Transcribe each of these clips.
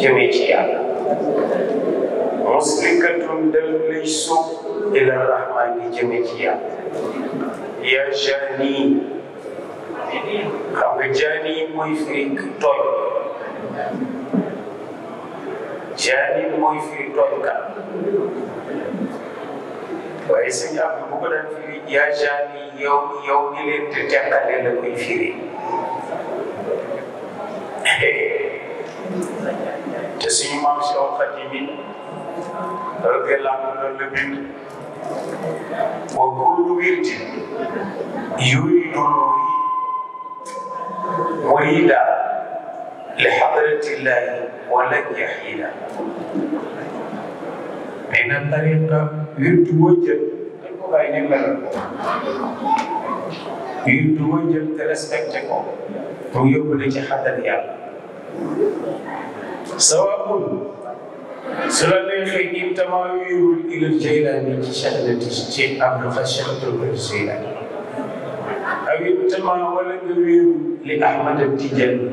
jëmee ci yàlla muslikatun dalay suuf ila rahmaan yi jëmee ci yàlla jaani xam jaani mooy firi jaani mooy firi tooñ kat waaye sëñ am bu ko daan firi jaani yow yow ni leen di teqale la koy firi te suñu maam si aw xadim yi radiyallaahu anhu loolu la bind wa kullu wirdin yuridu murida li xadratillaahi walan yaxiida nee na tariqa wirdu woo jël dañ ko bàyyi ni melal ko wirdu woo jël te respecté ko mu yóbbu la ci xadar yàlla سواء سلالة خيجيم تماوي يقول إلى الجيلاني شهلة تشتي أبلغ شهلة الجيلاني أبي تما ولا قبير لأحمد التجاني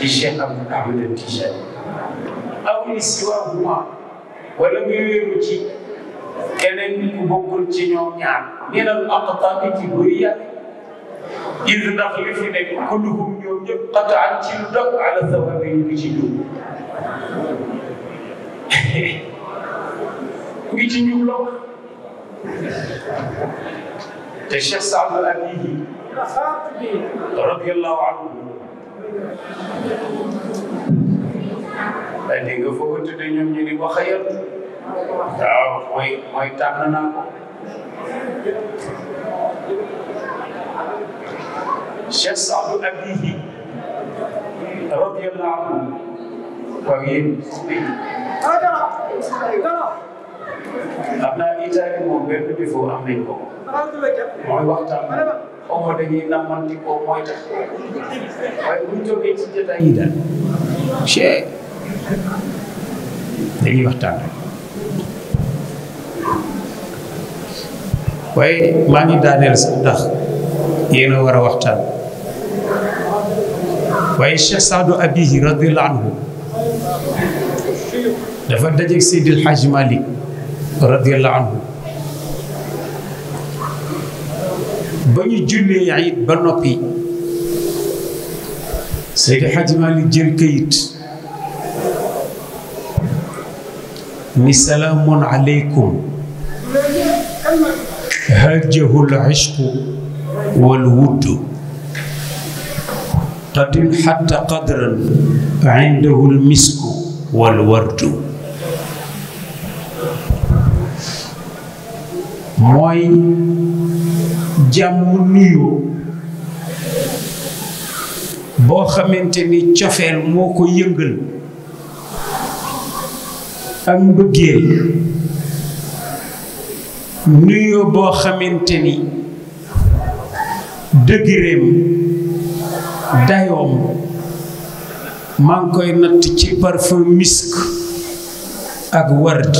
لشيخ أحمد التجاني أو لسواهما ولا قبير keneen ku bokkul ci ñoom ñaar min al aqtabi ci buriya iz ndax li fi nekk kulluhum ñëpp xataan ci lu dog ala sawabi ñu ngi ci jub ngi ci ñu lok te Cheikh Saadu Abihi radiyallahu anhu da nga foo tudde ñoom ñu ni ba xëyal waaw mooy mooy tànn naa ko Cheikh Saadu Abihi radiyallahu anhu waaw yéen xam naa Italie moom benn défaut am nañ ko mooy waxtaan xaw ma dañuy namanti ko mooy tax waaye bu ñu jógee ci jotaay yi daal chee dañuy waxtaan rek waaye maa ngi daaneel sax ndax yéen a war a waxtaan ويشيخ سادو ابي رضي الله عنه دفن دجيك سيد الحاج مالك رضي الله عنه بني جولي عيد يعني بنوبي سيد الحاج مالك جيل كيت مسلام عليكم هجه العشق والود قدم حتى قدرا عنده المسك والورد mooy jàmm nuyoo boo xamante ni cofeel moo ko yëngal ak mbëggeel nuyoo boo xamante ni dëgëreem dayoom maa ngi koy natt ci parfum ak ward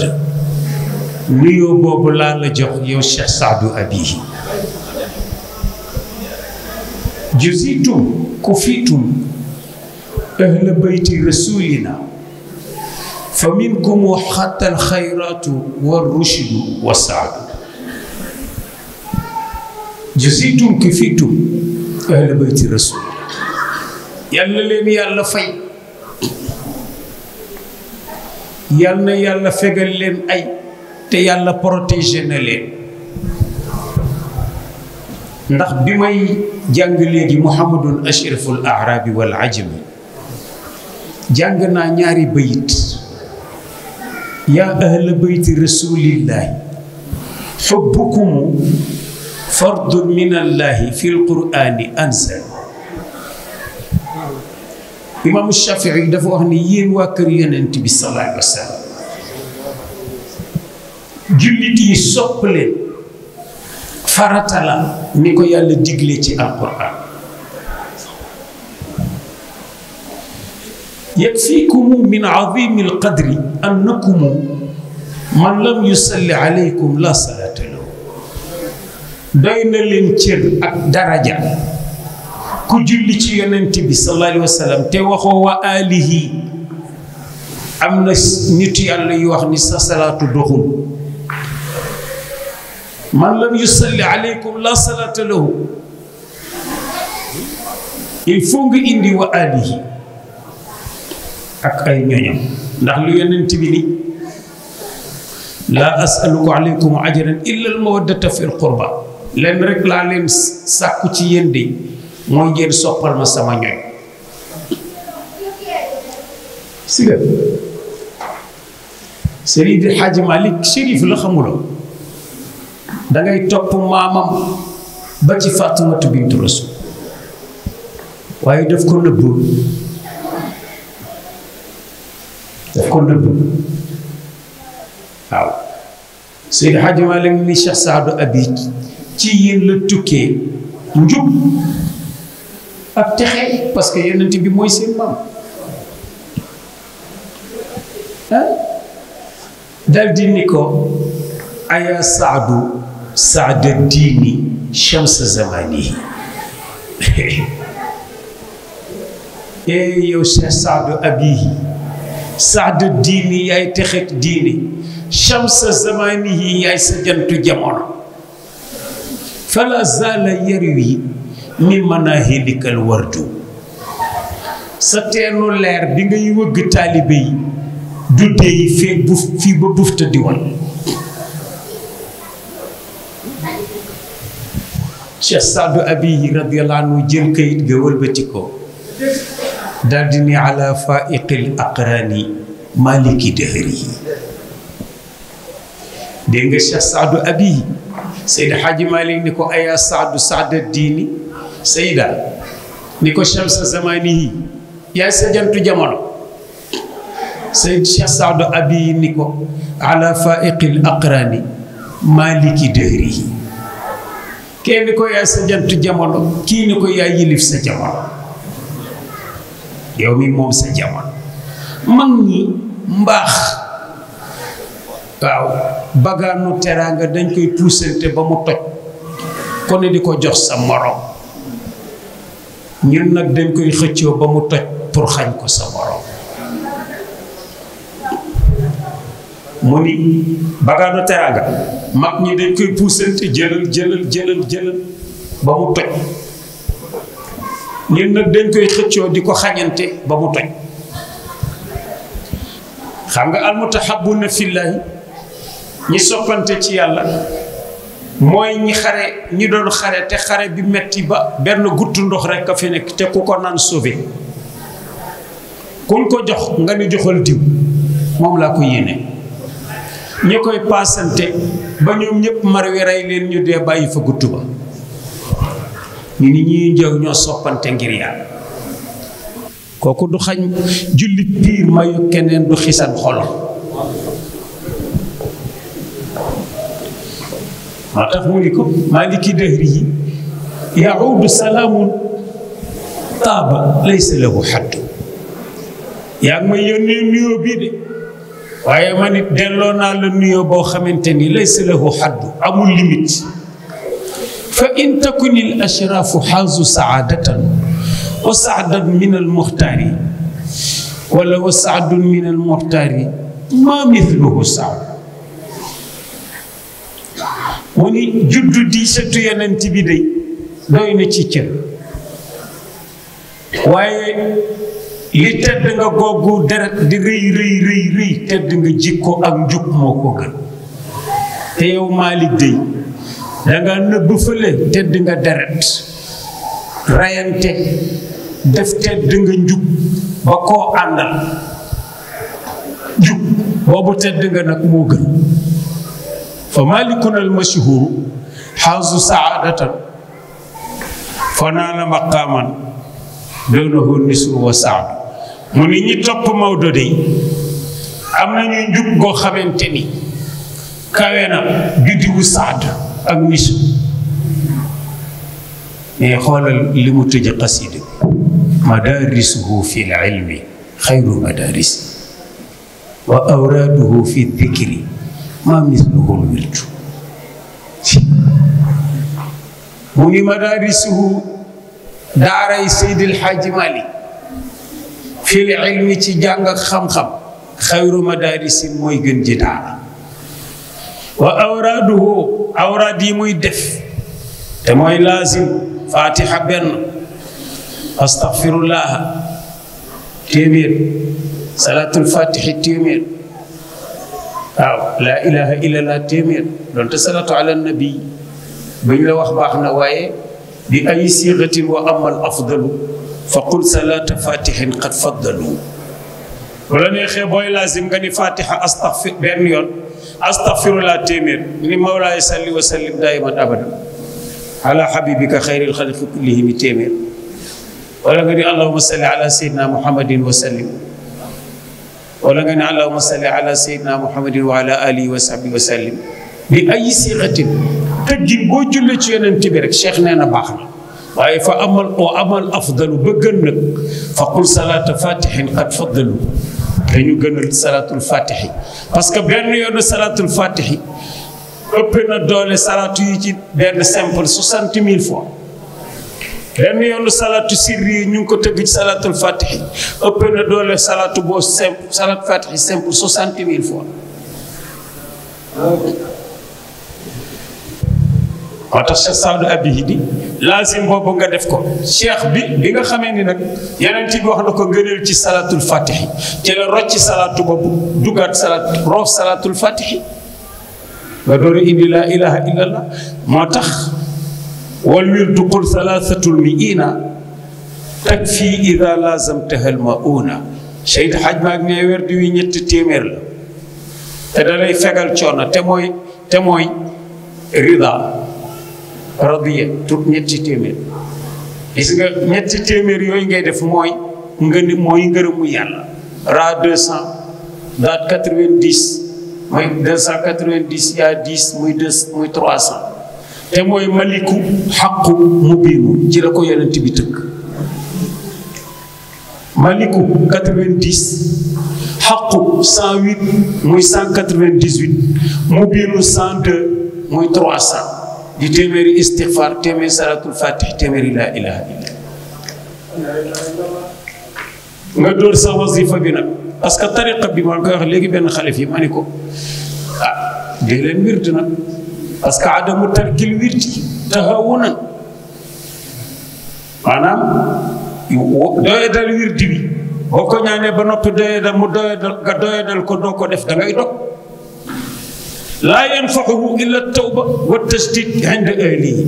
nuyoo boobu laa la jox yow Cheikh Saadu Abihi juzitum kufitum ahla bayti rasulina fa minkum xatta alxayratu walrushdu wa saadu juzitum kufitum ahla bayti rasulina يالا لين يالا فاي يالا يالا فيغال لين اي تي يالا بروتيجي نا لين ناخ بيماي جانغ ليغي محمد اشرف الاعراب والعجم جانغ نا نياري بيت يا اهل بيت رسول الله حبكم فرد من الله في القران انزل imaamu Shafii yi dafa wax ni yéen waa kër yonent bi sopp leen farata ni ko yàlla digle ci alquran yakfiikumu min azimi alqadri annakumu man lam yusalli alaykum la salaata lahu doy na leen cër daraja ku julli ci yonent bi sallallahu alayhi wa te waxoo wa alihi am na nit yàlla yu wax ni sa salaatu doxul man lam yusalli aleykum la salaata il faut nga indi wa alihi ak ay ñoñam ndax lu yonent bi ni laa asaluku aleykum ajran illa al mawaddata fi l leen rek laa leen sàkku ci yéen mooy ngeen soppal ma sama ñooñ si la Seydi Hadji Malick la xamuloo dangay topp maamam ba ci Faatumatu bintu Rasul waaye daf ko nëbbu daf ko nëbbu waaw Seydi Hadji ni Cheikh Saadu ci yéen la tukkee njub ak texe parce que yonent bi mooy seen maam ah dal di ni ko aya saadu saada diini shams zamani ee yow sa saadu abihi saada diini yaay texek diini shams zamani yaay sa jantu jamono fala zala yarwi mi manahilikal wardu sa teenu leer bi ngay wëgg taalibe yi du deey fee buf fii ba bufta diwal Cheikh Saadu Abiy radiyallahu jël kayit ga wëlbati daldi ni ala faiqil aqrani maliki dëhëri dégg nga Cheikh Saadu Abi Seyda Malik ni ko ayaa Saadu Saada diini Seyda ni ko Shamsa zamani yi yaay sa jantu jamono Seyd Cheikh Saadu ni ko ala faiqil aqrani maliki dëhrihi kee ni ko yaay sa jantu jamono kii ni ko yaay yilif sa jamono yow mi moom sa jamono mbaax waaw bagaanu teraanga dañ koy puusante ba mu toj kon di ko jox sa moroom ñun nag koy xëccoo ba mu pour xañ ko sa mu ni bagaanu teraanga mag ñi dañ koy puusante jëlal jëlal jëlal jëlal ba mu toj ñun nag dañ koy xëccoo di ko xañante ba mu toj xam nga xabu almutahabuna fillahi ñi soppante ci yàlla mooy ñi xare ñi doon xare te xare bi metti ba benn gutt ndox rekk a fi nekk te ku ko naan sauvé kuñ ko jox nga ni joxal diw moom laa ko yéene ñi koy paasante ba ñoom ñëpp mar wi rey leen ñu dee bàyyi fa gutt ba ñu ni ñuy njëw ñoo soppante ngir yàlla kooku du xañ jullit piir mayu keneen du xisan xolom أقولكم مالك دهره يعود سلام طاب ليس له حد yaa ngi may yónnee nuyoo bii de waaye man it delloo naa la nuyoo boo xamante ni laysa lahu xaddu amul limite fa in takun il ashraafu xaazu saadatan wa saadan min al muxtaari wala wa saadun min al muxtaari ma mithluhu saad mu ni juddu di sëttu yonent bi day doy na ci cër waaye li tedd nga googu deret di rëy rëy rëy tedd nga jikko ak njub moo ko gën te yow Malick day danga nëbb fële tedd nga deret rayante def tedd nga njub ba koo àndal njub boobu tedd nga nag moo gën fa malikuna almashhuru xaasu saadatan fa naana maqaaman doonahu nisru wa saad mu ni ñi topp Maodo de am nañu njub goo xamante ni kawe na biddiwu saad ak nisu mais xoolal li mu fi l ilmi xayru madaaris wa awraaduhu fi dikri ما مثلهم بلج ولمدارسه دار سيد الحاج مالك في العلم تي جانغ خم خم خير مدارس موي گن جي دار واوراده اورادي موي دف te mooy laasim fatiha benn astaghfirullah téeméer salatul fatihi téeméer لا إله إلا الله تيمير لن تسلط على النبي بين لا وخ واي بأي صيغة وأما أفضل فقل سلاة فاتح قد فضلوا ولا نخي بوي لازم غني فاتحة أستغفر بين أستغفر الله تيمير من مولاي صلي وسلم دائما أبدا على حبيبك خير الخلق كلهم تيمير ولا غني اللهم صل على سيدنا محمد وسلم ولكن اللهم صل على سيدنا محمد وعلى اله وصحبه وسلم باي صيغه تجي بو جولي سي يونتي بي رك شيخ نانا باخنا واي فا امل او امل افضل بغن نك فقل صلاه فاتح قد فضل دانيو غنال صلاه الفاتح باسكو بن يونو صلاه الفاتح اوبنا دولي صلاه يجي بن سامبل 60000 فوا benn yoonu salaatu sirri ñu ngi ko tëgg salaatul fatihi ëpp na doole salaatu boo simple salaatu fatihi simple soixante mille fois moo tax Cheikh Saadu Abihi di laasim boobu nga def ko cheikh bi bi nga xamee ni nag yeneen ci bi wax na ko gënal ci salaatul fatihi ci la rocci salaatu boobu duggaat salaat roof salaatul fatihi nga door indi laa ilaha illallah moo tax wal wirdu qul salaasatul miina takfi ida laazamtaha al mauna Seyd Xaj Maag ne werd wi ñetti téeméer la te dalay fegal coono te mooy te mooy rida radiya tut ñetti téeméer gis nga ñetti téeméer yooyu ngay def mooy nga ni mooy ngërëmu yàlla ra 200 daat 90 mooy 290 yaa 10 muy 2 muy 300 te mooy maliku xaqu mubiinu ci la ko yonent bi tëkk maliku 90 xaqu 108 muy 198 mubiinu 102 muy 300 di téeméeri istixfaar téeméeri salaatul fatih téeméeri laa ilaha nga dóor sa wasifa bi parce que tariqa bi maa ngi koy wax léegi benn xalif yi ma ni ko ah dee leen parce que adamu tarkil wirti tahawunan maanaam doyadal wirdi bi boo ko ñaanee ba noppi doyadal mu doyadal nga doyadal ko doo ko def da ngay dog laa yanfaxuhu illa tawba wa tasdid inda ahlihi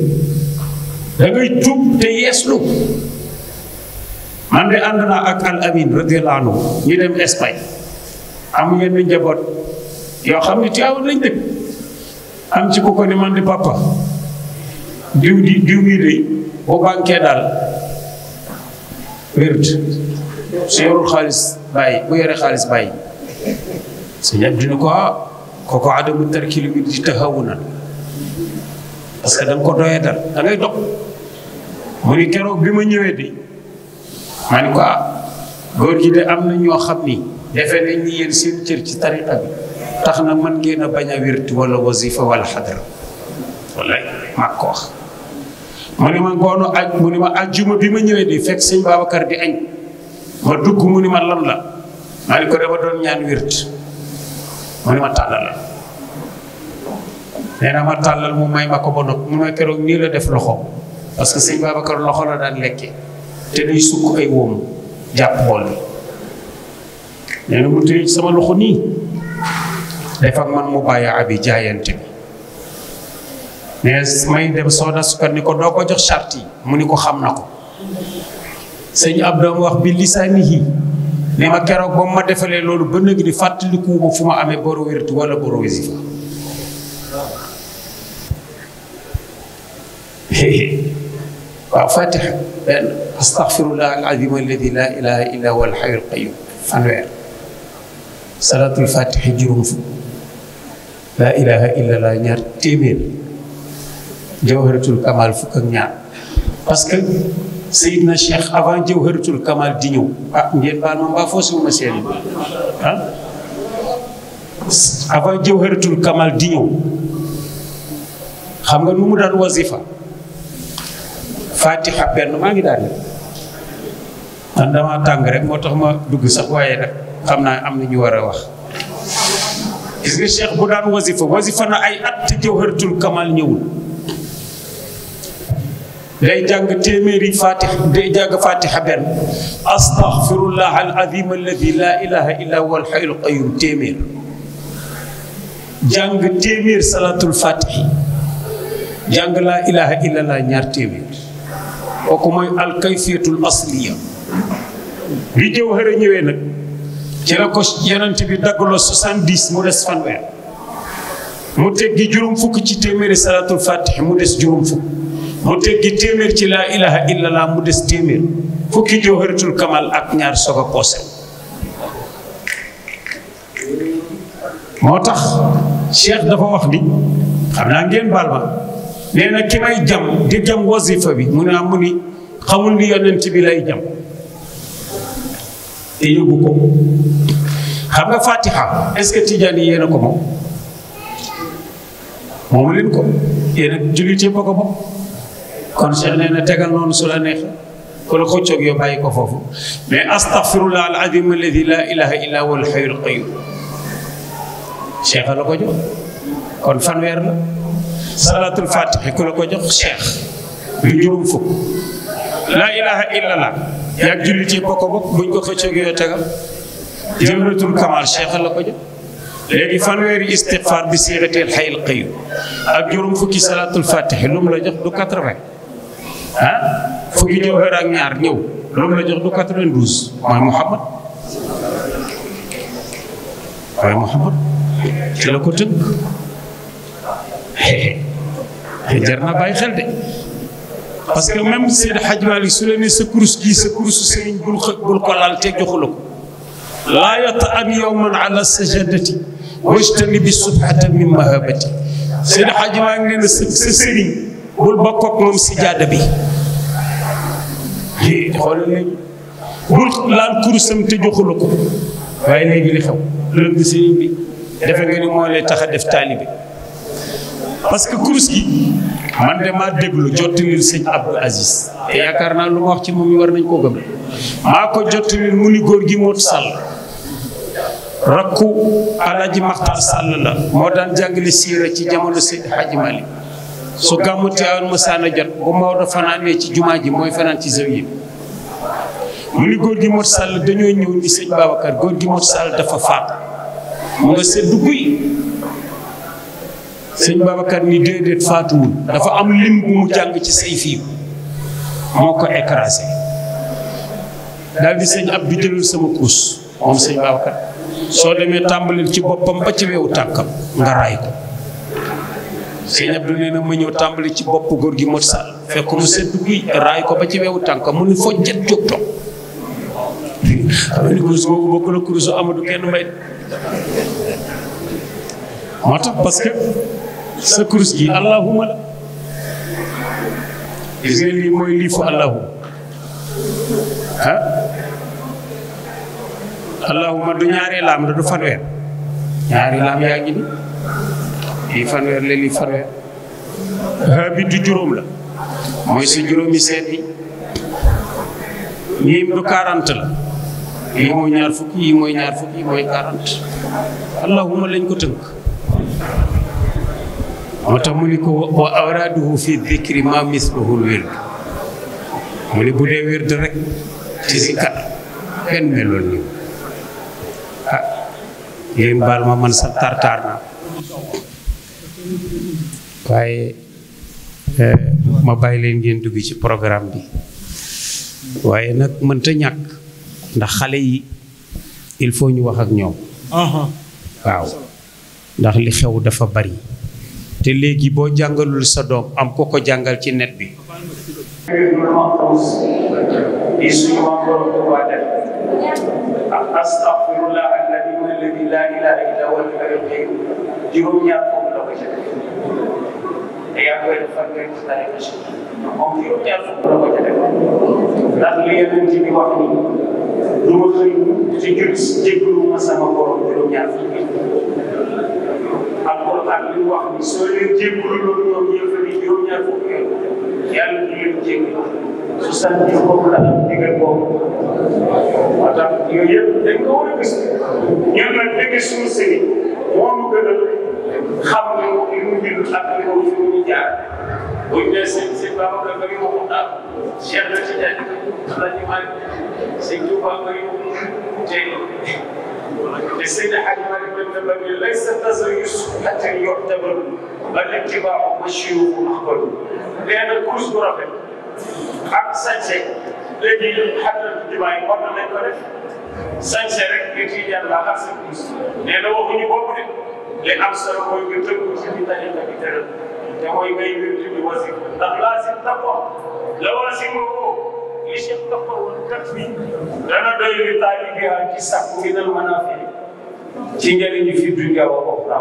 da ngay tuub te yeeslu man de ànd naa ak al amin radiyallahu ñu dem Espagne am yenn njaboot yoo xam ne ci aw lañ dëkk am ci ku ko ni man di papa diw di diw bii de boo bànkee daal wérut su yorul xaalis bàyyi bu yore xaalis bàyyi su ñab dina ko ah kooku adamu tarkil bi di taxawu na parce que da ko doyee dal da ngay dog mu ni keroog bi ma ñëwee de ma ni ko ah góor gi de am na ñoo xam ni defe nañ ni yéen seen cër ci tariqa bi tax na man ngeen a bañ a wirt wasifa wala xadra wallaay maa wax mu ni ma ngoonu aj mu ni ma ajjuma bi ma ñëwee di fekk sëñ Babacar di añ ma dugg mu ni ma lan la maa ni ko dama ma tàllalal nee na def loxo parce que sëñ loxo la daan lekke te day sukk ay wóom jàpp bool bi nee mu tëye sama loxo nii def ak man mu bàyyi jaayante bi mais may dem sooda sukkar ni ko doo ko jox charte mu ni ko xam na ko sëñ Abdou wax bi lisaanihi ni ma keroog ba ma defalee loolu ba nëg ni fàttalikuwuma fu ma amee boro wértu wala boro wésifa waaw fatiha benn al azim alladi la al hayyul fanweer salatul fatihi juróom fukk laa ilaha illallah ñaar téeméer jawharatul kamal fukk ak parce que Seydina Cheikh avant jawharatul kamal di ñëw ah ngeen baal ma mbaa foosi ma seeni ah avant jawharatul kamal di ñëw xam nga nu mu daan wazifa fatiha benn maa ngi daal man dama moo tax ma dugg sax waaye nag xam naa am na ñu war a wax gis nga cheikh bu daan wasifa wasifa na ay at jawharatul kamal ñëwul day jàng téeméeri fatix day jàng fatixa benn astaxfirullah al azim alladi la ilaha illa huwa al xayul qayum téeméer jàng téeméer salatul fatixi jàng laa ilaha illa llah ñaar téeméer kooku mooy alkayfiyatul asliya bi jawhara ñëwee nag ci la ko yonent bi daggaloo soixante-dix mu des fanweer mu teggi juróom fukk ci téeméeri salaatul fatih mu des juróom fukk mu teggi téeméer ci laa ilaha illallah mu des téeméer fukki jawharatul kamal ak ñaar soog a moo tax cheikh dafa wax ni xam naa ngeen baal nee na ki may jam di jam wasifa bi mu ne mu ni xamul ni yonent bi lay jam te yóbbu ko xam nga fatiha est que tijaan yi yéen a ko moom moomu ko yéen a jullit yëpp ko moom kon Cheikh nee na tegal noonu su la neexee ku la xëccoog yow bàyyi ko foofu mais astaghfirullah al azim la ilaha illa huwa al hayyul qayyum jox kon fanweer la salatul fatiha ku la jox cheikh lu juróom fukk la ilaha illa allah yàgg jullit yi bokk bokk buñ ko xëccoog yooyu tegal jëmratul kamal cheikh la ko jël léegi fanweeri istighfar bi siixateel xayil qayyum ak juróom fukki salaatul fatih lu mu la jox du 80 ah fukki jawhar ak ñaar ñëw lu mu la jox du 92 mooy Muhammad mooy Muhammad ci la ko tënk jar na bàyyi xel de. parce que même si le Hadji Malick su la nee sa kurus gi sa kurusu sëriñ bul xëj bul ko laal te joxu la ko laa am yowman ala sajadati wajtani bi subhata min mahabati Seydi Hadji ma ngi na sa sa sëriñ bul bokkoog moom si jada bi xol ni bul laal kurusam te joxu la ko waaye léegi li xew lëgg sëriñ bi defa ngeen mo moo lay tax def talibi parce que kurus gi man de maa déglu jottilil sëñ Abdou Aziz te yaakaar naa lu ma wax ci moom war nañ koo gëm maa ko jottilil mu ni góor gi Moodu Sall rakku Alaaji Maxtar Sall la moo daan jàngale siira ci jamono Seydi Hadji Malick su gàmmu Tiwaawan mësaana jot bu Maodo fanaanee ci jumaa ji mooy fanaan ci zawiya mu ni góor gi Moodu Sall dañoo ñëw ni sëñ Babacar góor gi Moodu Sall dafa faat mu nga seddu guy sëñ Babacar ni déedéet faatuwul dafa am lim bu mu jàng ci say fii moo ko écrasé daal di sëñ ab bi jëlal sama kuus moom sëñ Babacar soo demee tàmbalil ci boppam ba ci weewu tànkam nga raay ko sëñ Abdou nee na ma ñëw tàmbali ci bopp góor gi mot sall fekk mu sedd guy raay ko ba ci weewu tànkam mu ne foo jóg toog xam ne kurus boobu bokk na kurusu Amadou kenn mbay moo tax parce sa kurus gi allahuma la gis nga lii mooy lii fu allahu ah allahuma du ñaari laam la du fanweer ñaari laam yaa ngi ni lii fanweer la lii fanweer haa bi du juróom la mooy sa juróomi seet yi miim du 40 la lii ñaar fukki yi mooy ñaar fukki mooy 40 allahuma lañ ko tënk moo tax mu ni ko wa awraaduhu fi dikri ma misluhul wird mu ni bu dee wird rek ci sikar kenn meloon ni ah ngeen baal ma man sa tartar na waaye eh, ma bàyyi leen ngeen dugg ci programme bi waaye nag mënta ñàkk ndax xale yi il faut ñu wax ak ñoom waaw ndax li xew dafa bari te léegi boo jàngalul sa doom am ko ko jàngal ci net bi astaghfirullah alladi la ilaha illa huwa juróom-ñaar foofu la ko jëlee te yaa koy defal kër gi tari na si moom juróom ma sama borom juróom-ñaar fukki alquran bi wax ni soo leen jéggalu loolu ñoom yëfari juróom ñaar fukki yàlla du leen jéggal su sant boobu la am digal boobu moo tax yooyu yëpp dañ ko war a gis ñun nag dëgg suñu sëriñ moo ñu gën a xam ne li mu bind ak li mu fi mu jaar buñ ne seen seen Babacar Mbaye waxu daal Cheikh la ci def la ñu mari seen Touba Mbaye waxu tey لسيد حاج مالك بن تبني ليس التزيس حتى يعتبر بل اتباع الشيوخ الاخبار لان الكوز برافيل حق سانسي الذي حدد اتباع قرن الاخبار سانسي رك يتيجي على الاخر سانسي لانه هو في بوبري لان سانسي هو يكتب في بيتاني كابيتال لانه هو يكتب في وزير لا لازم تقوى لا لازم هو li Cheikh Ndakpa woon kat fii dana doy li taalibiha ci sàkku gi dal mën a fi ci njëriñu fi dunya wa uxra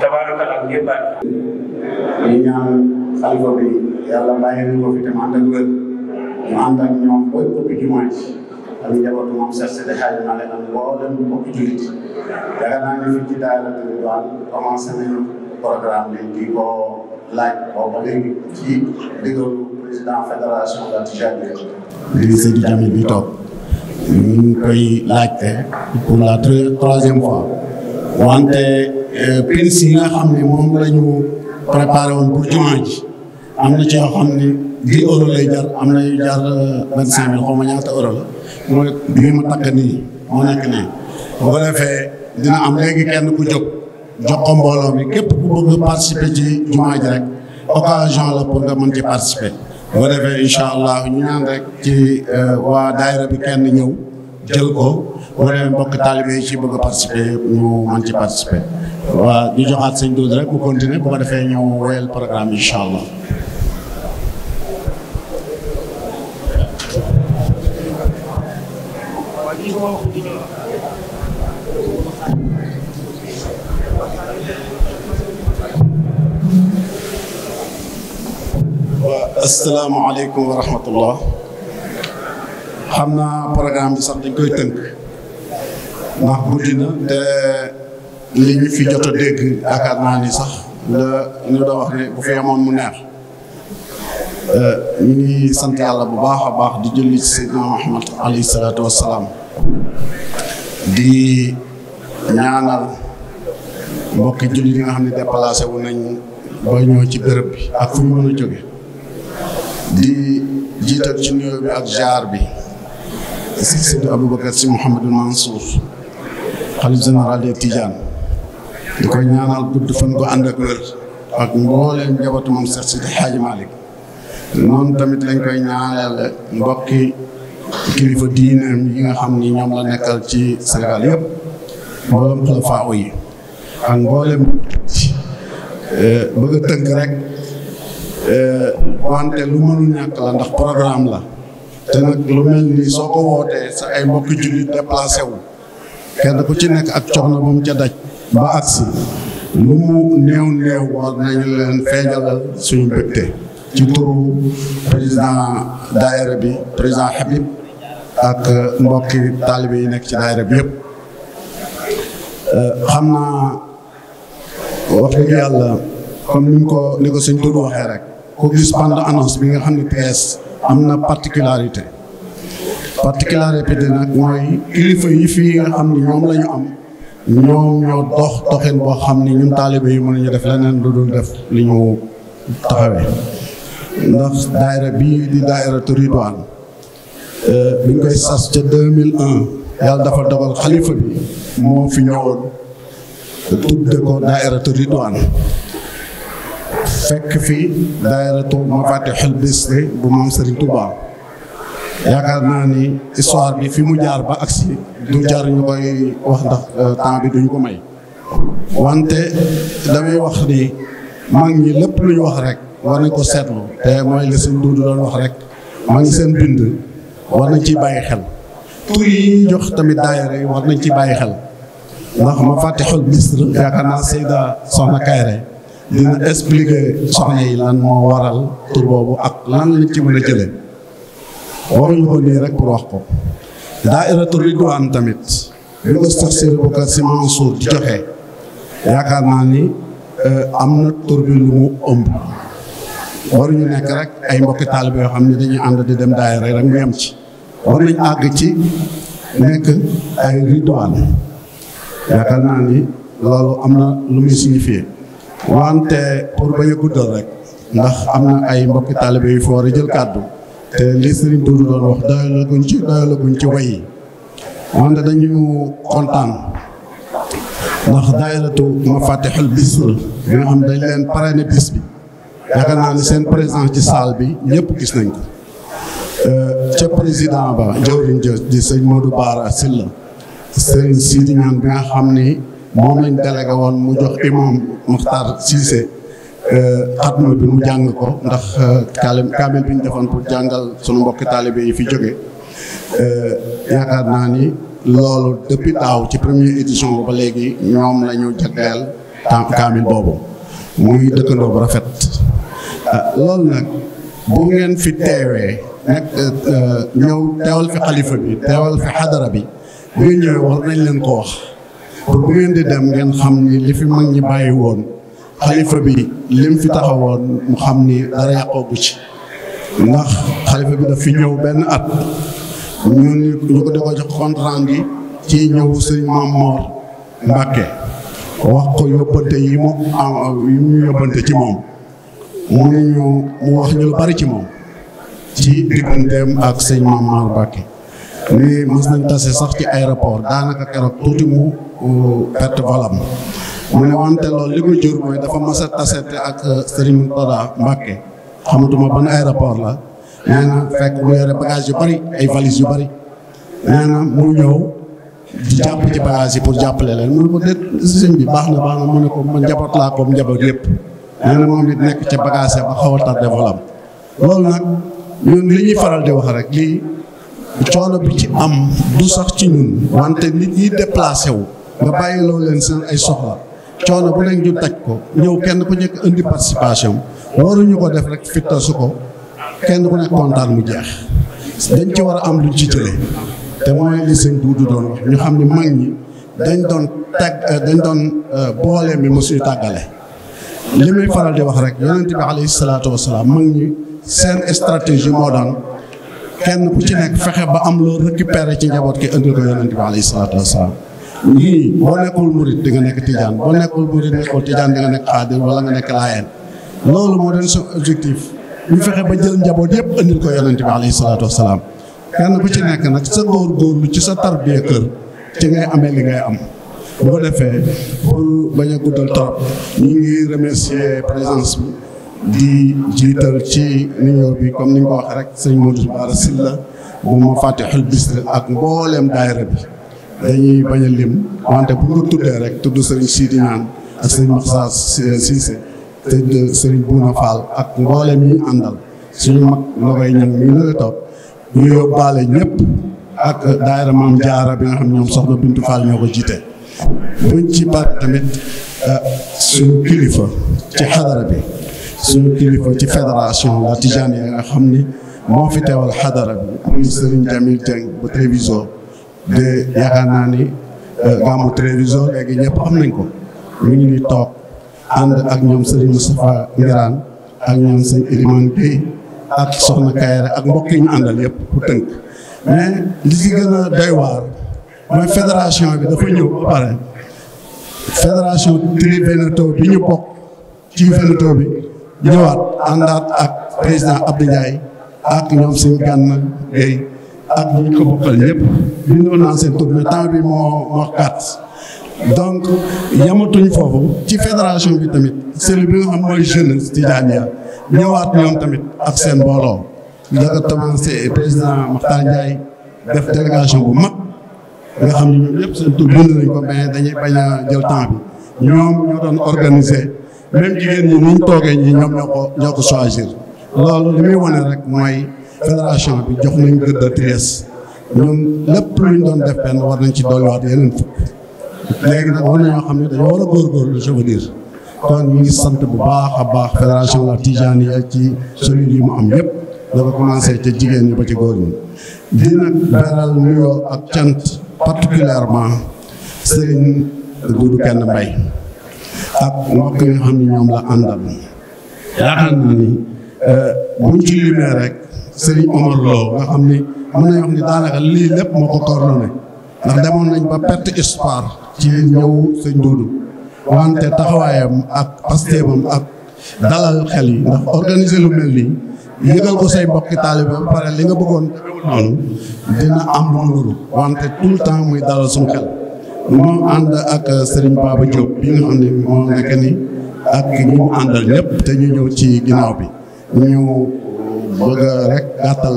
tabaraka ak ngébbaan ñu ñaan xalifa bi yàlla bàyyi nañ ko fi te mu ànd ak wér mu ànd ak ñoom booy ubbi jumaa ji ak njabootu moom Seex Seydi Xaaji Maalik ak mboolem mbokki jullit yaakaar naa ne fii ci daara bi doon commencé nañu programme bi di ko laaj booba léegi ci digal président fédération la Tijaniya. di Seydi bi toog ñu koy laajte pour la troisième fois wante euh, pince yi xam ne moom la préparé woon pour jumaa ji am na ci yoo xam ne dix euros lay jar am na yu jar euh, vingt cinq mille xaw euro la mooy bii ma takk nii moo nekk nii bu defee dina am léegi kenn ku jóg jox mbooloo mi képp ku bëgg participer ci jumaa ji rek occasion la pour nga mën ci participer bu ko defee incha allah ñu ñaan rek ci euh, waa daayira bi kenn ñëw jël ko bu ko mbokk taalibe yi ci bëgg a participer ñu mën ci participer waa ñu joxaat sëñ Doudou rek mu continuer bu defee ñu wéyal programme incha allah. asalaamaaleykum wa rahmatullah xam naa programme bi sax dañ koy tënk ndax guddi na te li ñu fi jot a dégg yaakaar naa ni sax la ñu doon wax ne bu fi amoon mu neex ñu ngi sant yàlla bu baax a baax di julli ci Seydina Muhammad alayhi salaatu wassalaam di ñaanal mbokki nga xam ne déplacé wu nañ ba ñëw ci béréb bi ak fu ñu mën a jóge di jiital ci nuyoo bi ak jaar bi Seydi Aboubacar Sy Mouhamadou Mansour xalif général des Tidianes di koy ñaanal gudd fan ko ànd ak wér ak mbooleem njabootu moom Seex Xaaji Malick noonu tamit lañ koy ñaanal mbokki kilifa diineem yi nga xam ni ñoom la nekkal ci Sénégal yëpp mboolem xalafaa yi ak mboolem eh, bëgg a tënk rek Eh, wante lu mënul ñàkk la ndax programme la te nag lu mel nii soo ko wootee sa ay mbokki jullit déplacé wu kenn ku ci nekk ak coono ba mu ca daj ba agsi lu mu néew néew war nañu leen feeñalal suñu mbégte ci turu président daayira bi président Habib ak mbokki taalibe yi nekk ci daayira bi yëpp eh, xam naa wax dëgg yàlla comme ni ko ni ko suñ tur waxee rek ku gis bande annonce bi nga xam ne PS am na particularité particularité bi nag mooy kilifa yi fii nga xam ne ñoom la am ñoom ñoo dox doxin boo xam ne ñun taalibe yi ñu def leneen lu dul def li ñu taxawee ndax daayira bii di daayira Ridwaan eh, bi ñu koy sas ca 2001 yàlla dafa dogal xalifa bi moo fi ñëwoon tudde ko daayira Ridwaan fekk fii fàtte xel Bichri bu moom Serigne Touba yaakaar naa ni histoire bi fi mu jaar ba agsi du jaar ñu koy wax ndax euh, temps bi duñ ko may. wante damay wax ni mag ñi lépp lu ñu wax rek war nañ ko seetlu te mooy li seen duudu doon wax rek mag ñi seen bind war nañ ciy bàyyi xel. tur yi jox tamit daayira yi war nañ ci bàyyi xel ndax Mafatihul Bichri yaakaar naa Seyda Soxna Kayre dina expliquer soxna yi lan moo waral tur boobu ak lan lañ ci mën a jële waruñu ko nii rek pour wax ko daairatu ridwaan tamit li ko sax si Babacar Sy di joxe yaakaar naa ni euh, am na tur bi lu mu ëmb waruñu nekk rek ay mbokki taalibe yoo xam ne dañuy ànd di dem daa daayira rek mu yam ci war nañ àgg ci nekk ay ridwaan yaakaar naa ni loolu am na lu muy signifier wante pour ba a guddal rek ndax am na ay mbokki taalibe yu fi jël kàddu te li Serigne Doudou doon wax doyalaguñ ci doyalaguñ ci way yi wante dañu kontaan ndax daayiratu Mafatihul Bichri bi nga xam dañ leen parrainé bis bi yaakaar naa ne seen présence ci saal bi ñëpp gis nañ ko euh, ca président ba jawriñ jë di sëñ Modou Bara Sylla sëñ Sidi Ñaan bi nga xam ni moom lañ délégué woon mu jox imam Makhtar Cissé euh, xatma bi mu jàng ko ndax kaale euh, kaamel bi ñu defoon pour jàngal suñu mbokki taalibe yi fi jóge euh, yaakaar naa ni loolu depuis taaw ci première édition ba léegi ñoom la ñu jagleel kaamil boobu muy dëkkandoo bu rafet loolu nag bu ngeen fi teewee nag ñëw teewal fi xalifa bi teewal fi xadara bi bu ñëwee war nañ leen ko wax pour bu ngeen di dem ngeen xam ni li fi mag ñi bàyyi woon xalifa bi lim fi taxawoon mu xam ni dara yàqoogu ci ndax xalifa bi daf fi ñëw benn at ñun ñu ko di ko jox compte rendu ci ñëw sëñ Maam Mbàkke wax ko yóbbante yi mu yi mu yóbbante ci moom mu ñu mu wax ñu lu bari ci moom ci digganteem ak sëñ Maam Mbàkke ni mos nañ tase sax ci aéroport daanaka keroog tuuti mu perte volam mu ne wante lool li mu jur mooy dafa mas a tasete ak euh, Serigne Mountakha Mbacké xamatuma ban aéroport la nee na fekk mu yore bagage yu bari ay valise yu bari nee na mu ñëw di jàpp ci bagage yi pour jàppale leen mu ne ko déet sëñ bi baax na baax na mu ne ko man njaboot laa comme njaboot yëpp nee na moom it nekk ca bagage ba xaw a tardé volam loolu nag ñun li ñuy faral di wax rek coono bi ci am du sax ci ñun wante nit ñi déplacé wu nga bàyyiloo leen seen ay soxla coono bu leen ju taj ko ñëw kenn ku nekk indi participation waruñu ko def rek fittasu ko kenn ku nekk kontaan mu jeex dañ ci war a am lu ci jëlee te mooy li sëñ Duudu doon ñu xam ne mag ñi dañ doon tag euh, dañ doon euh, boole mi mosuñu tàggale li muy faral di wax rek yonent bi alayhi salaatu wasalaam mag ñi seen stratégie moo doon kenn ku ci nek fexé ba am lo récupérer ci njabot ki indil ko yonnati bi alayhi salatu wassalam ni bo nekul murit di nga nekk tijaan boo nekkul murit nekkul tijaan di nga nekk xaadir wala nga nek layen loolu mo doon son objectif ñu fexé ba jël njabot yépp indil ko yonnati bi alayhi salatu wassalam kenn ku ci nek nak sa góor lu ci sa tarbiya kër ci ngay amé li ngay am bo defé defee pour bañ guddal top ñu ngi remercier présence bi di jiital ci nuyoo bi comme ni nga ko waxee rek sëñ Modou Bara la bu ma fàttixul Bichri ak mbooleem daayira bi dañuy bañ a lim wante bu ñu tuddee rek tudd sëriñ Sidi naan ak sëriñ Maxsa Cissé tëdd sëriñ Bouna Fall ak mbooleem yi àndal suñu mag Nogay Ñaan mi ngi toog ñu yóbbaale ñëpp ak daayira Maam Jaara bi nga xam ñoom soxna Bintu Fall ñoo ko jiite. buñ ci baat tamit ah, suñu kilifa ci xadara bi. suñu kilifa ci fédération la Tijaan ya nga xam ni moo fi teewal xadara bi muy Serigne Jamil Dieng bu Tréviso de yaakaar naa ni gàmmu Tréviso léegi ñëpp xam nañ ko ñu ngi nii ànd ak ñoom Serigne Moustapha Ngiraan ak ñoom sëñ Elimane Gueye ak Soxna Kayre ak mbokk yi ñu àndal yëpp pour tënk mais li ci gën doy waar mooy fédération bi dafa ñëw ba fédération Tri Veneto bi ñu bokk ci Veneto bi ñëwaat àndaat ak président Abdou Ndiaye ak ñoom suñu gànn gay ak ñi ko bokkal ñëpp bindoon naa seen tur mais temps bi moo moo xat donc yamatuñ foofu ci fédération bi tamit cellule bi nga xam mooy jeune Tidiane ñëwaat ñoom tamit ak seen mbooloo dafa commencé président Makhtar Ndiaye def délégation bu mag nga xam ne ñoom ñëpp seen tur bind nañ ko mais dañuy bañ a jël temps bi ñoom ñoo doon organiser même jigéen ñi ni toogee ñi ñoom ñoo ko ñoo ko choisir loolu li muy wane rek mooy fédération bi jox nañ gëdd Thiès ñun lépp lu ñu doon def benn war nañ ci dolliwaat yeneen fukk léegi nag war nañoo xam ne dañoo war a góorgóorlu je veux dire kon ñu ngi sant bu baax a baax fédération la Tijani ak ci solution yi mu am yëpp dafa commencé ca jigéen ñi ba ci góor ñi di beral nuyoo ak cant particulièrement Serigne Doudou Kenn Mbaye ak mbokk nga xam ne ñoom la àndal yaakaar naa ni buñ ci limee rek Serigne Omar nga xam ni mën nañu wax ni daanaka lii lépp moo ko coordonné ndax demoon nañ ba perte espoir ci ñëw sëñ Doudou wante taxawaayam ak pastéebam ak dalal xel yi ndax organiser lu mel nii yëgal ko say mbokki taalibe ba pare li nga bëggoon noonu dina am lu wante tout temps muy dalal suñu xel moom ànd ak Serigne Baba Diop bi nga xam ne moo nekk ni ak ñi àndal ñëpp te ñu ñëw ci ginnaaw bi ñu bëgg rek gàttal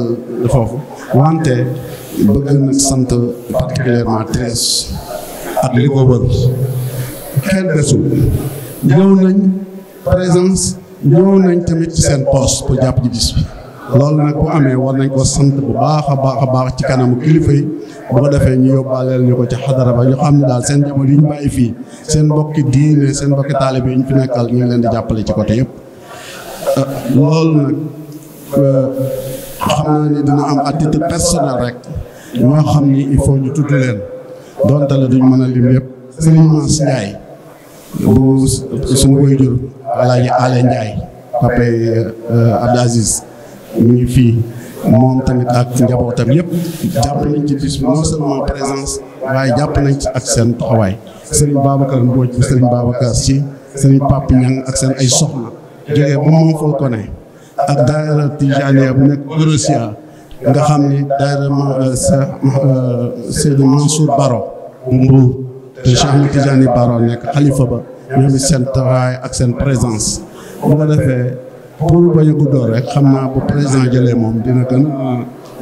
foofu wante bëgg nag sant particulièrement Thérèse ak li ko wër xel desul ñëw nañ présence ñëw nañ tamit ci seen poos pour jàpp ji bi loolu nag bu amee war nañ ko sant bu baax a baax a baax ci kanamu kilifa yi bu ko defee ñu yóbbaaleel ñu ko ci xadara ba ñu xam ne daal seen jamono yi ñu bàyyi fii seen mbokki diine seen mbokki taalibe yi ñu fi nekkal ñu ngi leen di jàppale ci côté yëpp euh, loolu nag euh, xam naa ni dina am à titre personnel rek ñoo xam ni il faut ñu tudd leen donte la duñ mën a lim yëpp Serigne Mass Ndiaye bu suñu koy jur Alaaji Ale Ndiaye papay euh, Abdou Aziz mu ngi fii moom tamit ak njabootam yëpp jàpp nañ ci bis non présence waaye jàpp nañ ci ak seen taxawaay Serigne Babacar Mbodj bu Serigne Babacar Sy Serigne Pape Niang ak seen ay soxna jógee ba moom foo ko ne ak daayira Tijaniya bu nekk Gorosia nga xam ni daayira euh, euh, Seydou Mansour Baro bu Mbuur te Cheikh Ahmed Tijani Baro nekk xalifa ba ñoom it seen taxawaay ak seen présence bu ko defee pour bañ a guddoo rek xam naa bu président jëlee moom dina gën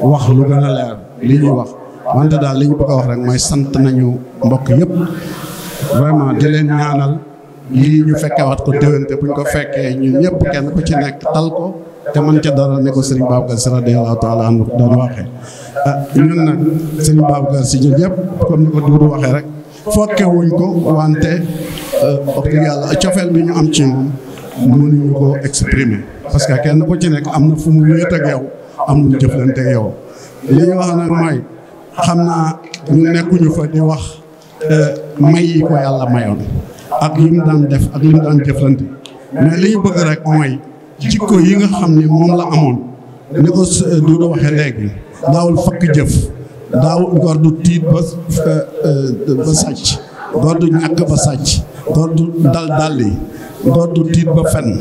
a wax lu gën a leer li ñuy wax wante daal li ñu bëgg wax rek mooy sant nañu mbokk yëpp vraiment di leen ñaanal lii ñu fekkewaat ko déwénte buñ ko fekkee ñun ñëpp kenn ku ci nekk tal ko te man ca dara ne ko Serigne Babacar Sy radiyallahu taala anhu doon waxee ah ñun nag Serigne Babacar Sy ñun ñëpp comme ni ko Doudou waxee rek fokkewuñ ko wante euh, wax dëgg cofeel bi ñu am ci moom mënuñu ko exprimer parce que kenn ku ci nekk am fu mu wéet ak yow am na jëflante ak yow li ñu wax nag mooy xam naa ñu nekkuñu fa di wax euh, may yi ko yàlla mayoon ak li daan def ak li mu daan jëflante mais li bëgg rek mooy jikko yi nga xam ni moom la amoon ni ko euh, Doudou waxee léegi daawul fakk jëf daawul gor du tiit ba euh, sàcc gor ñàkk ba sàcc gor dal dal dootu tiit ba fenn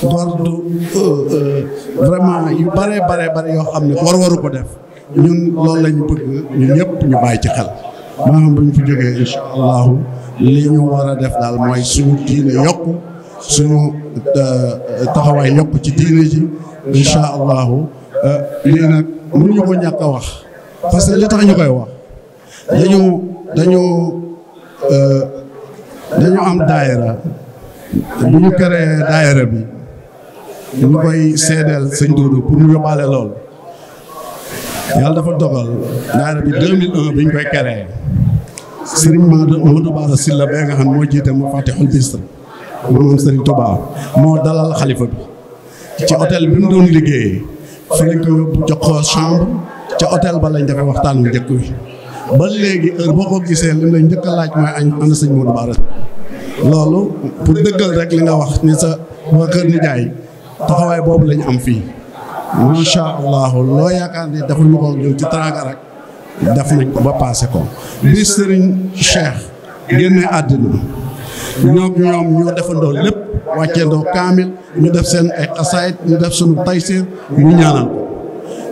dootu euh, euh, vraiment yu bare bare bare yoo xam ne war waru ko def ñun loolu lañ bëgg ñun ñëpp ñu bàyyi ci xel maanaam bu ñu fi jógee incha allahu def daal mooy suñu suñu euh, taxawaay yokku ci diine ji incha allahu lii nag mënuñu ko ñàkk wax parce que li tax ñu koy wax dañu dañu dañu am daayira bu ñu créé daayira bi ñu koy seedeel sëñ Doudou pour mu yóbbaale lool yàlla dafa dogal daayira bi 2001 bi ñu koy créé sëriñ Modou Bara Sylla moo jiite mu Fatihul Bisri moom sëriñ Touba moo dalal xalifa bi ci hôtel bi mu doon liggéeyee fa lañ ko yóbbu jox chambre ca hôtel ba lañ defee waxtaan wu njëkk wi ba léegi heure boo ko gisee li lay njëkk laaj mooy añ ana sëñ Modou Bara loolu pour dëggal rek li nga wax ni sa waa kër nijaay taxawaay boobu lañu am fii macha allah loo yaakaar ne defuñu ko ñun ci teraanga rek def nañ ko ba paase ko bi Serigne Cheikh génne àddina ñoom ñoom ñoo defandoo lépp wàcceendoo kaamil ñu def seen ay xasaayit ñu def sunu taysiir ñu ñaanal ko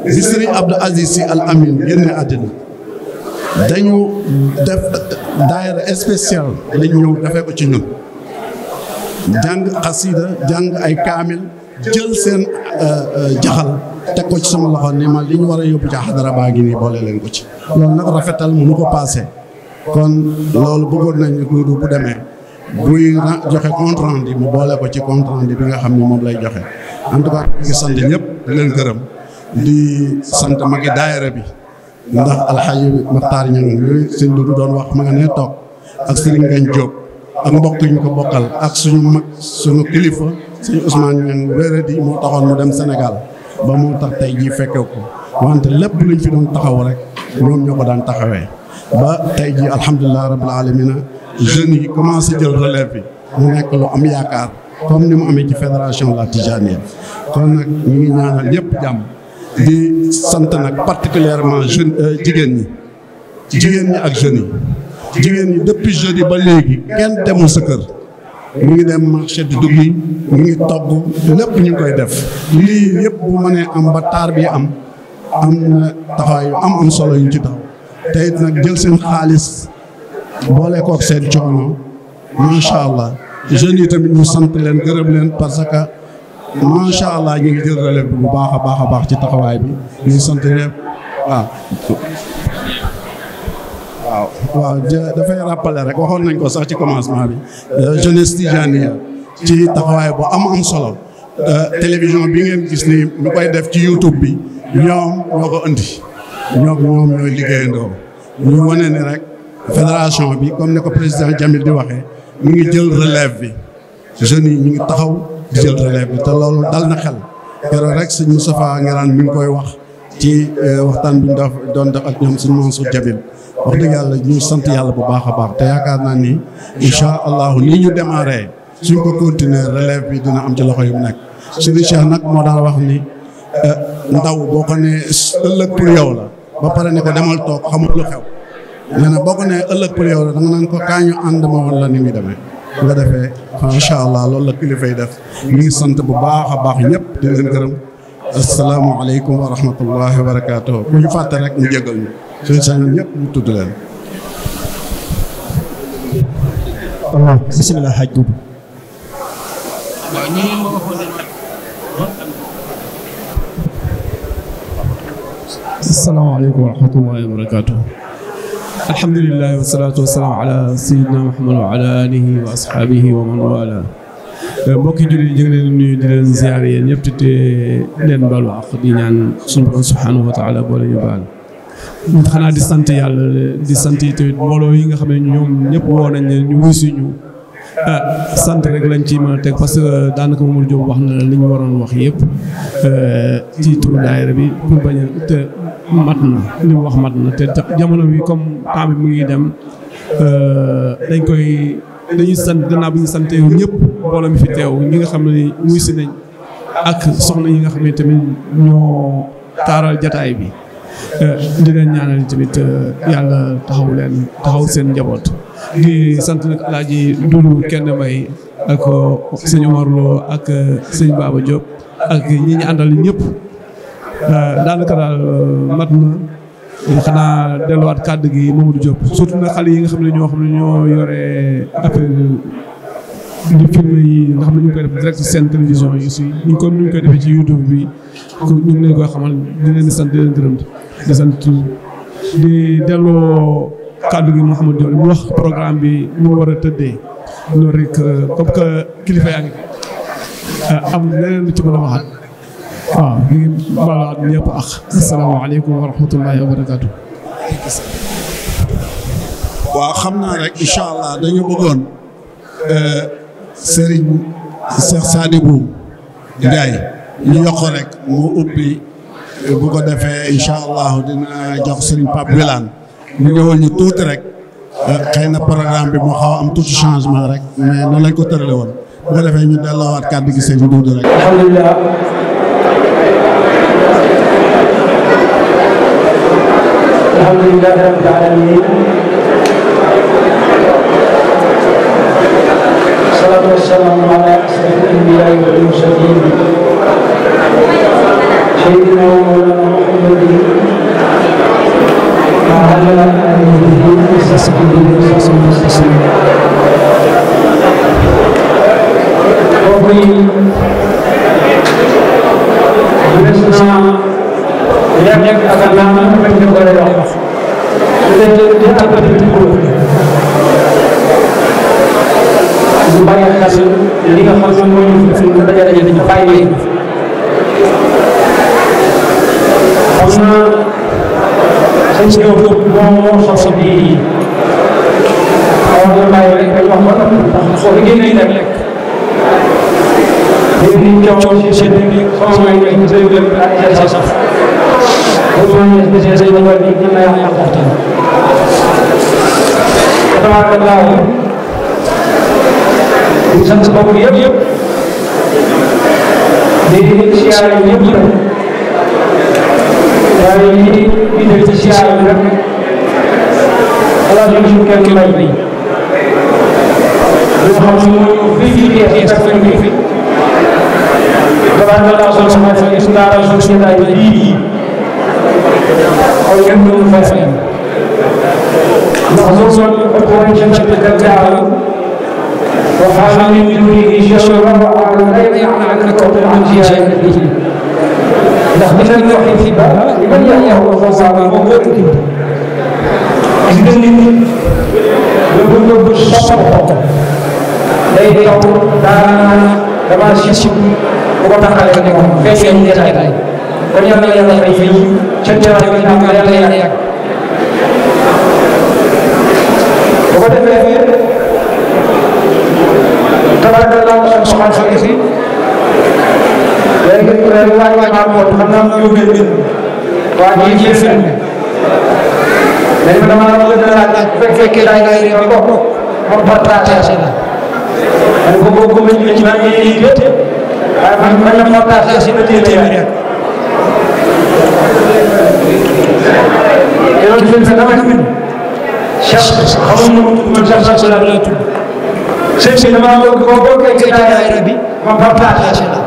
bi Serigne Abdou Aziz Al Amin génne àddina dañu def daayira spécial lañ ñëw dafee ko ci ñun jàng xasida jàng ay kaamil jël seen euh, euh, jaxal teg ko ci sama loxo ni ma li ñu war a yóbbu ci dara baa ngi nii boole leen ko ci loolu nag rafetal mënu ko paase kon loolu bëggoon nañu duudu bu demee buy joxe compte rendu mu boole ko ci compte rendu bi nga xam ne moom lay joxe en tout cas di sant ñëpp leen gërëm di sant magi daayira bi ndax alxaaji Maxtaar ñang yooyu sëñ Dudu doon wax ma nga ne toog ak sëriñ Ngañ Jóob ak mbokk ñu ko bokkal ak suñu mag suñu kilifa suñu Ousmane ñang wéradi moo taxoon mu dem Sénégal ba moo tax tey jii fekke ko wante lépp luñ fi doon taxaw rek ñoom ñoo ko daan taxawee ba tey jii alhamdulilah rabbil alamina jeunes yi commencé jël relève bi mu nekk lu am yaakaar comme ni mu amee ci fédération la Tijaniya kon nag ñu ngi ñaanal ñëpp jàmm sant nag particulièrement jeune euh, jigéen ñi jigéen ñi ak jeunes yi jigéen ñi depuis jeudi ba léegi kenn demul sa kër mu ngi dem marché di dugg yi mu ngi togg lépp ñu ngi koy def lii yëpp bu mënee am ba taar bi am am na yu am am solo yuñ ci taxaw te it nag jël seen xaalis boole kook seen coono macha allah jeunes yi tamit ñu sant leen gërëm leen parce macha allah ñu ngi jël relève bi bu baax a baax a baax ci taxawaay bi ñu ngi sant ñëpp waaw. waaw waaw dafay rappeler rek waxoon nañ ko sax ci commencement bi jeunesse tijaniya ci taxawaay bu am am solo télévision bi ngeen gis ni ñu koy def ci YouTube bi ñoom ñoo ko indi ñoom ñoom ñooy liggéeyandoo ñu wane ni rek fédération bi comme ni ko président Jamil di waxee mu ngi jël relève bi jeunes yi ñu ngi taxaw. di jël relais bi te loolu dal na xel keroog rek sëñ Moustapha Ngeraan mi ngi koy wax ci euh, waxtaan bi ñu doon def ak ñoom sëñ Mansour Jabil wax dëgg yàlla ñu sant yàlla bu baax a baax te yaakaar naa ni incha allahu nii ñu démarré suñ ko continuer relève bi dina am ci loxo yu mu nekk. Serigne Cheikh nag moo daan wax ni euh, ndaw boo ko nee ëllëg pour yow la ba pare ne ko demal toog xamul lu xew nee na boo ko nee ëllëg pour yow la danga naan ko kaa ñu ànd ma la bu ko defee incha allah loolu la kilifay def ñu ngi sant bu baax a baax ñëpp di leen gërëm asalaamaaleykum wa rahmatullahi wa barakaatu ku ñu fàtte rek ñu jégal ñu suñu sañ ñëpp ñu tudd leen. bisimilah xaaj buubu. asalaamaaleykum wa rahmatullahi wa barakaatu. الحمد لله والصلاة والسلام على سيدنا محمد وعلى آله وأصحابه ومن والاه بوكي جولي جيغلي نيو دي لن زيار يي نيب تي لن سبحان سبحانه وتعالى بولا يبال خنا دي سانت يالا دي سانت تي مولو ييغا خامي نيوم نيب وون نيو ني ويسو نيو سانت رك لا نتي مانا تك باسكو دانكو مول جوم واخنا لا ني وورون تي تو دايره بي بو باña mat na li mu wax mat na te jamono bi comme temps mu ngi dem euh, dañ koy dañuy sant gannaaw bi ñu sante ñëpp mbooloo mi fi teew ñi nga xam ne wuy si nañ ak soxna yi nga xam ne tamit ñoo taaral jataay bi euh, di leen ñaanal tamit euh, yàlla taxaw leen taxaw seen njaboot di sant nag alaaji Doudou kenn may ak sëñ Omar ak sëñ Baba Diop ak ñi ñu àndal ñëpp Euh, daanaka daal euh, mat na xanaa delluwaat kàddu gi du Diop surtout na xale yi nga xam ne ñoo xam ne ñoo yore appel di film yi nga xam ne ñu ngi koy def direct ci seen télévision yi aussi ñu comme koy defee ci YouTube bi ñu ngi leen koy xamal di leen di sant di leen gërëm di sant di delloo kàddu gi Mouhamadou Diop mu wax programme bi ni mu war a tëddee loolu rek euh, comme que kilifa yaa ngi ah am leneen lu ci mën a السلام عليكم ورحمه الله وبركاته وخمنا ان شاء الله دا نيو بغون ا سيرن شيخ صادبو جاي نيوخو رك مو اوبي بوكو دافي ان شاء الله دنا جوخ سيرن باب بلان نيوول ني توت رك خاينا بروغرام بي مو خاوا ام توت شانجمان رك مي نان لا كو تريلي وون بوكو دافي ني دالو وات كاد كي سيرن دودو رك الحمد لله الحمد لله رب العالمين والصلاة والسلام على أشرف الأنبياء والمرسلين سيدنا kenn may ಹಿಂದೆ ಜಾಯ್ ಕೊನೆಯ ಮೇಲಿನ ರೈಸು ಚಂಚವಾಗಿ ನಮ್ಮ ಕಾರ್ಯಾಲಯ ఒకటి ఉత్తరాఖండ్లో స్పాన్సర్ చేసి और बढ़ता है ऐसे ना उनको को मिल मिल जाएगी man na moo tax si ba téeméer ak te loolu seen sa dama tamit Cheikh xamul nu man Cheikh Sall Salaam laa tudd sëñ si dama bëgg boo bokkee ci daayira bi ma ba partagé la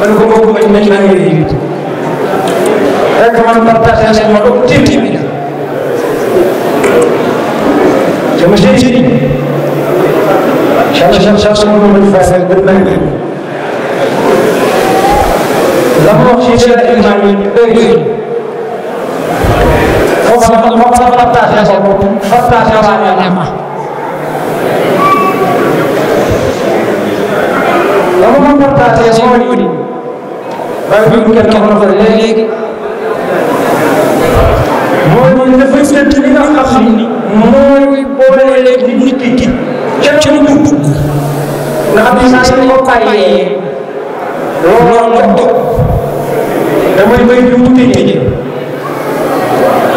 ma ne ko bokk ma nañ ma ngay yit rek man partagé ma dopp téeméer te ma sëñ si Cheikh Cheikh Sall Salaam ma fay rek fonctionnaire état bi heure foofu la foofu la adaptation sa bopp adaptation sa élément dama mën adaptation mooy indi waaye bu ñu kenn ko léegi mooy ñu dafay seet li nga xam ni mooy boole léegi nit ki ci ci lu mu dugg nga xam ne saa si mbokkaay yee loolu damay béy bi mu wute ñee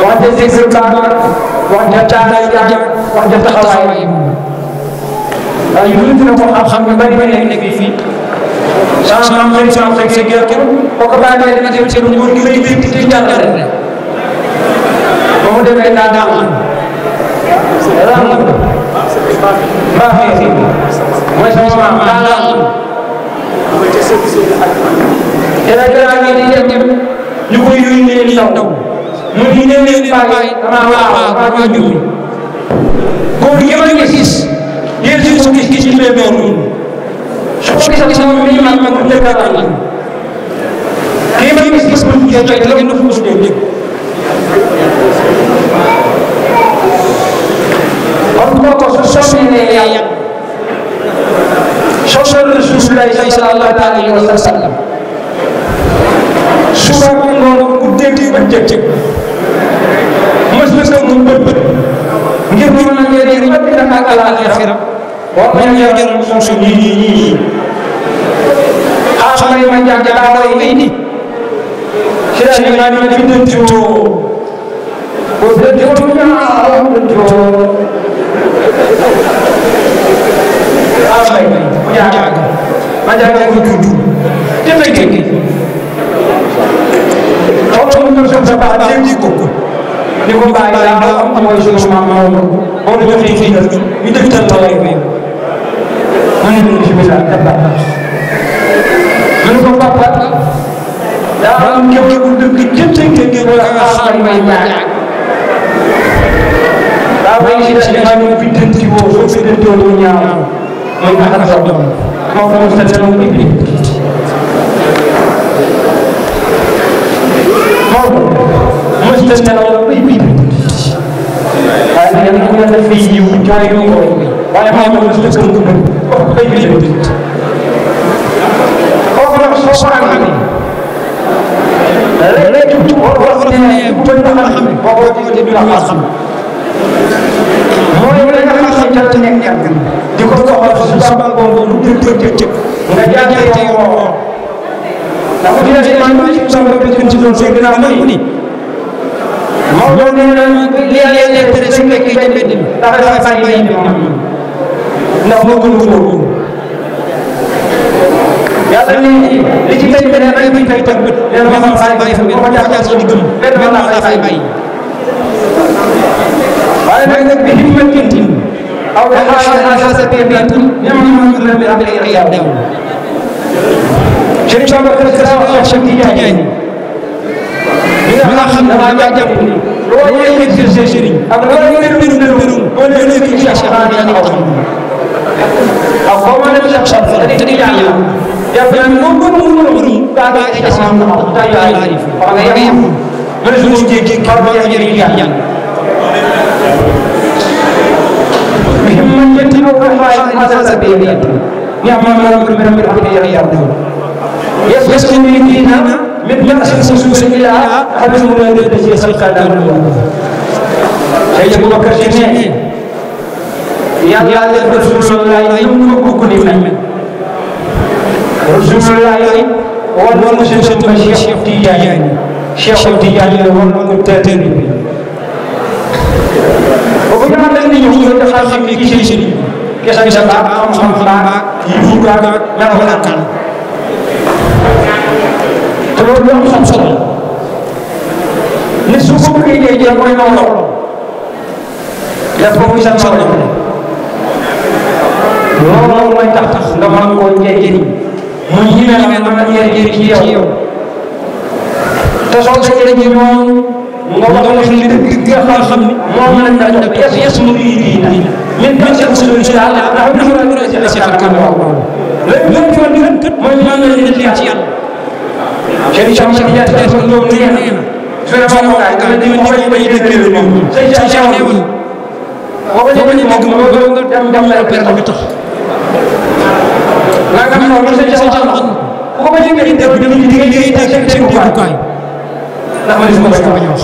wax de zikr baax na wax de taalaay ajam wax de taxawaay waaye yu dina ko xam-xam yu bari bari nekk fii changement xëy changement xëy gerte boo ko bàyyee dina dem seen nguur gi lay dégg di jàngale ba mu demee daa daa am ram baaxee si mooy sama maam daa daa am yeneen gannaaw yi di dem ñu koy yónnee ndaw mu di ñëwee Mbaye damaa waaw damaa jur gi. góob yi ma gis yéen si ko gis gis ñu mel noonu su ko gisee gis moom dañu naan man bu njëkk a laal kii ma gis gis bu njëkk a laal dafa mos leen dégg. kon kooku su soobee yàlla soo soobee Rasulullah sallallahu alayhi wa sallam సుమారు నేను గుడ్డేటి వచ్చి మసలసం ముబ్బట్ ñu jox sa baax baax di ko di ko bàyyi daa am mooy suñu maam moom boo ñu joxee fii ñu def tan la lay may mu ne ñu bismillah ñu ne ko papa daa am képp ku dëkk jëm seen kër gi wala xaar may ñaar daa may si si ma ñu biddanti woo soo biddantoo lu ñaaw mooy ak sa doom moo ko sa doomu mësta nelaw bay bii waaye nag yàlla ko yàlla fay yiw jooyu ko waaye maa ngi mësta gëm ko bëgg kooku bay bii la nit kooku nag soo ko amee léegi ci boo ko nee bu bëgg nga xam boo ko diggante du la xam mooy li nga xam ne jant nekk di ko soxal su sabal boobu lu dëgg dëgg nga jàngee ci yoon ñu ci man sama bëgg ci doon seen ginnaaw mooy ni Maodo nee na li leen leen tere su fekkee ca mbedd mi ndax dafa fay bàyyi bi am ndax moo gën ko woon yàlla ne li ci tey beneen ay buñ fay tëgg nee na ma xam fay bàyyi fa mbir ma jaaxal sa diggam benn ma ndax la fay bàyyi waaye nag bi ñu mëkkanti aw da xaaral sa sa peer bi atum ñam ñu mëkkanti am ay ay yàlla شريف شعبة تسرع شمتية من أخم ما جابني لولا يكثر زيجري أبغى يمر من منهم ولا يكثر شهراني أنا أظن أقوم أنا بلا شرط تريد عليه يا بني ممكن ممكن بعد هذا السلام الله يعرف الله يعرف من زوجي جي كربلاء يجري مهمة الروح هذا سبيل نعم الله رب العالمين يا رب يسكن فينا مبنى أسس سلسلة حبس منادى يسال قدام سيد بكر جميع يلا رسول الله يمكن كل من رسول الله والله مسلم شيخ تيجاني شيخ تيجاني والله مبتدئ وكنا نحن نقول لك خاصة في كل شيء كيف نسبب أمام أمام يبقى لا ولا كلام loolu lu am xam-xam la nit su ko bëggee jël jël mooy noonu def ko muy sa nawle loolu mooy tax tax nga mën koo jëriñ mu ñi ne la mën na jëriñ ci yow te soo ko jëriñ moom nga wax nga li dëgg nga xam ni moom lañ la def yes yes mu ngi di di min kan sa sulu ci Allah ndax dafa la ci la ci kan wax loolu lépp yoon di kat mooy mën na ci yàlla kenn ci amat jaay jaay sama doom nee na vraiment moo tax nga dégg ñu bañ a dégg moom sëñ Cheikh neewul boo bañ a dégg moom loolu nga dem dem la perte bi tax laa nga xam ne sëñ Cheikh waxoon boo bañ a dégg dégg dama ñu digg liggéey teg teg déggukaay ndax man sama bañ a wax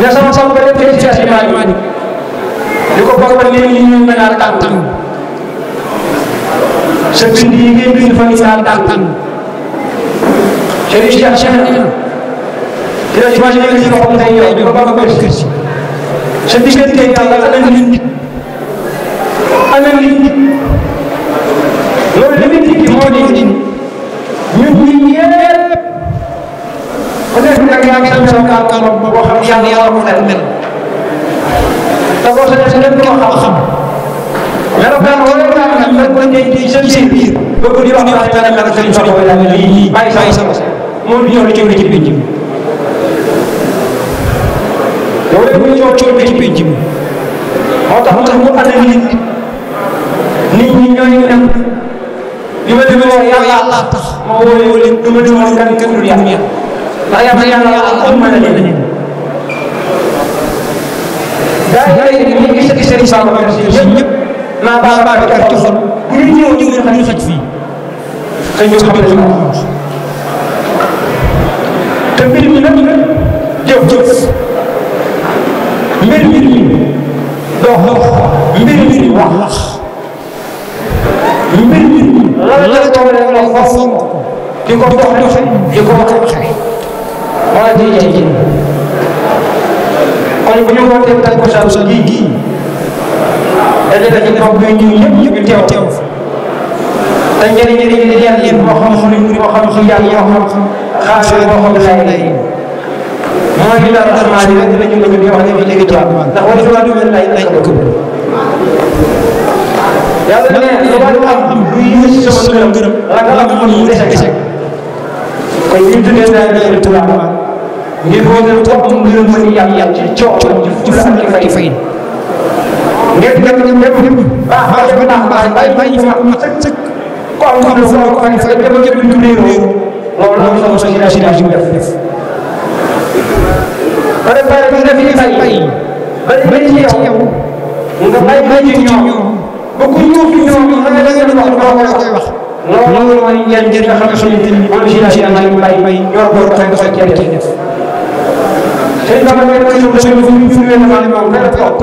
ne sama sama ba dem ci Cheikh Ibrahima di ko bokk ba ne ñu ñu mën a tànn sa bind yi ngay bind fa isaa tànn Cheikh Cheikh Cheikh dina ci wàññi yëkkati ko xam tey yow ba ba bëri kër si sa diggante yàlla ana nga nit ana nga nit loolu li nit ki moo di nit ñun nit yëpp ku nekk nag yaa ngi am sa kàllaama boo xam yàlla yàlla ko mel te boo sa def lépp loo xam-xam melokaan wala yaakaar nag dañ koy denc ci seen biir bëgg di wax wax dara dara sëriñ Fallou wala lii lii bàyyi saa yi sama sa moom du ñëw la coow ci pénc mi. yow léegi ñu ñëw coow ci pénc mi moo tax moo tax mu ànd nit nit ñi ñooy dem li ma demee woon yàlla yàlla tax ma wóoree leen li ma demee woon kenn kenn du yàlla ndax yàlla yàlla yàlla am mën a leen gaa yi ñu ngi gis-gis seen i saako ñëpp. maa baa Babacar ci xol bu ñu ñëw ñu ngeen xam ñu xaj fii xëy ñu xam ne te mbir mi nag jëf jëf mbir mbir mi dox dox mbir mbir mi wax wax mbir mbir mi la ko rek la ko fonk di ko dox doxe di ko wax waxe waa ji jay kon bu ñu wootee tàkkusaan sa gii gii dajale ñu bokk yu ñuy ñëpp ñu teew teew te njëriñ njëriñ li yàlla yëpp moo xam suñu moo xam ci yàlla moo xam xaalis moo xam xay lay mooy li daal asamaan yi rek lañu lañu wax ne bi léegi jaam ndax wala fi waa dugal lay lay ko yàlla ne lu am luy yësi sama ngërëm la ko mu échec kon ñu tuddee daal di tubaab ngir boo ngeen topp ngërëm mën yàlla yàlla ci coow ci fay fay ngeen def ngeen def baax ba tax baax bay bay ci ma sëkk sëkk kon ko do ko ko fa dem jëpp ñu réer réer loolu la sama sa ina sina ci def def bare bare bi def ni bay bay ci yow nga bay bay ci ñoom ba ku ñu fi ñoom la nga leen wax do ko koy wax loolu mooy ñaan jël nga xam ne suñu tin wala sina sina ci bay bay ñor ko ko ko ci def sëñ dama ne ko ñu ko ñu fi ñu leen wax ne moom la toog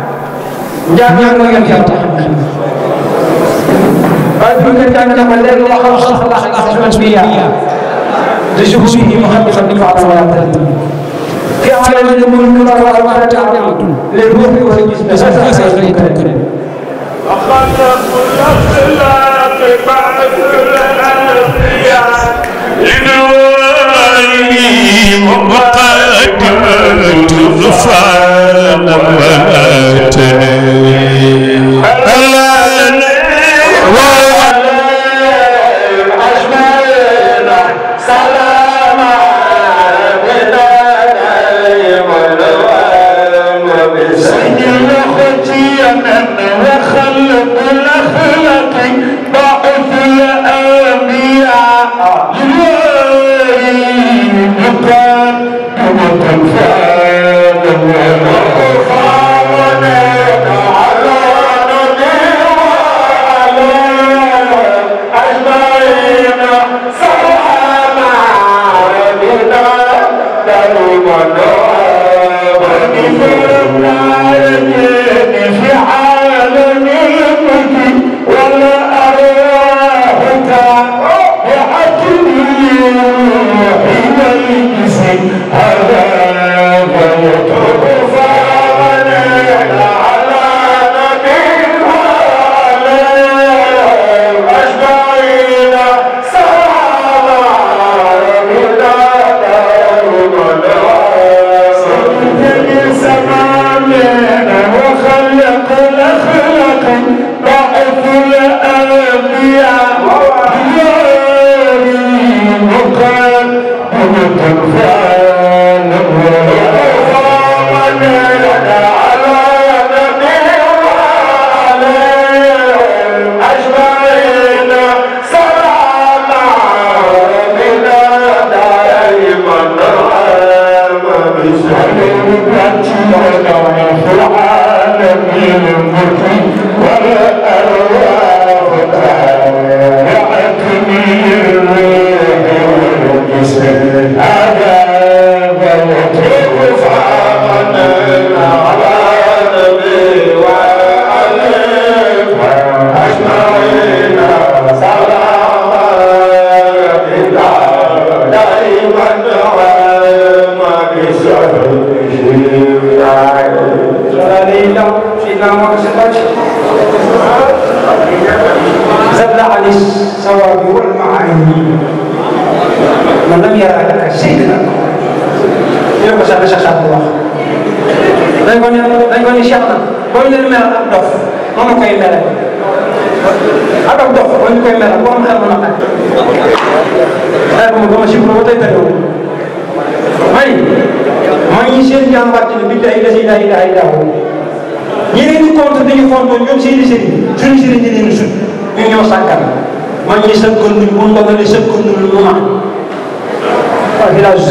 جامعة ويوم يرتاح أدعوك جامعة من ليل الله خلق الله الأحمد فيها لشهوده محمد صلى الله عليه وسلم في عالم الملك والأرواح جامعة للروح والجسم أساسا الكريم وخلق نفس العاقبة الأنبياء لنوائهم وقد تظفر وقتل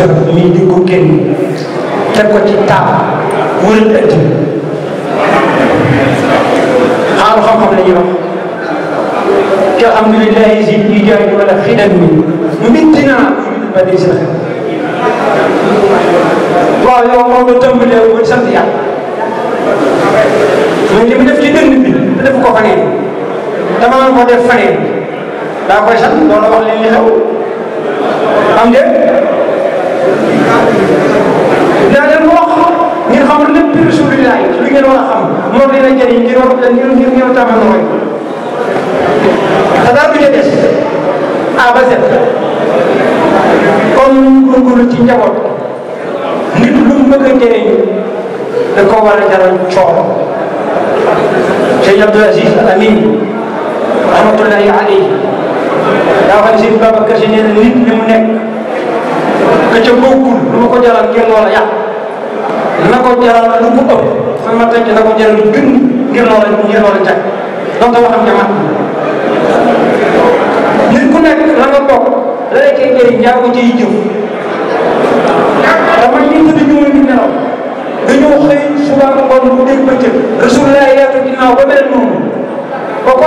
jot mi di ko génn teg ko ci taab wër ëtt xaaru xam-xam la ñuy wax te alhamdulilahi si ijaay wala xidan mi mitti naa ba di sax waaw yow moom la tàmbalee woon sant yàlla mais li mu def ci dënn bi def ko faneen dama ko def faneen daa koy sant loolu wax leen li xew am de daa leen wax ngeen xam lépp rasulillah li ngeen war a xam moom dina jëriñ ngir wax ngir ngir ngir tàmbali mooy te daal du ca des ba set comme ñu góorgóorlu ci njaboot nit lu mu bëgg a jëriñ da koo war a jaral coono Cheikh Abdoul Aziz Al Amin rahmatullahi alayhi daa xam ne Sëñ Si nee na nit li mu nekk la ca bokkul lu ma ko jaral ngir loola yàq na ko jaral lu mu ëpp man ma tekki na ko jaral lu gën ngir loola loola jag donc waxam ja mat nit ku nekk la nga bokk la lay koy jëriñ ko ciy jëf dama ñun ñi dañoo ñu nelaw dañoo xëy suba ba ngoon bu dégg bëccëg rasulullah yaatu ginnaaw ba mel noonu ba koo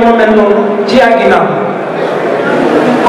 moo mel noonu ci yaa ginnaaw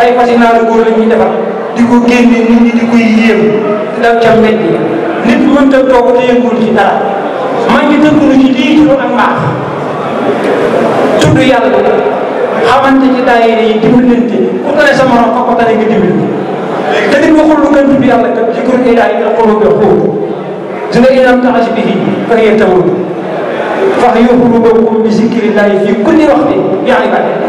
ay fas yi naaru góor la ñuy di ko génne nit ñi di koy yéem di daw ca mbéy mi nit mënta toog te ci dara maa ngi tënkuñu ci lii ci ak mbaax tudd yàlla xamante ci daayira yi dimbalante ku tane sa morom fa ko tane nga dimbali te nit waxul lu gën tudd yàlla kat ci kuréel daay nga xooloo nga xool dina inam taxas bi fii fa ngeen tawul fax yoo xulu boobu bi fii kulli waxti yaa ngi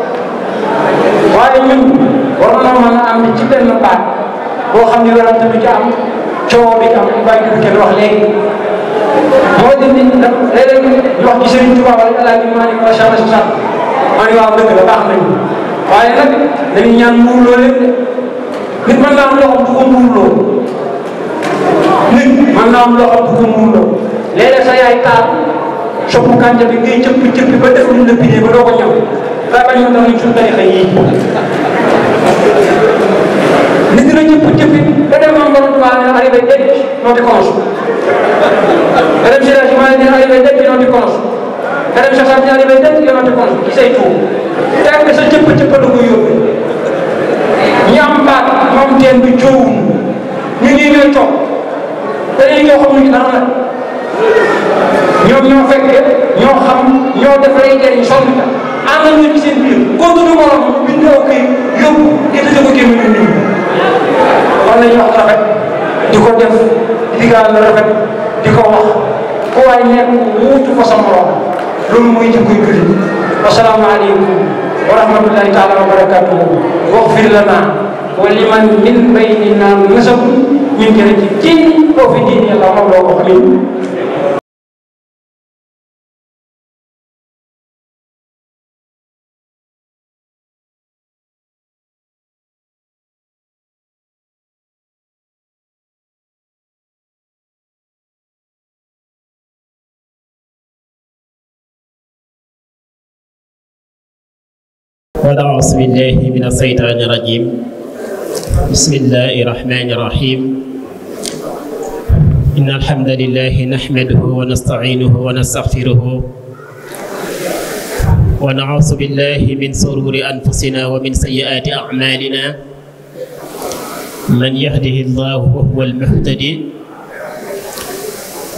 waaye ñun war na mën a am ci benn baat boo xam ni werante du ci am coow bi am bàyyi ko kenn wax léegi moo di nit da léeg-léeg wax ci Serigne Touba wala El Hadj Malick macha allah sax ma ne waaw dëgg la baax nañu nag dañuy ñaan muur loo lépp nit naa am loo xam du ko muur naa am loo xam du ko muur loo léeg-léeg sa yaay taal soppu kànja bi ngay cëpp cëpp ba def lu ba doo ko ragal ñu dañuy suñu tarixa yi nit ñi dañuy pour jëfin ba dem moom borom Tuubaa ne non di cons nga si région yi ne arrivé non di cons nga dem sa sàmm ne arrivé dëkk non di cons ci say tuur teg sa cëpp cëpp la ko yóbbu ñi am baat moom teen bi joowum ñu nii ñooy toog dañuy ñoo xam ñu dara nag ñoom ñoo fekke ñoo xam ñoo defaree njëriñ sonn na àndal na ci seen biir kooku du morom bind aw kay yóbbu gerte gi ko génn nit ñi. wala ñu wax rafet di ko def di ko wax ku waay nekk wuutu ko sa morom loolu mooy jikkoy jullit wasalaamaaleykum wa rahmatullahi taala wa barakatuhu waxfir lana wa liman min baynina nasab min jërëjëf ci boo fi diine yàlla moom loo ko xamee بعد بسم الله من الشيطان الرجيم بسم الله الرحمن الرحيم إن الحمد لله نحمده ونستعينه ونستغفره ونعوذ بالله من سرور أنفسنا ومن سيئات أعمالنا من يهده الله وهو المهتدي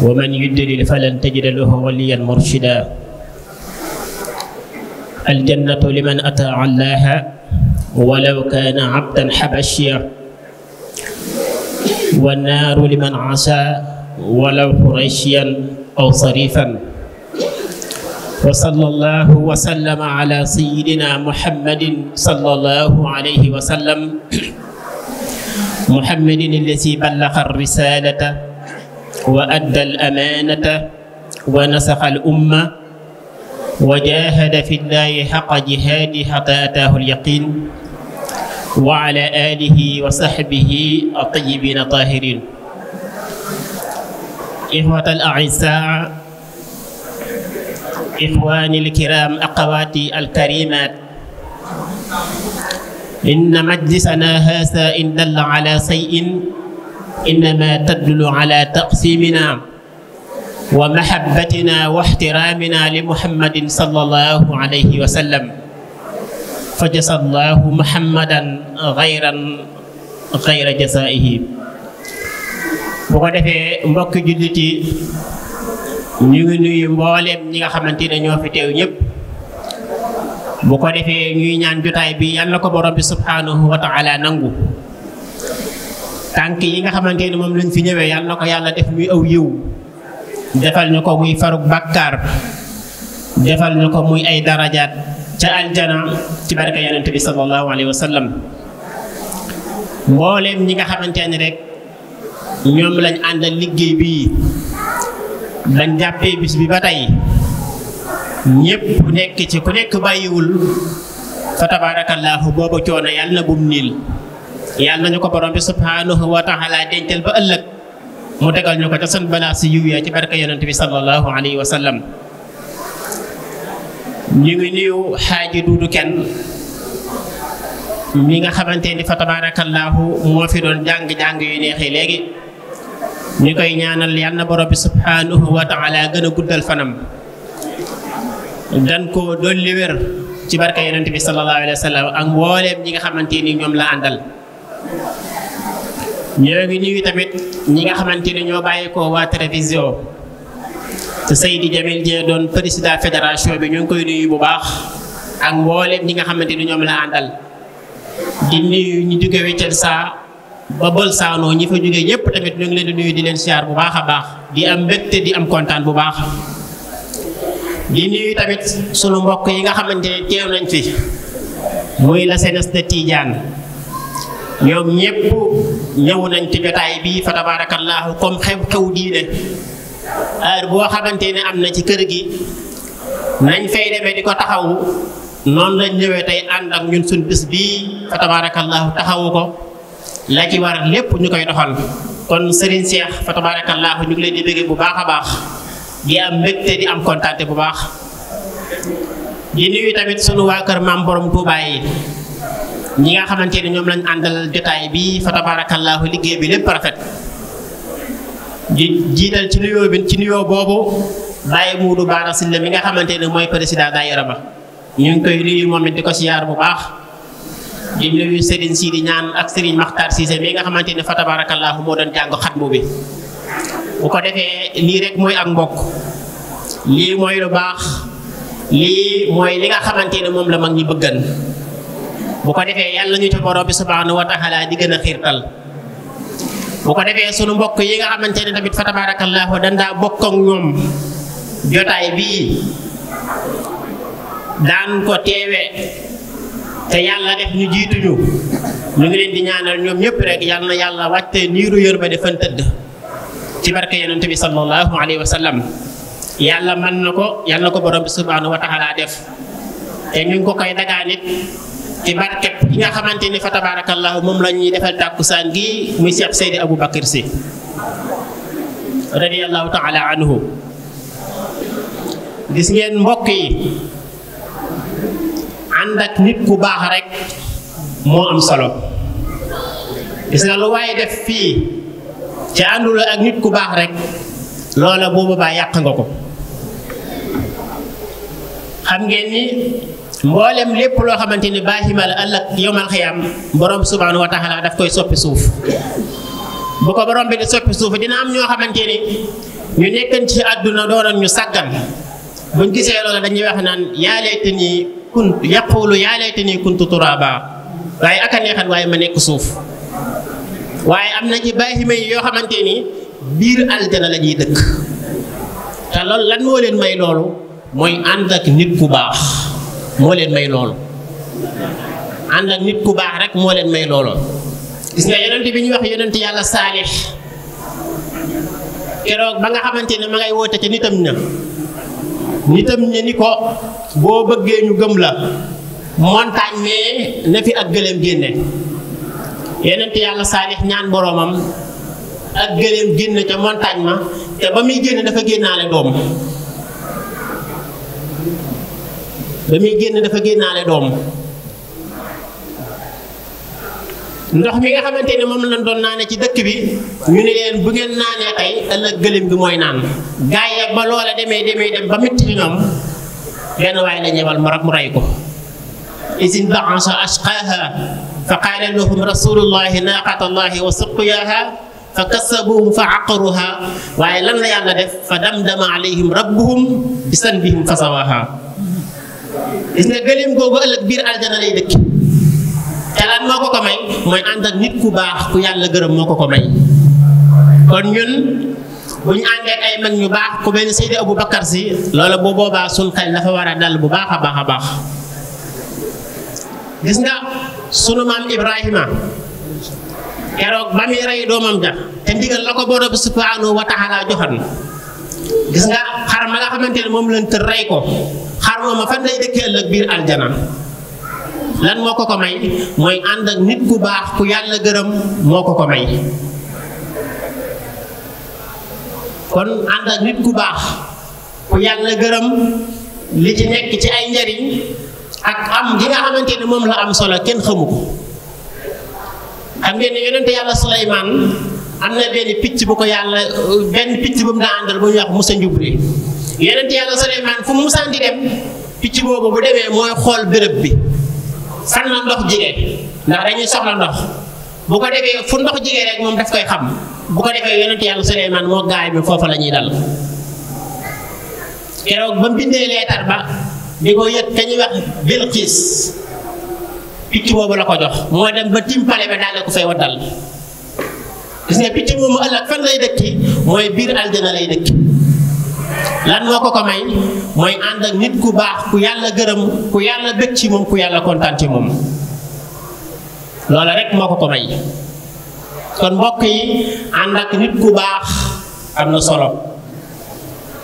ومن يدلل فلن تجد له وليا مرشدا الجنة لمن أتى الله ولو كان عبدا حبشيا والنار لمن عصى ولو قريشيا أو صريفا وصلى الله وسلم على سيدنا محمد صلى الله عليه وسلم محمد الذي بلغ الرسالة وأدى الأمانة ونسخ الأمة وجاهد في الله حق جهاده حتى أتاه اليقين وعلى آله وصحبه الطيبين الطاهرين إخوة الأعزاء إخواني الكرام أخواتي الكريمات إن مجلسنا هذا إن دل على شيء إنما تدل على تقسيمنا wa mahabbatina wa ixtiraamina li muhammadin sallallahu alayhi wa sallam fa jasa allahu muhammadan xayran xayra jasaihi bu ko defee mbokki jullit yi ñu ngi nuyu mbooleem ñi nga xamante ne ñoo fi teew ñëpp bu ko defee ñuy ñaan jotaay bi yàlla ko borom bi subhanahu wa taala nangu tànk yi nga xamante ne moom lañ fi ñëwee yàlla na ko yàlla def muy aw yiw defal ñu ko muy faruk bàkkaar defal ñu ko muy ay darajaat ca aljana ci barka yonent bi sallallahu alayhi wa sallam ñi nga xamante ne rek ñoom lañ àndal liggéey bii dañ jàppee bis bi ba tey ñépp nekk ci ku nekk bàyyiwul fa tabaarakallaahu boobu coono yàlla na bum niil yàlla nañu ko borom bi subhaanahu wa dencal ba ëllëg mu tegal ñu ko ca sun balaas yiw ya ci barke yonent bi sallallahu alayhi wa sallam ñu ngi nuyu xaaji duudu kenn mi nga xamante ni fa tabaarakallaahu moo fi doon jàng-jàng yu neexi léegi ñu koy ñaanal yal na borom bi subhaanahu wa gën a guddal fanam dan ko dolli wér ci barke yonent bi sallallahu alayhi wa sallam ak mbooleem ñi nga xamante ni ñoom la àndal ñoo ngi nuyu tamit ñi nga xamante ni ñoo bàyyeekoo waa télévision te Seydi Jamil Dieng doon président fédération bi ñu ngi koy nuyu bu baax ak mbooleem ñi nga xamante ni ñoom la àndal. di nuyu ñu jóge wéccel saa ba bël saanoo ñi fa jóge ñëpp tamit ñu ngi leen di nuyu di leen siyaar bu baax a baax di am mbégte di am kontaan bu baax. di nuyu tamit sunu mbokk yi nga xamante ni teew nañ fi muy la CNES de Tidiane. ñoom ñëpp ñëw nañ ci jotaay bi fa tabaarakallaahu comme xew-xew diine heure boo xamante ne am na ci kër gi nañ fay demee di ko taxawu noonu lañ ñëwee tey ànd ak ñun suñ bis bii fa tabaarakallaahu taxawu ko la ci war lépp ñu koy doxal kon Serigne Cheikh fa tabaarakallaahu ñu leen di bëggee bu baax a baax di am mbégte di am kontaante bu baax di nuyu tamit sunu waa kër maam borom Touba yi. ñi nga xamante ni ñoom lañ àndal jotaay bi fa tabaarakallaahu liggéey bi lépp rafet ci nuyoo bi ci nuyoo boobu Baye Moudou Bara Sylla mi nga xamante ne mooy président daayira ba ñu ngi koy nuyu moom it di ko siyaar bu baax. di nuyu Serigne Sidi ñaan ak Serigne Makhtar Cissé mi nga xamante ni fa tabaarakallaahu moo doon jàng xatmu bi bu ko defee lii rek mooy ak mbokk lii mooy lu baax lii mooy li nga xamante ne moom la mag ñi bëggan bu ko defee yàlla ñu ci borom bi subhanahu wa taala ya, di gën a xiirtal bu ko defee sunu mbokk yi nga xamante ne tamit fa dan daa bokk ak ñoom jotaay bii daan ko teewe te yàlla def ñu jiituñu ñu ngi leen di ñaanal ñoom ñëpp rek yàlla na yàlla wàcce niiru ba defan tëdd ci barke yonente bi sallallahu alayhi wa sallam yàlla ya man na ko ko borom bi subhanahu wa taala def te ñu ngi ko koy ci barkeb yi nga xamante ni fa tabarakallahu moom la ñuy defal tàkkusaan gi muy Cheikh Seydi Abou Bakar Sy radiyallahu taala anhu gis ngeen mbokk yi ànd ak nit ku baax rek moo am solo gis nga lu waaye def fii ci àndula ak nit ku baax rek loola boobu baa yàq nga ko xam ngeen ni mboolem lépp loo xamante ni baaximal ëllëg yowmal xiyaam borom subhaanahu wa taala daf koy soppi suuf bu ko borom bi di soppi suuf dina am ñoo xamante ni ñu nekkan ci àdduna doonoon ñu sàggan buñ gisee loolu dañuy wax naan yaa laytani kunt yaquulu yaa laytani kuntu turaaba waaye aka neexan waaye ma nekk suuf waaye am nañu ci baaxima yi yoo xamante ni biir aljana la ñuy dëkk te loolu lan moo leen may loolu mooy ànd ak nit ku baax moo leen may loolu ànd ak nit ku baax rek moo leen may loolu gis nga yonent bi ñuy wax yeneen yonent yàlla saalix keroog ba nga xamante ne ma ngay woote ca nitam ña nitam ña ni ko boo bëggee ñu gëm la montagne mais na fi ak gëléem génne yonent yàlla saalix ñaan boroomam ak gëléem génne ca montagne ma te ba muy génne dafa génnaale doom ba muy génn dafa génnaale doom ndox mi nga xamante ne moom lañ doon naane ci dëkk bi ñu ne leen bu ngeen naanee tey ëllëg gëlëm bi mooy naan gaa yi ba loola demee demee dem ba métti ci ñoom benn waay la ñëwal mu rab mu rey ko isin baasa ashqaaha fa qaala lahum rasulullahi naaqata allahi wa suqyaaha fa kassabuhum fa aqaruha waaye lan la yàlla def fa damdama alayhim rabbuhum bi sanbihim fa sawaaha gis nga gëléem googu ëllëg biir aljana lay dëkk te lan moo ko ko may mooy ànd ak nit ku baax ku yàlla gërëm moo ko ko may kon ñun bu ñu ànd ay mag ñu baax ku benn Seydi Abu Bakar Si loolu bu boobaa suñ xel dafa war a dal bu baax a baax a baax gis nga sunu maam Ibrahima keroog ba muy rey doomam ja te ndigal la ko borom subhanahu wa taala joxoon gis nga xar ma nga xamante ne moom lañ tër rey ko xar mooma fan lay dëkkee ëllëg biir aljana lan moo may mooy ànd nit ku baax ku yàlla gërëm moo ko ko may kon nit ku baax ku yàlla gërëm li ci ci ay njariñ ak am gi nga xamante ne moom la am solo kenn xamu ko xam ngeen ne yonente yàlla Suleymaan am na benn picc bu ko yàlla benn picc bu mu daa àndal bu ñuy wax Moussa Njubri yeneen yàlla Souleymane fu Moussa di dem picc boobu bu demee mooy xool béréb bi fan la ndox jigee ndax dañuy soxla ndox bu ko defee fu ndox jigee rek moom daf koy xam bu ko defee yeneen yàlla Souleymane moo gaay bi foofa la ñuy dal keroog ba mbindee leetar ba di ko yëg kañuy wax Bilqis picc boobu la ko jox moo dem ba timpale ba daal ko fay dal. gis nga moom moomu ëllëg fan lay dëkki mooy biir aljana lay dëkki lan moo ko ko may mooy ànd nit ku baax ku yàlla gërëm ku yàlla bëgg ci moom ku yàlla kontaan ci moom loola rek moo ko ko may kon mbokk yi ànd ak nit ku baax am na solo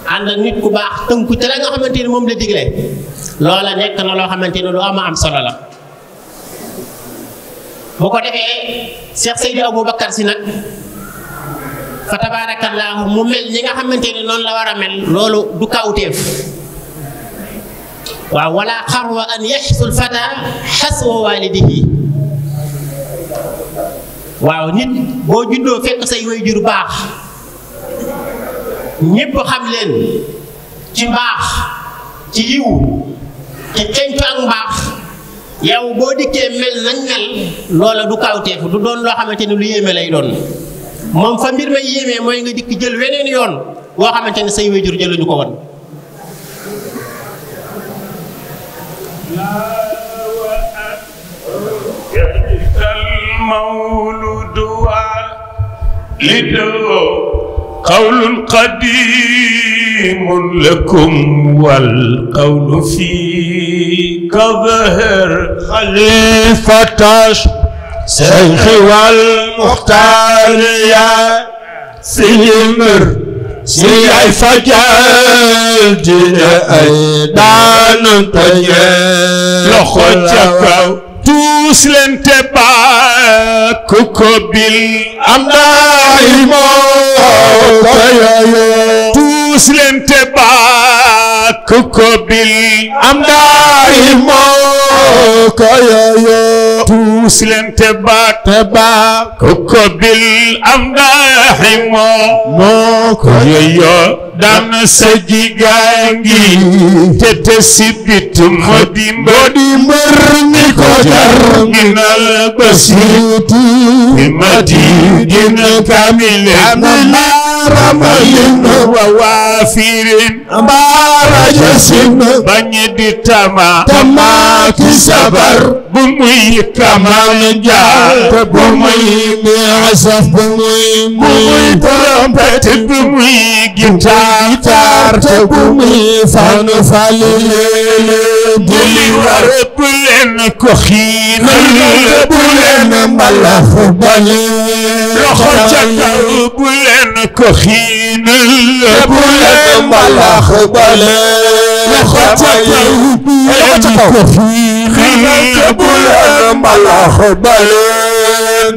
ànd ak nit ku baax tënku te la nga xamante ni moom la digle loola nekk na loo xamante ni lu ama am solo la bu ko defee Cheikh Seydi Aboubacar si nag fa tabarakallah mu mel li nga xamante ni noonu la war a mel loolu du kawteef waaw wala xarwa an yaxsul fata xaswa walidihi waaw nit boo juddoo fekk say waajur baax ñépp xam leen ci mbaax ci yiw ci xeñtu ak mbaax yow boo dikkee mel nañ mel loola du kawteef du doon loo xamante ni lu yéeme lay doon moom fa mbir ma yéemee mooy nga dikk jël weneen yoon woo xamante ni say wéjur jëluñu ko woon المولود لدو قول قديم لكم والقول فيك ظهر خليفة الشيخ والمختار يا سيمر فجال جلد أيدان طيب لخوتك tuus leen te bàkku ko bil am daay ko yooyo tuusi leen te baak bil am daaxi moo moo ko yooyo daan sa jigaa ngi te te sibit moo di mbër mi ko jar dina la basiiti bi ma di dina kamile رمين ووافر بارجس بني دي تما sabar bu muy kamaan jaar te bu muy miasaf bu muy bu muy trompette bu muy gitaar te bu muy fan falile bu war bu leen ko xiir bu leen mbalax bale loxo ca kaw bu leen ko xiinal bu leen mbalax bale loxo ca kaw bu leen ko xiinal bu leen mbalax bale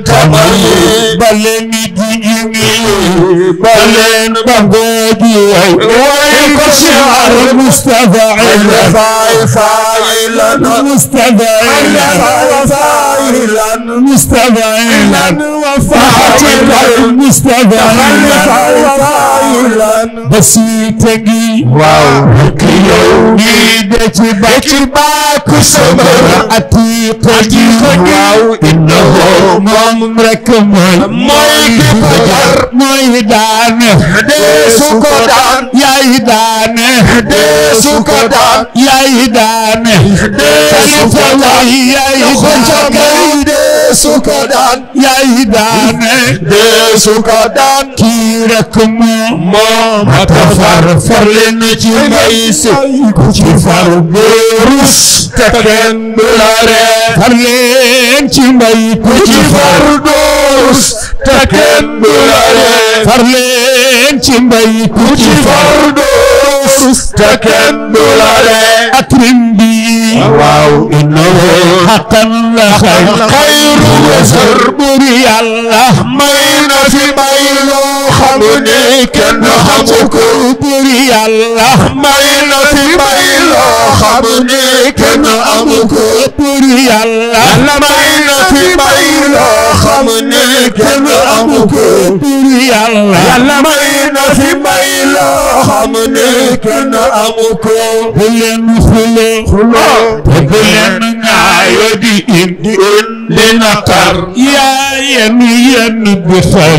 tamal bale nit بلين بهدي ويكش على المستدعي فاعلا مستدعي فاعلا مستدعي وفاعلا مستدعي بسيتكي واو كيو نيدك بكباك سمر عتيقتي واو إنه ممرك من ملك فجر mooy daane deesu ko daan yaay daane deesu ko daan yaay daane deesu ko daan yaay daane deesu ko daan yaay daane deesu ko daan kii rek moo moo far far leen ci ngay sey ku ci far beerus te kenn du la ree far leen ci mbay ku ci far doorus te kenn la ree far leen ci mbay ku ci far doorus rus te kenn du la ree atrim bi waaw innahu xaqan xayru wasar buri yàlla may fi bayloo xamu ni kenn xamu ko bur yàlla may na fi may loo xamu ni kenn amu ko bur yàlla may na fi may loo xamu ni kenn amu ko bur yàlla may na fi may loo xamu ni kenn amu ko bu leen xulo xulo bu ah. leen ñaayo di indi indi naqar yaa yenn yenn bu say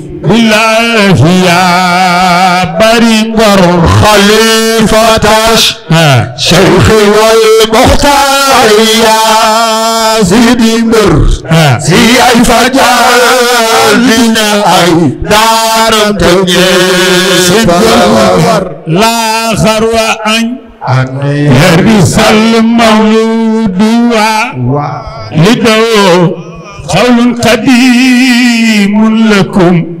بالله يا بريمر خليفة شيخ والمختار يا زيد مر زي أي فجر لنا أي دار تجيب لا خروة أن يرس المولود لدو قول قديم لكم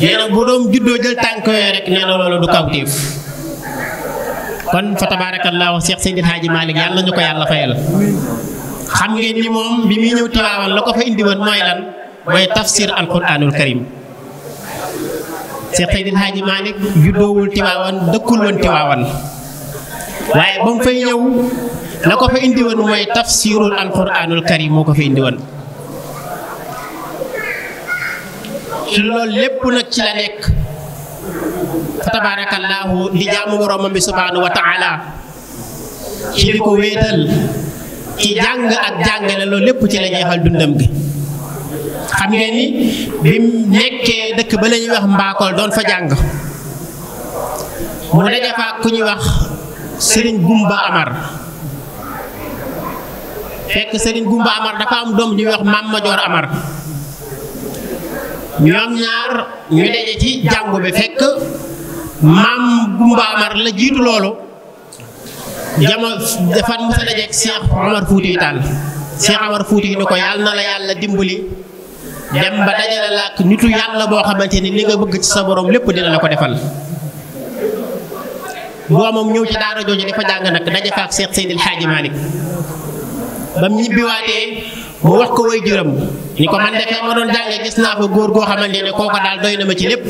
nee na bu doom juddoo jël tànk yooyu rek nee na loolu du kawteef kon fa tabaarakallaahu Cheikh Seydil Hadji Malick yàlla nañu ko yàlla fayal xam ngeen ni moom bi muy ñëw Tiwaawan la ko fa indi woon mooy Tiwaawan waaye ba mu fay ñëw la ko fa indi woon mooy tafsirul alquranul karim moo ko fa indi woon lool lépp nag ci la nekk fa tabaarakallaahu di jaamu boroomam bi subhaanahu ci di ko wéetal ci jàng ak jàngale loolu lépp ci la jeexal dundam gi xam ngeen ni bi nekkee dëkk ba la wax mbaakool doon fa jàng mu daje fa ku ñuy wax sëriñ Gumba Amar fekk sëriñ Gumba Amar dafa am doom ñuy wax Maam Majoor Amar ñoom ñaar ñu daje ci jàngu bi fekk maam Gumba la jiitu loolu jama dafa musa dajeek Cheikh Omar Fouti Tall Cheikh Omar Fouti ni ko yàlla na la yàlla dimbali dem ba dajale la ak nitu yàlla boo xamante ni ni nga bëgg ci sa boroom lépp dina la ko defal. doomam ñëw ci daara jooju dafa jàng nag daje fa ak Cheikh Seydil Hadji Malick bam ñibbiwaatee. mu wax ko way juram ni ko man defee ma doon jànge gis naa fa góor goo xamante ne ko daal doy na ma ci lépp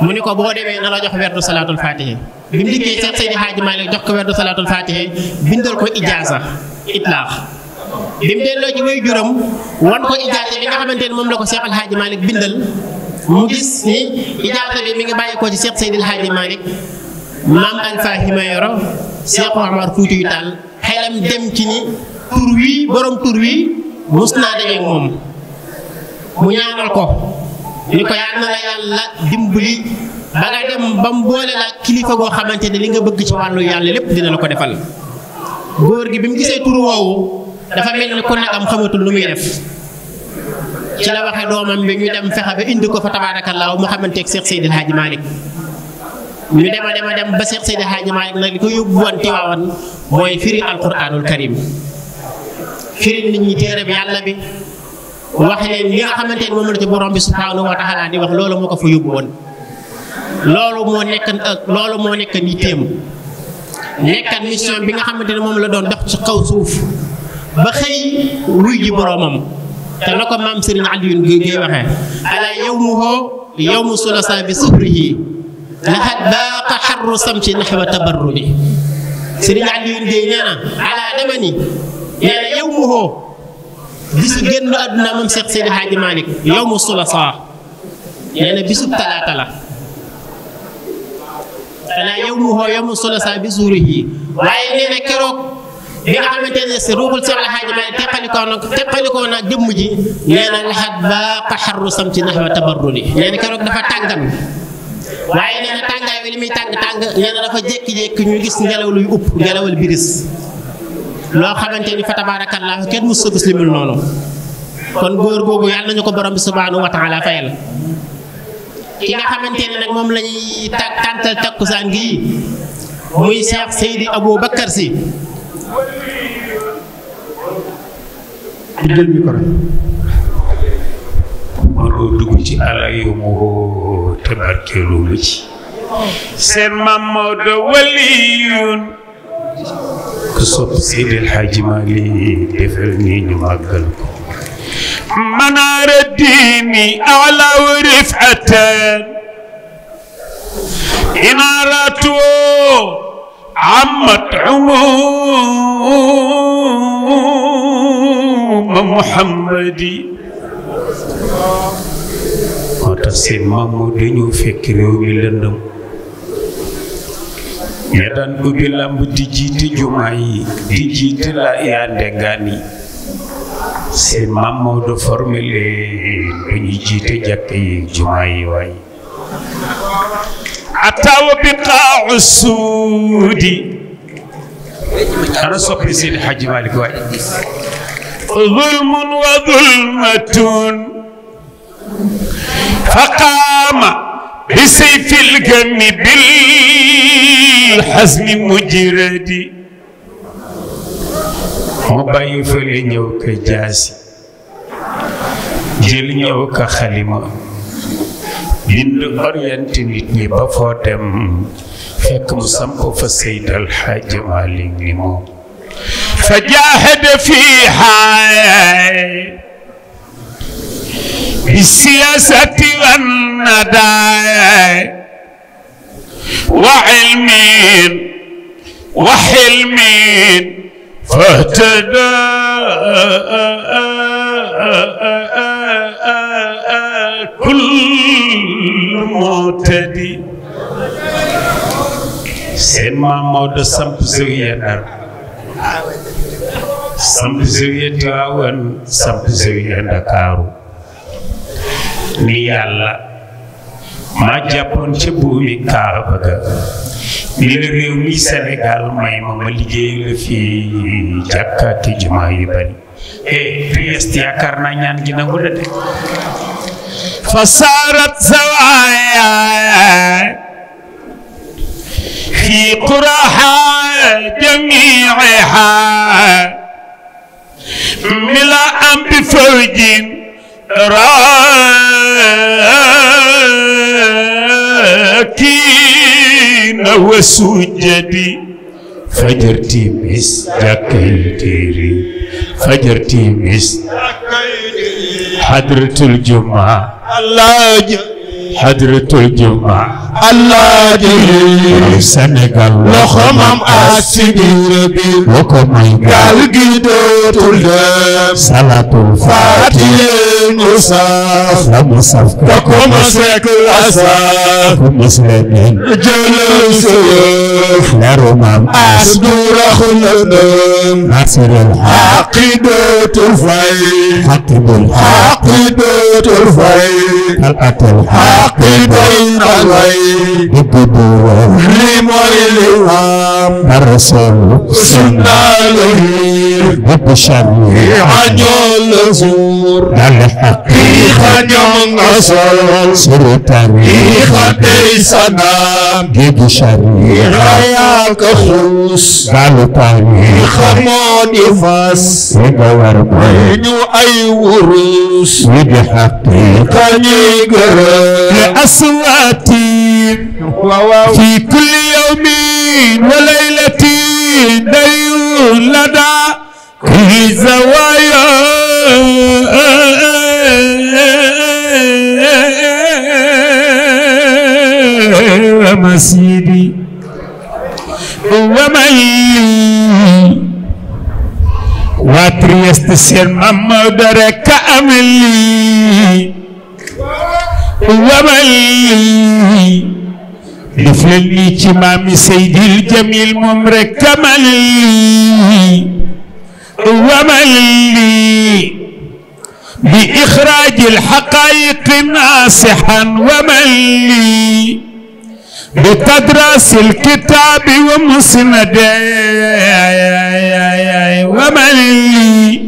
mu ni ko boo demee na la jox werdu salaatul faatihi bi mu dikkee seet Seydi Hadji Malick jox ko werdu salaatul faatihi bindal ko ijaasa itlaax bi mu delloo ci way juram wan ko ijaasa bi nga xamante ni moom la ko Seex al Hadji Malick bindal mu gis ni ijaasa bi mi ngi bàyyi ko ci Seex Seydi al Hadji Malick maam an fahima yoro Seex tur wi borom tur wi mus naa dajeeg moom mu ñaanal ko ni ko yal na la yàlla dimbali ba nga dem ba mu boole la kilifa goo xamante ne li nga bëgg ci wàllu yàlla lépp dina la ko defal góor gi bi mu gisee tur woowu dafa mel ni ku nagam xamatul lu muy def ci la waxee doomam bi ñu dem fexe ba indi ko fa tabaarakallaahu mu xamanteeg Seex Seydil Haaji Maalik ñu dema dema dem ba Seex Seydil Haaji Maalik nag li ko yóbbuwoon Tiwaawan mooy firi alquraanul karim firil nit ñi téere bi yàlla bi wax leen li nga xamante ni moom la ci borom bi subhanahu wa taala di wax loolu moo ko fa yóbbu woon loolu moo nekk loolu moo nekk niteem nekkat mission bi nga xamante ne moom la doon dox ci kaw suuf ba xëy wuy ji boromam te la ko maam Serigne Alioune Guèye Guèye waxee ala yawmuhu yawmu sulasa bi sufrihi laxat baaqa xarru samsi naxwa tabarrudi Serigne Alioune Guèye nee na ala dama ni nee na yow mu bisu génn àdduna moom Cheikh Seydi Hadji Malick sulasaa nee bisu talaata la xanaa yow mu xoo yow mu sulasaa bisu ruux yi waaye nee keroog bi nga xamante ne si ruuxul Cheikh Hadji Malick teqalikoo jëmm ji nee na laxat ba paxarru ci naxwa tabarruli nee keroog dafa tàngan waaye nee na li muy tàng tàng nee na dafa jékki-jékki ñu gis ngelaw luy upp ngelawal biris loo xamante ni fa tabaarakallaahu kenn mu sëgg si limul noonu kon góor googu yàlla nañu ko borom bi subhaanahu wa taala fayal ki nga xamante nag moom la ñuy tàkk tàntal takkusaan gii muy Cheikh Seydi Abou si. ci seen maam Maodo waliyun كسوب سيد الحاج مالي دفعني نماغل منار الدين أعلى ورفعة إنالاتو عمت عموم محمدي وتسيم مامو دينو فكريو بلندم ya daan ubbi làmb di jiite jumaa yi di jiite la yaa ndeggaan yi maam Maodo formé ba ñu jiite jàkk yi jumaa yi waay ataawa bi qaaxu suudi ana soppi seen xaji Malik waay zulmun wa zulmatun fa qaama بسيف الغم بالحزم مجردي mu bàyyi fële ñëw ka jaasi jël ñëw ka xalima bind orienté nit ñi ba foo dem fekk mu samp fa Seyd El Hadj Malick ni moom fa jaahada fiihaa بالسياسة والنداء وعلمين وحلمين فاهتدى كل ما سيما مودة زوية نار زوية سمبزوية تاوان نعم. زوية دكارو ni yàlla ma jàppoon ca buumi kaaba ga ni la réew mi may ma ma liggéey la fi jàkkaati jumaa yu bari eh Priest yaakaar naa ñaan gi nangu la de fasaarat zawaaya fi quraha jamiiha mila am bi fawjin راكين وسجدي فجرتي مس جاكيتيري فجرتي مس حضرة الجمعة الله حضرة الجمعة الله جي سنغال لخمم اسبير بي وكم قال جدو تلم صلاة الفاتحة المصاف تقوم سيك الأساف مسلمين جل سيف لرمم أصدر خلدم ناصر العقيدة الفي حكم العقيدة الفي حلقة العقيدة الفي بالدبور لمر الإمام الرسول سنة له بالشريعة جل زور نعم. حقيقة يوم غصر سر تاريخ تيسنا جيب شريعة يا كخوص قال تاريخ موني فاس ودور بينو أي وروس ودي حقيقة نيقر لأصواتي في كل يوم وليلة ديو لدى كل زوايا مسيدي ومي واتريست سير ممدر كاملي ومي لفلني كمام سيدي الجميل ممر كمالي وملي بإخراج الحقائق ناصحا وملي بتدرس الكتاب ومسند ومن لي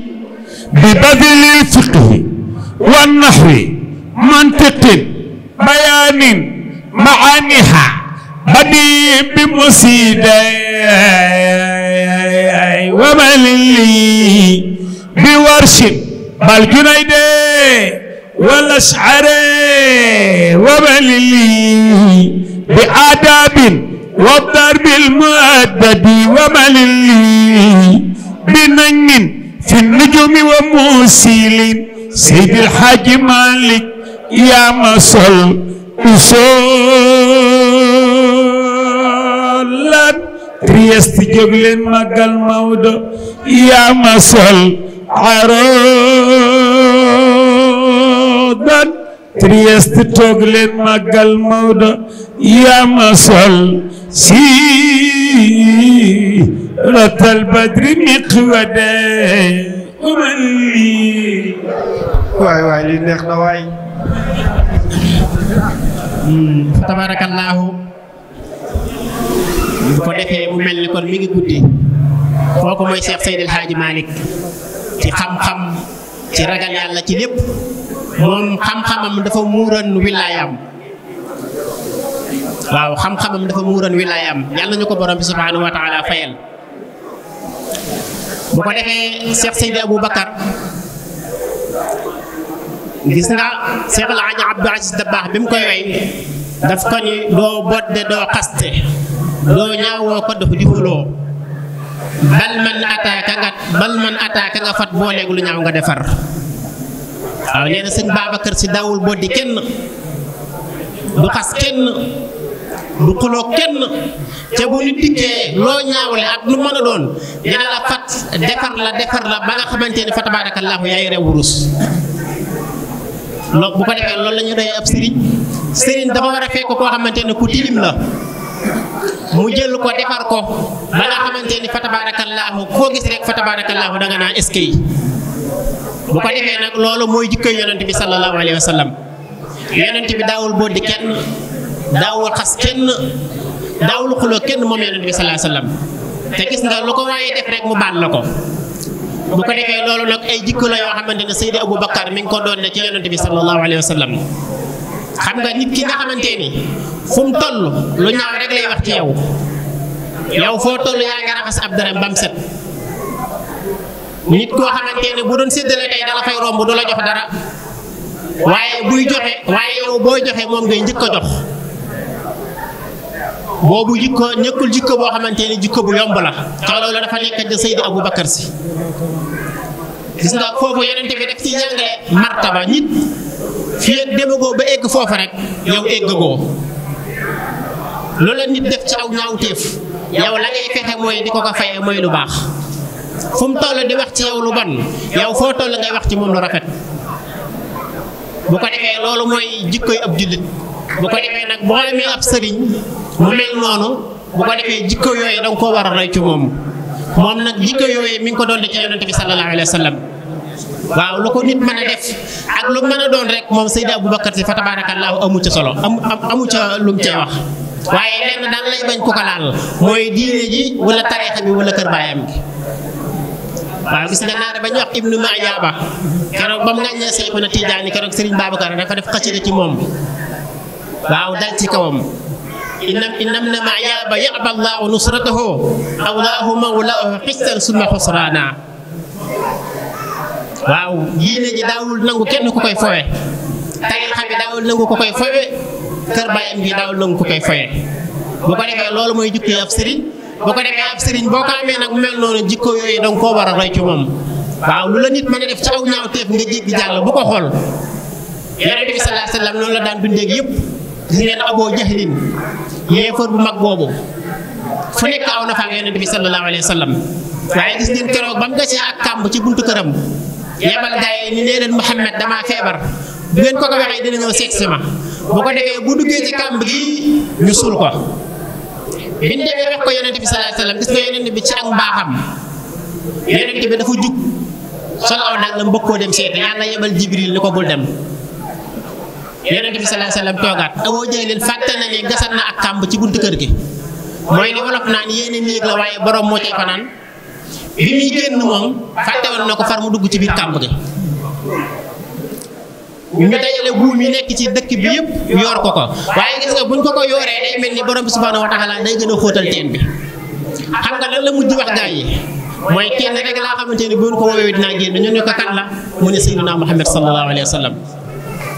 ببذل الفقه والنحو منطق بيان معانيها بدي بمسيد ومن لي بورش بل والاشعري ولا ومن لي بآداب والضرب المؤدب وملل بنجم في النجوم وموسيل سيد الحاج مالك يا مصل وصولا تريست جبلين مقال مودو يا مصل عروضا Trieste toog leen màggal Maodo yaa ma sol si ratal badri miqwade umali waay waay li neex na waay fa hmm, tabaarakallaahu bu ko defee mu mel ni kon mi ngi guddi kooku mooy Cheikh Seydil Hadji Malick ci xam-xam ci ragal yàlla ci lépp moom xam-xamam dafa muuran wilayam waaw xam-xamam dafa muuran wilayam yàlla ñu ko borom bi subhanahu wa taala fayal bu ko defee cheikh seydi aboubacar gis nga cheikh alhaji abdou aziz dabax bi mu koy way daf ko ni doo bodde doo xaste doo ñaawoo dafa jufuloo bal man attaaka nga bal man attaaka nga fat booleeg lu ñaaw nga defar waaw nee na sëñ Babacar si daawul boddi kenn du xas kenn du xuloo kenn ca bu ñu dikkee loo ñaawle ak lu mën a doon dina la fat defar la defar la ba nga xamante ni fa tabaarakallaahu yaay rew wurus loolu bu ko defee loolu la ñu ab sëriñ sëriñ dafa war a fekk koo xamante ne ku tilim la mu jël ko defar ko ba nga xamante ni fa tabaarakallaahu koo gis rek fa tabaarakallaahu danga naa est bu ko defee nag loolu mooy jikkoy yonent bi sallallahu alayhi wa bi daawul boddi kenn daawul kenn daawul xuloo kenn te gis nga lu ko waaye def rek mu baal la ko bu ko defee loolu nag ay jikko la yoo xamante ne Seydi Aboubacar mi ngi ko doon ne ci yonent bi sallallahu alayhi wa xam nga nit ki nga xamante ni fu mu lu ñaaw rek lay wax ci yow yow foo toll yaa nga raxas ab dara bam set nit koo xamante ni bu doon séddale tey dala fay romb du la jox dara waaye buy joxe waaye yow boo joxe moom ngay njëkk a jox boobu jikko ñëkkul jikko boo xamante ni jikko bu yomb la te loolu dafa nekk ca Seydi Aboubacar Si gis nga foofu yonente bi def ci jàngale martaba nit fii ak demagoo ba egg foofa rek yow eggagoo loola nit def ci aw ñaawteef yow la ngay fexe mooy di ko ko fayee mooy lu baax fu mu toll di wax ci yow lu bon yow foo toll ngay wax ci moom lu rafet bu ko defee loolu mooy jikkoy ab jullit bu ko defee nag boo amee ab sëriñ mu mel noonu bu ko defee jikk yooyu danga koo war a roy ci moom moom nag jikko yooyee mi ngi ko doon de ca yonente bi sallallahu alayhi wa waaw lu ko nit mën a def ak lu mën a doon rek moom Seydi Aboubacar si fa tabaarakallaahu amu ca solo amu amu ca lu mu cay wax waaye lenn daan lay bañ ku ko laal mooy diine ji wala tariixa bi wala kër baayam gi waaw gis nga naare ba ñu wax ibnu Majaaba keroog ba mu ngàññee Seyxuna Tijaani keroog Serigne Babacar dafa def xasida ci moom waaw dal ci kawam. innamna ma yaaba yaaba allahu nusratahu allahu mawlaahu xistan summa xusraana waaw yéene ji daawul nangu kenn ku koy fowe tariixa bi daawul nangu ku koy fowe kër baayam daawul nangu ku koy fowe bu ko defee loolu mooy jukki ab sëriñ bu ko defee ab sëriñ boo ko amee nag mel noonu jikko yooyu danga koo war a roy ci moom waaw lu la nit mën a def ci aw ñaawteef nga jéggi jàll bu ko xool yonent bi sallallahu alayhi la daan dundeeg yëpp ñu neen aboo jahlin yéefar bu mag boobu fu nekk aw na fa ak yonent bi sallallahu alayhi wa waaye gis ngeen keroog ba mu gasee ak kàmb ci buntu këram yebal gaa yi ni nee leen Mouhamed damaa feebar bu ko ko waxee dina ñëw seet ma bu ko defee bu duggee ci kàmb gi ñu suul ko. biñ demee wax ko yonent bi sallallahu alayhi wa gis nga yonent bi ci ak mbaaxam yonent bi dafa jug sol aw nag la mbokkoo dem seeti yàlla yebal Jibril ni ko bul dem. yonent bi sallallahu alayhi wasallam toogaat aboo jëlil fàtte na ni gasal na ak kàmb ci buntu kër gi mooy li naan néeg la waaye borom moo cay fanaan bi muy génn moom fàtte woon na ko far mu dugg ci biir kàmb gi ñu dajale buum yi nekk ci dëkk bi yëpp yor ko ko waaye gis nga buñ ko ko yoree day mel ni borom bi subhanahu wa taala day gën a xóotal teen bi xam nga lan la mujj wax yi mooy kenn rek laa xamante ni muhammad sallallahu alayhi wa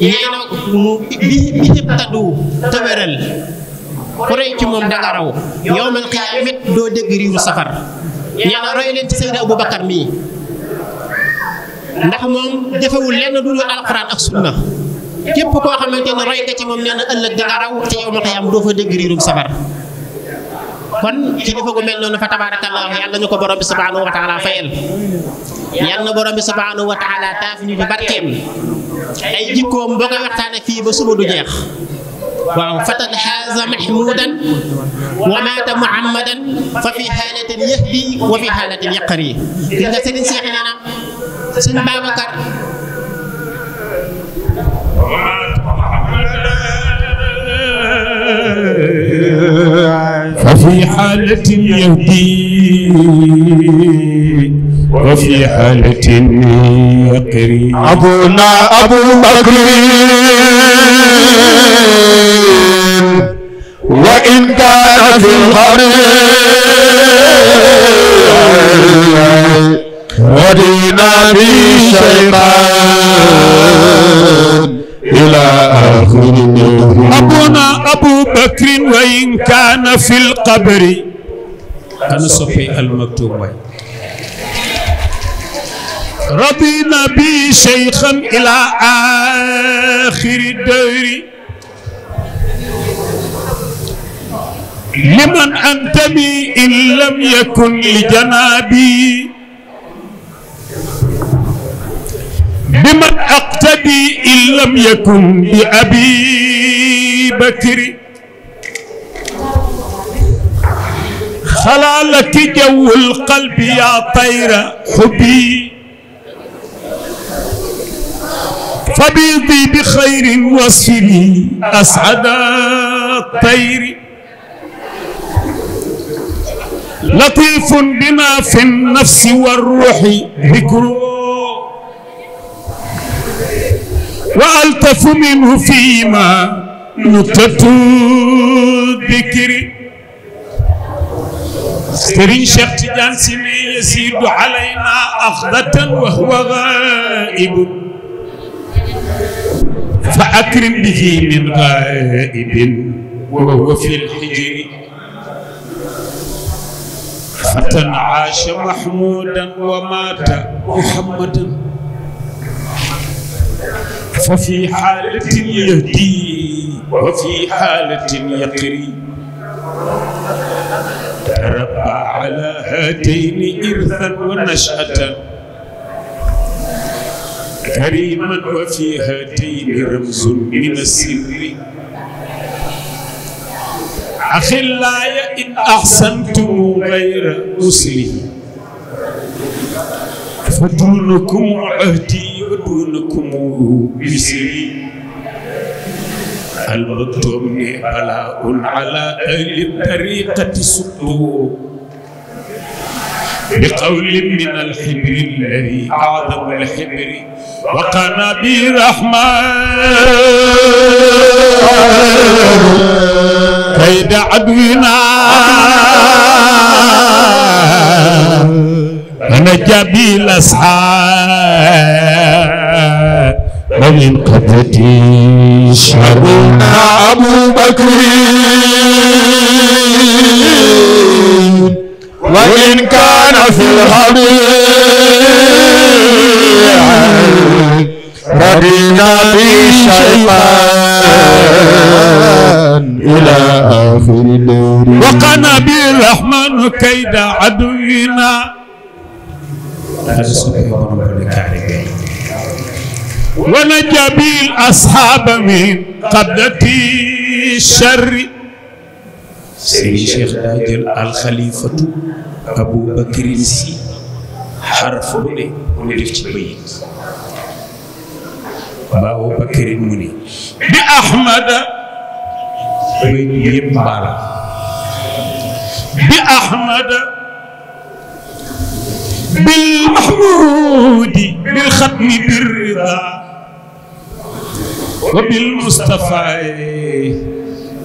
yéen a mu bi bi ci taddu te wéral ku rey ci moom danga raw yow mel doo dégg riiru safar nee roy leen ci Seydina Abu Bakar mii ndax moom defewul lenn du dul alxuraan ak sunna képp koo xam ne roy nga ci moom nee ëllëg danga raw te yow mel doo fa dégg riirum safar kon ci defa gu mel noonu fa tabarakallahu yàlla ñuko borom bi subhanahu wa taala fayal yàlla borom bi subhanahu wa taala taf ñu ci barkeem ay jikkoom boo nga waxtane fi ba suba du jeex wa fatan haza mahmudan wa mata muhammadan fa fi halatin yahdi wa fi halatin yaqri gis nga seen cheikh nana seen babakar Yeah. وفي حالة يهدي وفي حالة يقري أبونا أبو بكر وإن كان في القرية ودينا في الشيطان إلى آخر يوم أبونا أبو بكر وإن كان في القبر أنا صفي المكتوب رضينا به شيخا إلى آخر الدير لمن أنتمي إن لم يكن لجنابي بمن أقتدي إن لم يكن بأبي بكر خلالك لك جو القلب يا طير حبي فبيضي بخير وصلي أسعد الطير لطيف بما في النفس والروح ذكره وألطف منه فيما نطت ذكري سرين شيخ تجان سيني يسيد علينا أخذة وهو غائب فأكرم به من غائب وهو في الحجر عاش محمودا ومات محمدا ففي حالة يهدي وفي حالة يقري تربى على هاتين إرثا ونشأة كريما وفي هاتين رمز من السر الله إن أحسنتم غير مسلم فدونكم عهدي دونكم بسري المكتوم بلاء على أهل الطريقة سطو بقول من الحبر الذي أعظم الحبر وقنا برحمن كيد عدونا انا بي الأصحاب من قدرتي شرنا أبو بكر وإن كان في الحبيب في بشيطان إلى آخر الدور وقنا بالرحمن كيد عدونا على سنة أصحاب من قبلتي الشر سيدي شيخ داجل الخليفة أبو بكر السي حرف بني ونلفت بيت أبو بكر مني بأحمد بن يبالا بأحمد بالمحمود بالختم بالرضا وبالمصطفى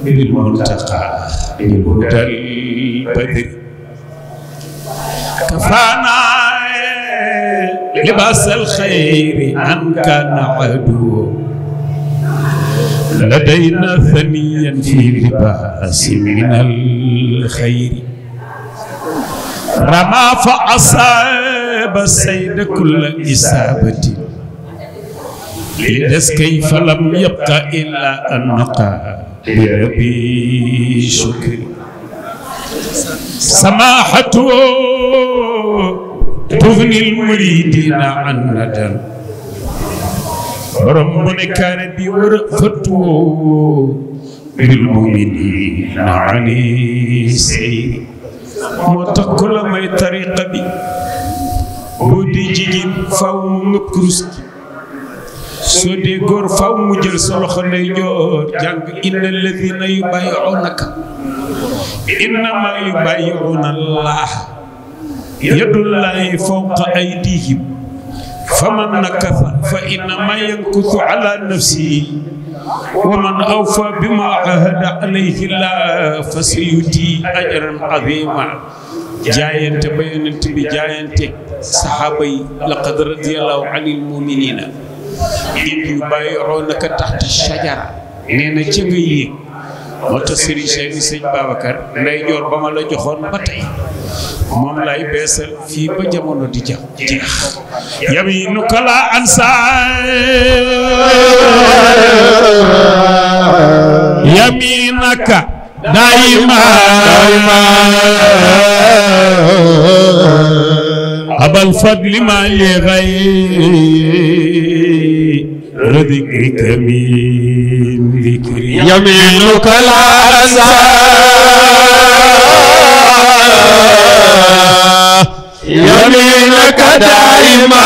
بالملتقى بالهدى البدر كفانا لباس الخير أن كان عدو لدينا ثنيا في لباس من الخير رمى فأصاب سيد كل إسابتي لدس كيف لم يبقى إلا أنقى بربي شكر سماحته تغني المريدين عن ندم ربنا كان بورقته بالمؤمنين عن سيد ما طريق بي boo dee faw mu ngëb kurus gi soo faw mu jël sa loxo lay joor jàng inna alladina yubayiunaka innama yubayiuna allah yadullahi fawqa aydihim faman nakafa fa innama yankuthu ala nafsihi ومن أوفى بما عهد عليه الله فسيؤتي أجرا عظيما jaayante ba yonent bi jaayante saxaaba yi laqad radiyallahu anil muminina nit ñu bàyyi roonaka taxta sajara nee na moo tax sëriñ Cheikh ni sëñ nday joor ba la joxoon ba tey moom lay beesal fii ba jamono di ja jeex yaminu kala ansa yaminaka دائما أبا الفضل ما يغير ردك من ذكري يمينك العزاء يمينك دائما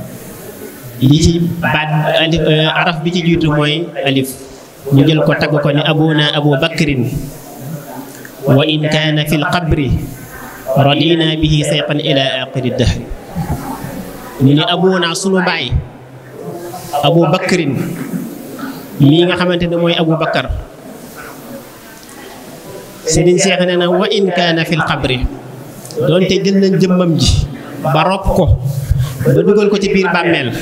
li ci baat alif araf bi ci jiitu mooy alif ñu jël ko tagg ko ni abuna abu bakrin wa in kaana fi lqabri radina bihi sayqan ila aqiri dahri ñu ni abuna sunu baay abu bakrin mii nga xamante ne mooy abu bakar sëriñ seex nee na wa in kaana fi lqabri donte jël nañ jëmmam ji ba rob ko ba dugal ko ci biir bàmmeel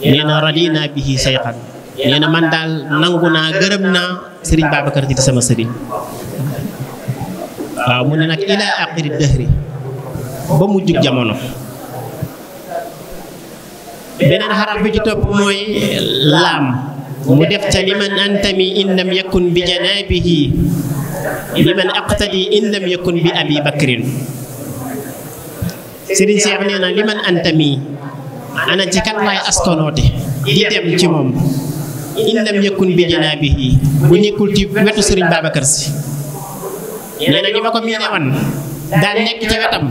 neena ya. radina bihi sayxan neena ya. man dal nanguna naa gërëm babakar sëriñ ci sama sëriñ wa ah, mun nak ila ila ad-dahr ba mu jug jamono benen haram bi ci top moy lam mu def ca liman antami in lam yakun bi janabihi liman aqtadi in lam yakun bi abi bakrin sëriñ Cheikh neena liman antami ana ci kan laay askanoote di dem ci moom in lam yakun bi janaabihi bu nekkul ci wetu sëriñ Babacar si nee na ma ko miine woon daan nekk ci wetam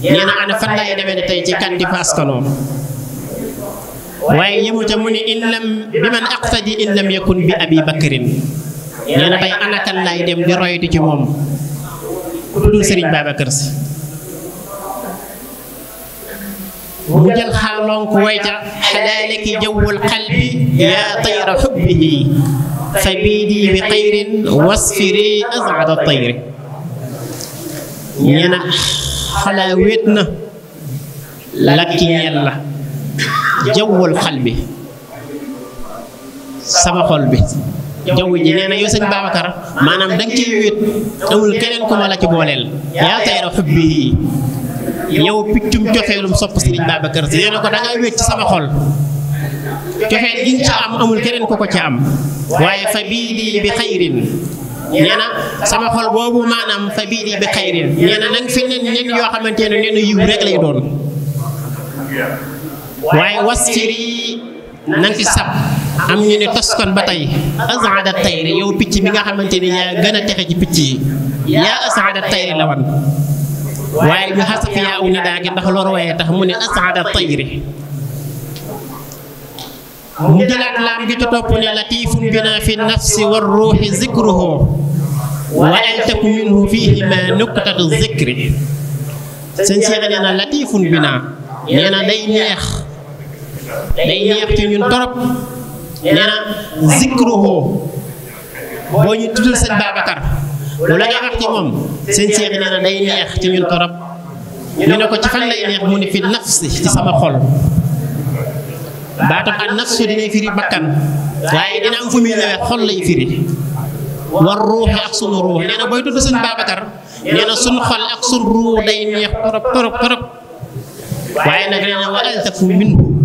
nee ana fan laay demee ne tey ci kan di fa askanoo waaye yëmu ca mu ni in bi man aqtadi in lam yakun bi abi bakrin nee ana kan laay dem di royati ci moom ku dul sëriñ Babacar si وجل خالون كويتا حلالك جو القلب يا طير حبه فبيدي بطير واسفري أزعد الطير ينا خلاوتنا لك يلا جو القلب سما قلبي جو جنينا يوسف بابا كرا ما نام دنكي ويت أول كلين كما لك بوليل يا طير حبه yow piccum cofeelum sopp Serigne Babacar Sy nee na ko da ngay wéet ci sama xol cofeel gi nga ci am amul keneen ku ko ci am waaye fa bii di bi xayrin nee na sama xol boobu maanaam fa bii di bi xayrin nee na nang fi nen nen yoo xamante ne nenu yiw rek lay doon waaye was ciri nang sab am ñu ne tos kon ba tey asaada tayri yow picc mi nga xamante ni yaa gën a texe ci picc yi yaa asaada tayri la wan waaye ñu xasaf yaa aw ni daa gi ndax loolu waaye tax mu ne asaada tayri mu jëlaat laam gi ca topp ne latifun bina fi nafsi war ruuxi zikruhu wa an taku minhu fihi ma nuktatu zikri seen seex nee na latifun bina nee na day neex day neex ci ñun torop nee na zikruhu boo ñu tuddal seen Babacar ولا يحتمم سنتي غنا لا يحتم يطرب من أكو تفعل لا يحمون في النفس تسمى خل بعد أن النفس دين يفري مكان لا يدين في من خل يفري والروح أقصد الروح لأن أبوي تدرس بابكر لأن سن خل أقصد الروح لا يحترب طرب طرب وعندنا ولا تفهم منه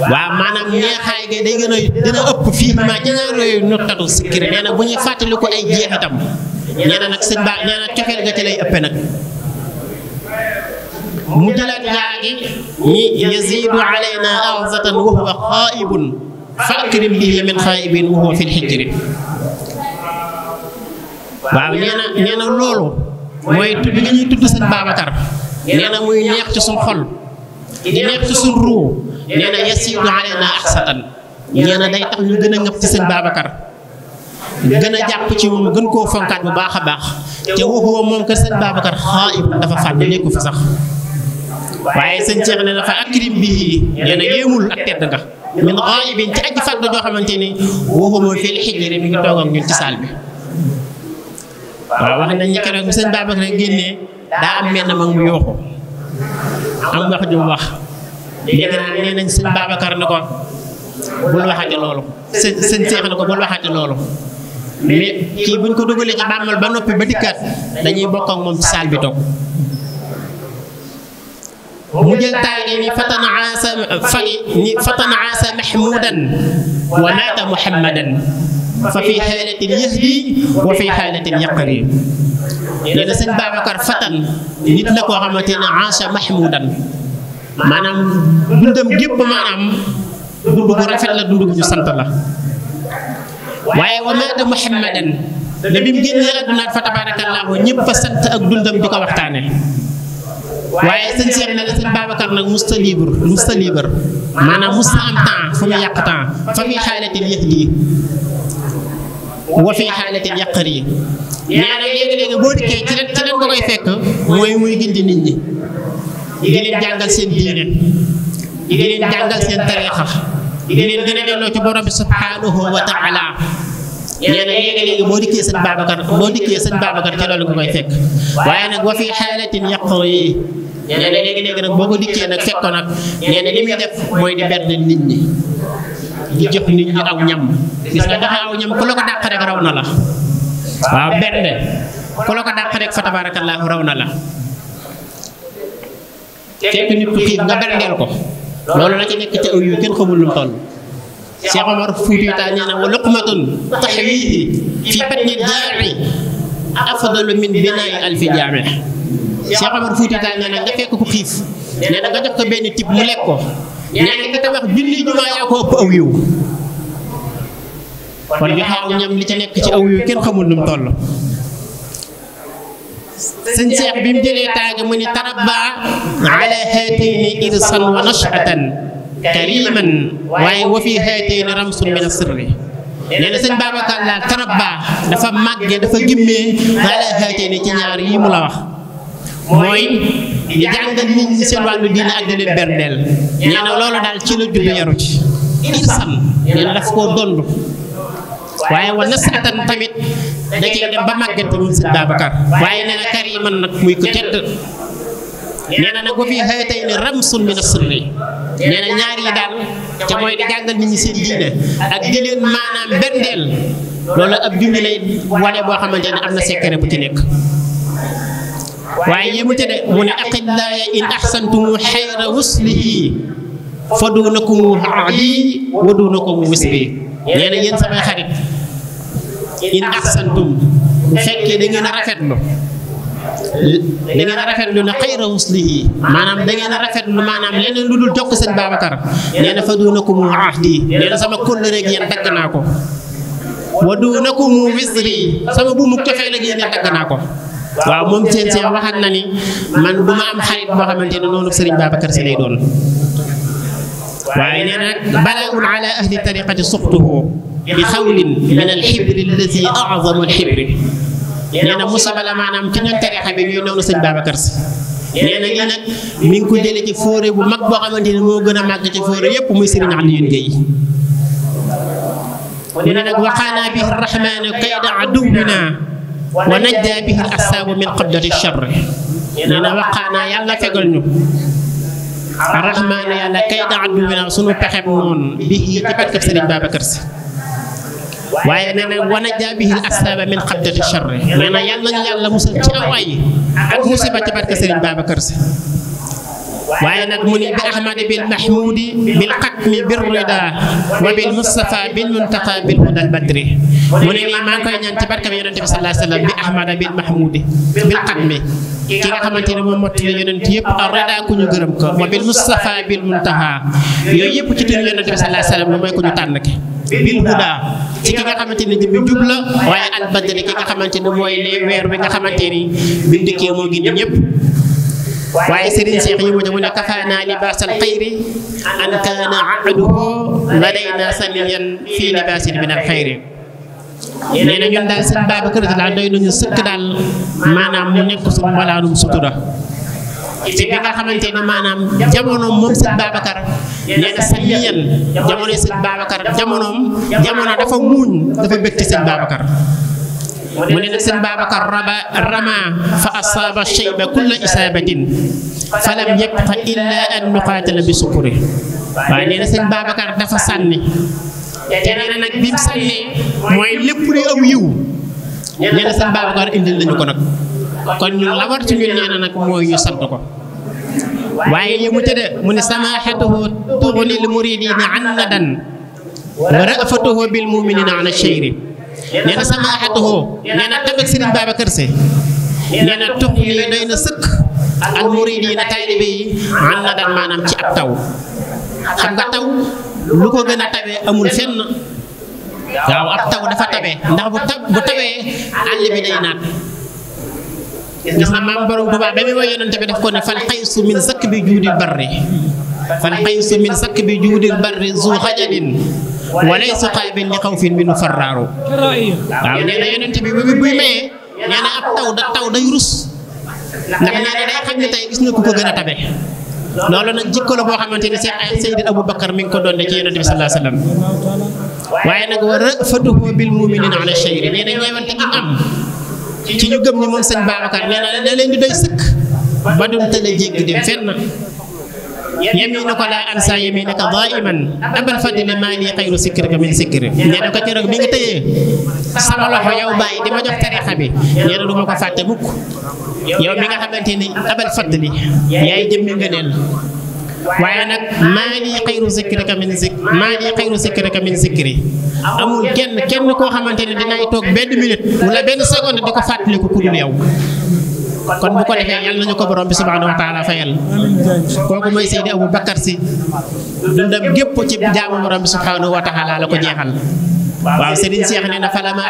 waaw maanaam neexaay gi day gën a dina ëpp fii ma janaaru yooyu nottatu sikkir nee na bu ñuy fàttaliku ay jeexitam nee na nag sëñ baa nee na coxeel ga ca lay ëppe nag mu jëlaat gaa gi ñi yazidu alayna ahzatan wa huwa xaaibun fakrim bihi min xaaibin wa huwa fi lxijri waaw nee na nee na loolu mooy tudd li ñuy tudd sëñ Babacar nee na muy neex ci suñ xol di neex ci suñ ruu nee na yasidu alayna ahsatan nee day tax ñu gën a ngëpp ci sëñ Babacar gën a jàpp ci moom gën koo fonkaat bu baax a baax te waxuwa moom kër sëñ Babacar xaayib dafa fàtte nekku fi sax waaye sëñ Cheikh nee na fa akrim bii nee na yéemul ak tedd nga min xaayibin ci xamante ni waxuma fil xijri mi ci saal bi waaw wax nañ ni keroog mu yooxu am wax ju wax léegi nee nañ sëñ Babacar ne ko bul waxati loolu sëñ sëñ Seex ne ko bul waxati loolu mais kii buñ ko dugalee ci bàmmeel ba noppi ba dikkaat dañuy bokk ak moom ci saal bi toog mu jël taay ni fatana aasa fani ni fatana aasa mahmudan wa naata muhammadan fa fi xaalatin yahdi wa fi xaalatin yaqri nee na sëñ Babacar fatan nit la koo xamante ne aasa mahmudan maanaam dundam gépp maanaam dund bu rafet la dund bu sant la waaye wa maata muhammadan ne bi mu génnee àdduna fa tabaarakallaahu ñëpp fa sant ak dundam di ko waxtaane waaye sëñ Cheikh ne la sëñ Babacar nag musta libre musta libre maanaam musta am temps fu mu yàq temps fa muy xaalatil yëg lii wa fi xaalatil yàqar yi nee na léegi-léegi boo dikkee ci leen ci leen ko koy fekk mooy muy gindi nit ñi di leen jàngal seen diine di leen jàngal seen tariixa di leen gën a delloo ci borom bi subhaanahu wa taala nee na léegi-léegi boo dikkee sëñ Babacar boo dikkee sëñ Babacar koy fekk waaye nag wa fi xaalatin yàqoo yi nee na léegi-léegi nag boo ko dikkee nag fekkoon nag nee na li muy def mooy di berde nit ñi di jox nit ñi aw ñam gis nga dafa aw ñam ku la ko dàq rek raw na la waaw berde ku la ko dàq rek fa tabarakallahu raw na la fekk nit ku xiif nga berndeel ko loolu la ci nekk ca aw kenn xamul lu mu toll Cheikh nee na nga fekk ku xiif nee na nga jox ko benn tib mu lekk ko nee na nga tabax jumaa yaa ko ëpp aw kon joxaaw ñam li ci nekk ci aw yu kenn xamul lu mu sëñ Seex bi mu jëlee taaga mu ni tarabba ala haatayni irsan wa nashatan kariman waaye wa fi haatayni ramsun min a nee na sëñ Babacar la tarabba dafa màggee dafa gimmee ala haatayni ci ñaar yi mu la wax mooy di jàngal nit seen wàllu diine ak leen berndeel nee loolu daal ci la juddu yaru ci daf koo dond waaye wa nasatan tamit da ciy ba màggante moom sëñ Babacar waaye nee na kariman nag muy ko tedd nee na nag wa fii haatayni ramsun min as-sirri nee na ñaar yi daal ca mooy di nit ñi seen diine ak di leen maanaam bendeel loolu ab junj lay wane boo xamante ne am na secret bu ci nekk. waaye yéemu te de mu ne aqillaaya in ahsantum xayra wuslihi fa duunakum aadi wa duunakum wisli nee na yéen samay xarit. in ahsantum bu fekkee da ngeen a rafetlu da ngeen a rafetlu ne xayra huslihi maanaam da ngeen a rafetlu maanaam leneen lu dul jokk sëñ Babacar nee na fa duunakum ahdi nee na sama kóllëre ak yéen dagg naa ko wa duunakum wisri sama bu mu cofee ak yéen dagg naa ko waaw moom seen seen waxat na ni man bu ma am xarit boo xamante ne noonu sëriñ Babacar si lay doon وعيننا بلاء على اهل الطريقه سقطه بخول من الحبر الذي اعظم الحبر لان مصاب لا معنى ممكن ان تريح بين يونيو سيد بابا كرسي لان لان من كل ذلك فوري ومكبوغ من دين موغنا مكبوغ فوري يبقى مسيرين عن يونيو ولنا وقانا به الرحمن قيد عدونا ونجى به الاسباب من قدر الشر لنا وقانا يلا فقلنا rahmaana yàlla kay daa du winaa sunu pexeb noonu bi ci barkeb Sëriñ Babacar Si waaye nee na wana jaabihil astaaba min xabdati charri nee na yàlla nañu yàlla musal ci awaay ak musiba ci barke Sëriñ Babacar Si waaye nag mu ni bi ahmadi bil mahmudi bil xatmi bir rida wa bil mustafa bil muntaqa bil hudal badri mu ne nii maa ngi koy ñaan ci barkam yonente bi salaa sallam bi ahmada bil mahmudi bil xatmi ki nga xamante ne moom mottali yonent yëpp ar rada ku ñu gërëm ko wa bil mustafa bil muntaha yooyu yëpp ci tënk yonent bi sallallahu alayhi wasallam lu mooy ku tànn ki bil huda ci ki xamante ni jëm jub la waaye al badri ki xamante ne mooy li weer wi nga xamante ni bindikee moo gindi ñëpp waaye Serigne Cheikh yi mu ne mu kafaana libaasal xayri an kaana ahaduhu ladayna saniyan fii libaasin min al nee na ñun daal sëñ Babacar daal doy nañu sëkk daal maanaam mu nekk suñu mbalaanum sutura ci bi nga xamante ni maanaam jamonoom moom sëñ Babacar nee na sa liyan jamono sëñ Babacar jamonoom jamono dafa muuñ dafa bëgg ci sëñ Babacar mu ne nag sëñ Babacar raba rama fa asaaba shayba kulla isaabatin falam yabqa illa an nuqaatala bi sukuri waaye nee na sëñ Babacar dafa sànni te nee na nag bi mu sànnee mooy lépp luy aw yiw nee na sëñ Babacar indil nañu ko nag kon ñun la ci ñun nee nag mooy ñu sant ko waaye yi mu tëdd mu ne samaaxatuhu tuxni l an nadan wa rafatuhu bil muminina ala cheyri nee na samaaxatuhu nee na tamit sëriñ Babacar Sy nee na tux yi doy na sëkk ak murid yi na taalibe an nadan maanaam ci ab taw xam nga taw lu ko gën a tabee amul fenn waaw ab taw dafa tabe ndax bu tab bu tabee àll bi day naat gis na maam borom Tuubaa ba muy woy yonente bi daf ko ne fal xaysu min sakk bi juudil barri fal xaysu min sakk bi juudil barri zu xajalin walay su qaabin li xawfin minu farraaru waaw nee na yonente bi bu buy mayee nee na ab taw da taw day rus ndax nee na day xam ne tey gis na ku ko gën a tabe loolu nag jikko la boo xamante ni Seex Seydina Abu Bakar mi ngi ko doon de ci yonent bi sallallahu alayhi wasallam waaye nag wa rafatuhu bil muminina ala cheyri nee na ñeewante gi am ci ñu gëm ni moom sëñ Babacar nee na da leen di sëkk ba duñ tële jéggi dem fenn yaminaka laa ansa yaminaka daiman abal fadli maa lii xayru sikrika min sikri nee ko keroog bi nga tëyee sama loxo yow bàyyi di ma jox tarixa bi nee na ko fàtte mukk yow mi nga xamante ni abal fadli yaay jëmmi ngëneel waaye nag maa lii xayru sikrika min sik maa lii xayru sikrika min sikri amul kenn kenn koo xamante ne dinaay toog benn minute wala benn seconde di ko fàttaliku ku dul yow kon bu ko defee yal nañu ko borom bi subhaanahu wa taala fayal kooku mooy Seydi Abu Bakar Si dundam gépp ci jaamu borom bi subhaanahu la ko jeexal waaw Serigne Cheikh nee na keroog bi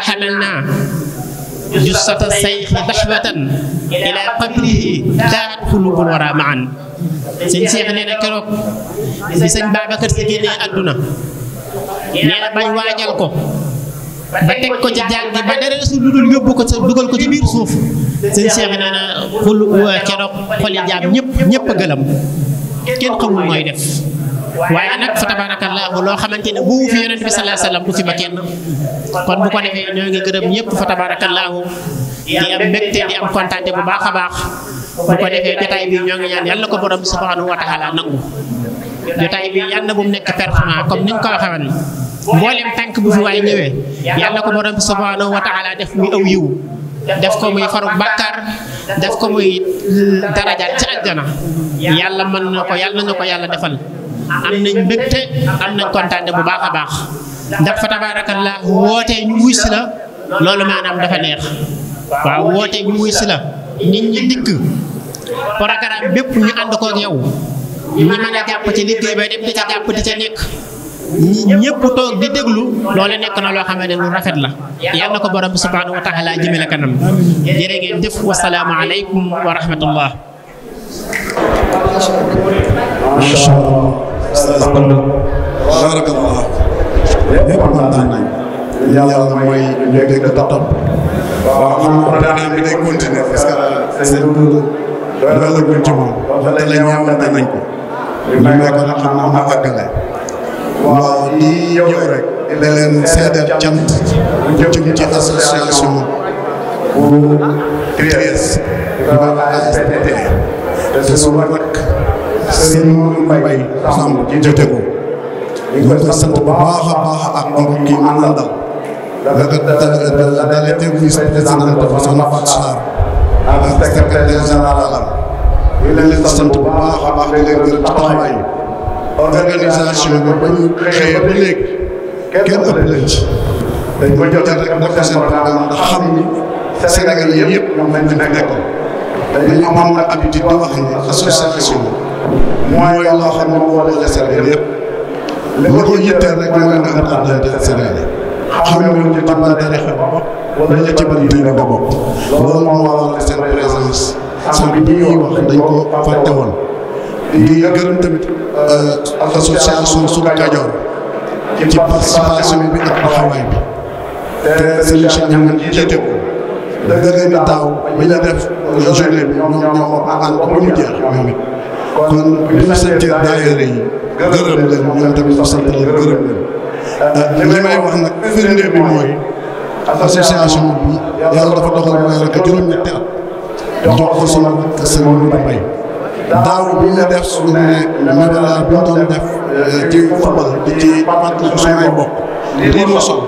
sëñ Babacar Si génnee àdduna nee na bañ waajal ko ba teg ko ci jàng ba dara su dudul yóbbu ko sa dugal ko ci biir suuf sëñ Cheikh nee na xul keroog xoli jaam ñëpp ñëpp a gëlëm kenn xamul mooy def waaye nag fa tabaarakallaahu loo xamante ne bu fi yonent bu kenn kon bu ko defee ñoo ngi gërëm ñëpp fa tabaarakallaahu di am mbégte di am kontaante bu baax a baax bu ko defee jotaay bi ñoo ngi ñaan yàlla ko borom subhanahu wa taala nangu jotaay bi yàlla bu nekk performant comme niñ ko waxee woon mboolem tànk bu fi waaye ñëwee yàlla ko borom subhanahu wa taala def muy aw yiw def ko muy faruk bàkkaar def ko muy darajaat ci àjjana yàlla mën na ko yàlla na ko yàlla defal am nañ mbégte am nañ kontaante bu baax a baax ndax fa tabaarakallah wootee ñu wuy si la loolu maanaam dafa neex waaw wootee ñu wuy si la nit ñi dikk programme bépp ñu ànd kook yow ñi mën a jàpp ci liggéey ba dem di ca jàpp di ca nekk ñepp tok di deglu lolé nek na lo xamné lu rafet la yalla ko borom subhanahu wa ta'ala jëmele kanam jere ngeen def wa salaamu alaykum wa rahmatullah barakallah Ya Allah, moy top wa xam ko da nañ bi continuer parce que c'est waaw lii ñëw rek da leen seedeel cant jëm ci association bu Thiès ñu naan ASPT te suñu nag seen mbay xam jote ko ñu ngi koy sant bu baax a baax ak mbokk yi mën na dal da dalee teg vice président dafa soxna Fatou Sarr ak secrétaire général ñu leen sant bu baax a baax di leen gërëm ci taxawaay organisation bi ba ñu xëyee ba léegi kenn ëpp leen ci dañ ko jot di gërëm tamit association Sud Kajoor ci participation bi ak taxawaay bi te sëñ Cheikh Niang jiite ko dëgg bi daaw bi ñu def journée bi ñoom ñoo ko ànd ba mu jeex ñoom it kon bi ñu santee daayira yi gërëm leen ñoom tamit ñu sant leen gërëm leen li may wax nag firnde bi mooy association bi yàlla dafa doxal mooy rek juróom-ñetti at jox ko sunu sëñ Mbay daaw bi ñu def suñu médaille bi ñu doon def ci football di ci fàttali suñu ay mbokk lii ma sol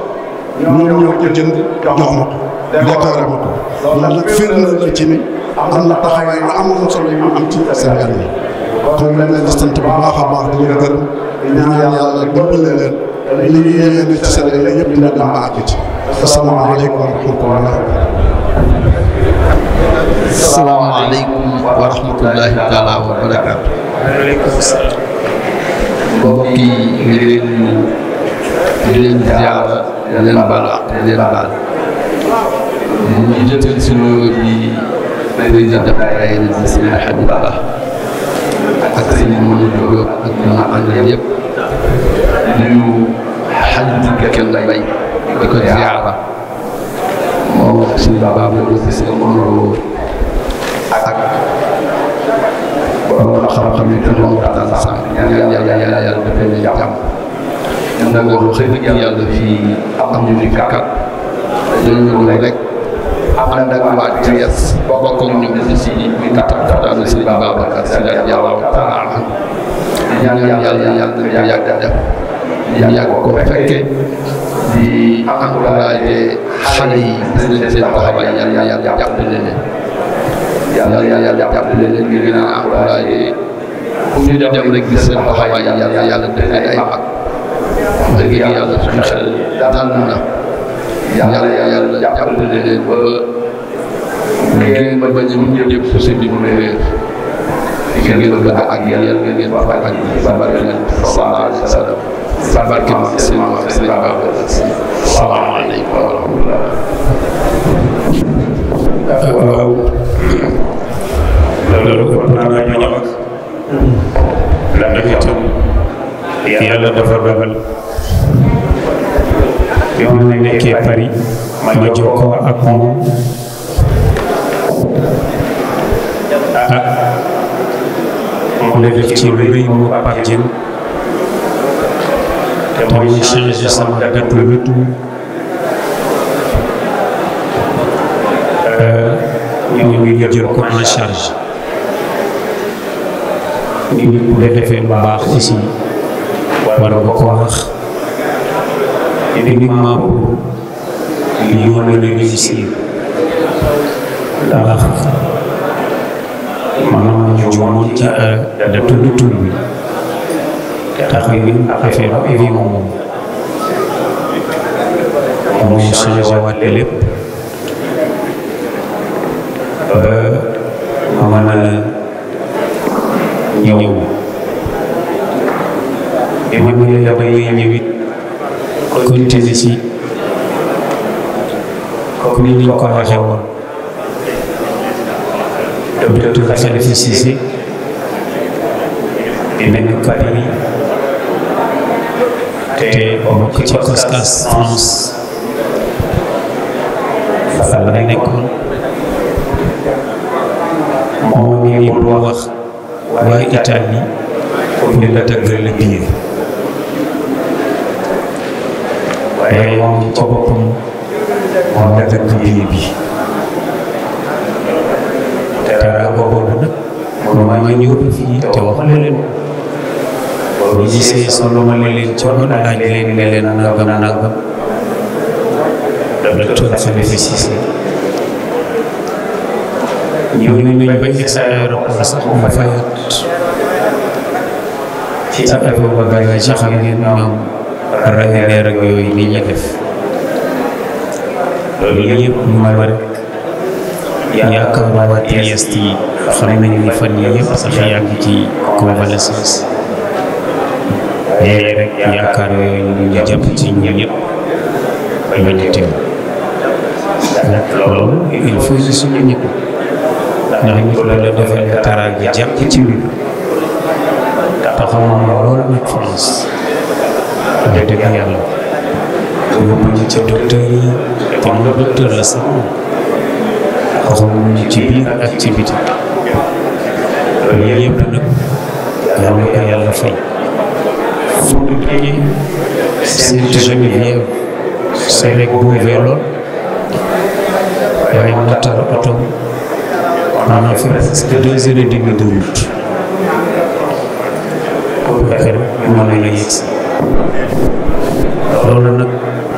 ñoom ñoo ko jënd jox ma ko décoré ma ko loolu nag firndeel la ci ni am na taxawaay yu amoon solo yu am ci Sénégal yi kon dañ leen di sant bu baax a baax di leen gërëm di ñaan yàlla dimbale leen li ñu yéene ci Sénégal yëpp dina dem ba àgg ci asalaamaaleykum wa rahmatulah salaamaaleykum wa rahmatullahi taala wa barakaatu. waaleykum salaam. mbokk yi ñu leen di leen ziara di leen baal di leen baal. ñu jëtal si nuyoo bi président Baye di seen Habib Ba ak seen Mamadou Diop ak ma àndal yëpp. ñu xaj di kenn bay di ko ziara. moo suñ baba mu ngi si ak ak xam-xam yi te moom waxtaan sax ñaan yàlla yàlla yàlla defee ñu jàmm ñun nag wax xëy na yàlla fii am ñu ni kàkkat dañu ñëw rek ànd ak waa Thiès bokk ak ñoom ñu si ñu tataan tataan si Babacar si daal yàlla taala ñaan yàlla yàlla yàgg def yàgg ko fekkee di encouragé xale yi di leen seen taxawaay yàlla yàlla jàppale leen yàlla yàlla jàppale leen ñu gën a encouragé fu ñu dem rek gis seen taxawaay yàlla yàlla def ay mag wax dëgg yàlla suñu xel dal na yàlla yàlla jàppale leen ba ngeen ba ba ñoom ñëpp suuf bi mu réer ngeen bëgg ak yàlla ngeen ngeen wax ak yàlla sallallahu alayhi wa sallam sa waaw. loolu ëpp naa la ñu ñëw ak. ndax dafa dogal. bi ma nekkee Paris ma jokkoo ak moom. ah. mu def ci lu rëy mu Pape Dieng. te mooy sama dëkk wetu ñu jël ko en charge nit bu defee lu baax aussi war nga ko wax uniquement pour ñu mën a réussir ndax maanaam ci da tudd bi taxawi affaire bi moom mu changé waat lépp ba mën a ñëw bi mu ne damay ñëwit continuer ci comme ni ñu ko waxee woon docteur Khalifa Cissé dinañu ko bokk ci COSCAS France fa nekkoon moo ngi nii bu wax waa Italie ñu la daggal la biir waaye moom ci boppam moom la dagg biir bi te boobu nag moom ma ñëw fii te wax la ñi sëy solo ma li leen coon laaj leen ne leen nangam nangam docteur Fallou Cissé ñëw nañ ba ci sa aéroport sax mu fayat ci avion ba bagage yi xam ngeen ñoom rayu leer ak ñee rek yaakaar yooyu ñu jàpp ci ñëpp bañ a teew loolu il faut si suñu ñëpp ndax ñu ko la defal nga gi jàpp ci mbir taxaw na loolu nag France da dëgg yàlla yóbbu ñu ci docteur yi te mu docteur la sax xaw ñu ci biir ko fay fukki seen jërëm yëpp seen rek bu vélo waaye mu tar oto on a fait presque deux heures et demie loolu nag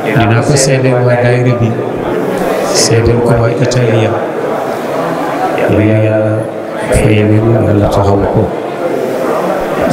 dinaa ko seedeel waa daayira bi seedeel ko waa italien yàlla yàlla fayal yàlla taxaw ko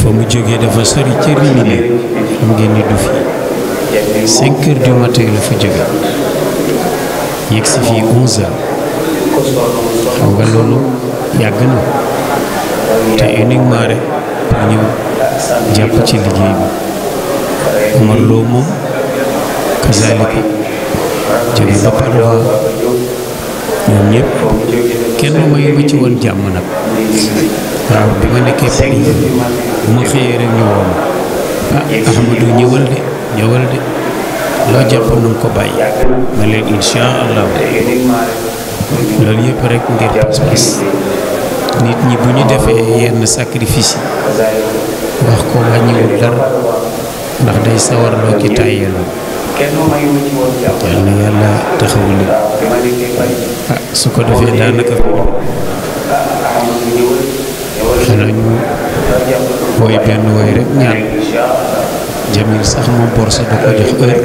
fa mu jógee dafa sori ca Rimini xam ngeen ni du fi cinq heures du matin la fa jóge yegg si onze xam nga loolu yàgg na te uniquement rek pour ñëw jàpp ci liggéey bi Omar moom kazaalika jóge ba Padova ñoom ñëpp kenn mayu ci woon jàmm nag waaw bi ma nekkee Paris bu ma xëyee rek ñu woo ma ah ñëwal de ñëwal de loo jàppoon ko bàyyi ma leen incha allah loolu yëpp rek ngir pas-pas nit ñi bu ñu defee yenn sacrifice yi wax ko wàññiwul dara ndax day sawarloo ki tàyyeloo kenn yàlla taxawu leen. ah su ko defee daanaka. xanaa ñu woy benn woy rek ñaan. Jamil sax moom borsa da ko jox ah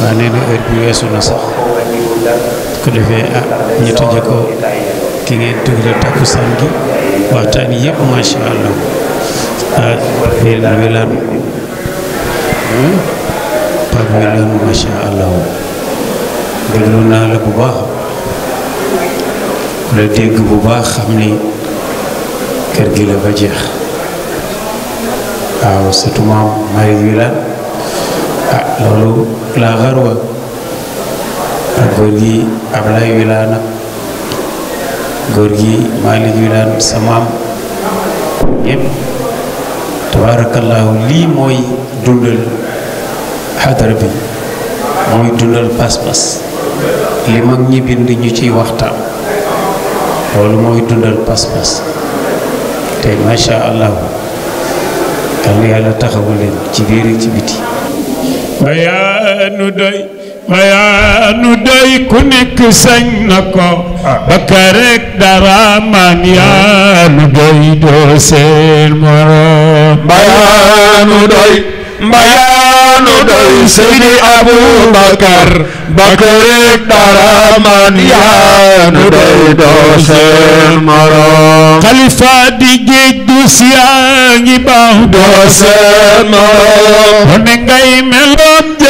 waaw nee na heure bi weesu na sax. su ko defee ah ñu tëjee ko ki ngeen tudd takkusaan gi waxtaan yëpp macha allah. wilaan Pape Wilane hmm? macha allah déglu naa la bu baax la dégg bu baax xam ni kër gi la ba jeex waaw surtout maam Marie Wilane ah loolu laa xarwa ak góor gi Ablaye Wilane ak góor gi Malick Wilane sa maam ñëpp tabaarakallaahu lii mooy dundal xadara bi mooy dundal pas-pas li mag ñi bind ñu ci waxtaan loolu mooy dundal pas-pas te macha allah yàlla yàlla taxawu leen ci biir ci biti. ba yaa nu doy. bayaanu doy ku nekk sañ na ko ah. bakka rek dara man yaanu doy doo seen moroom bayaanu doy bayaanu doy Seydi Aboubacar bakka dara man yaa ngi baax doo seen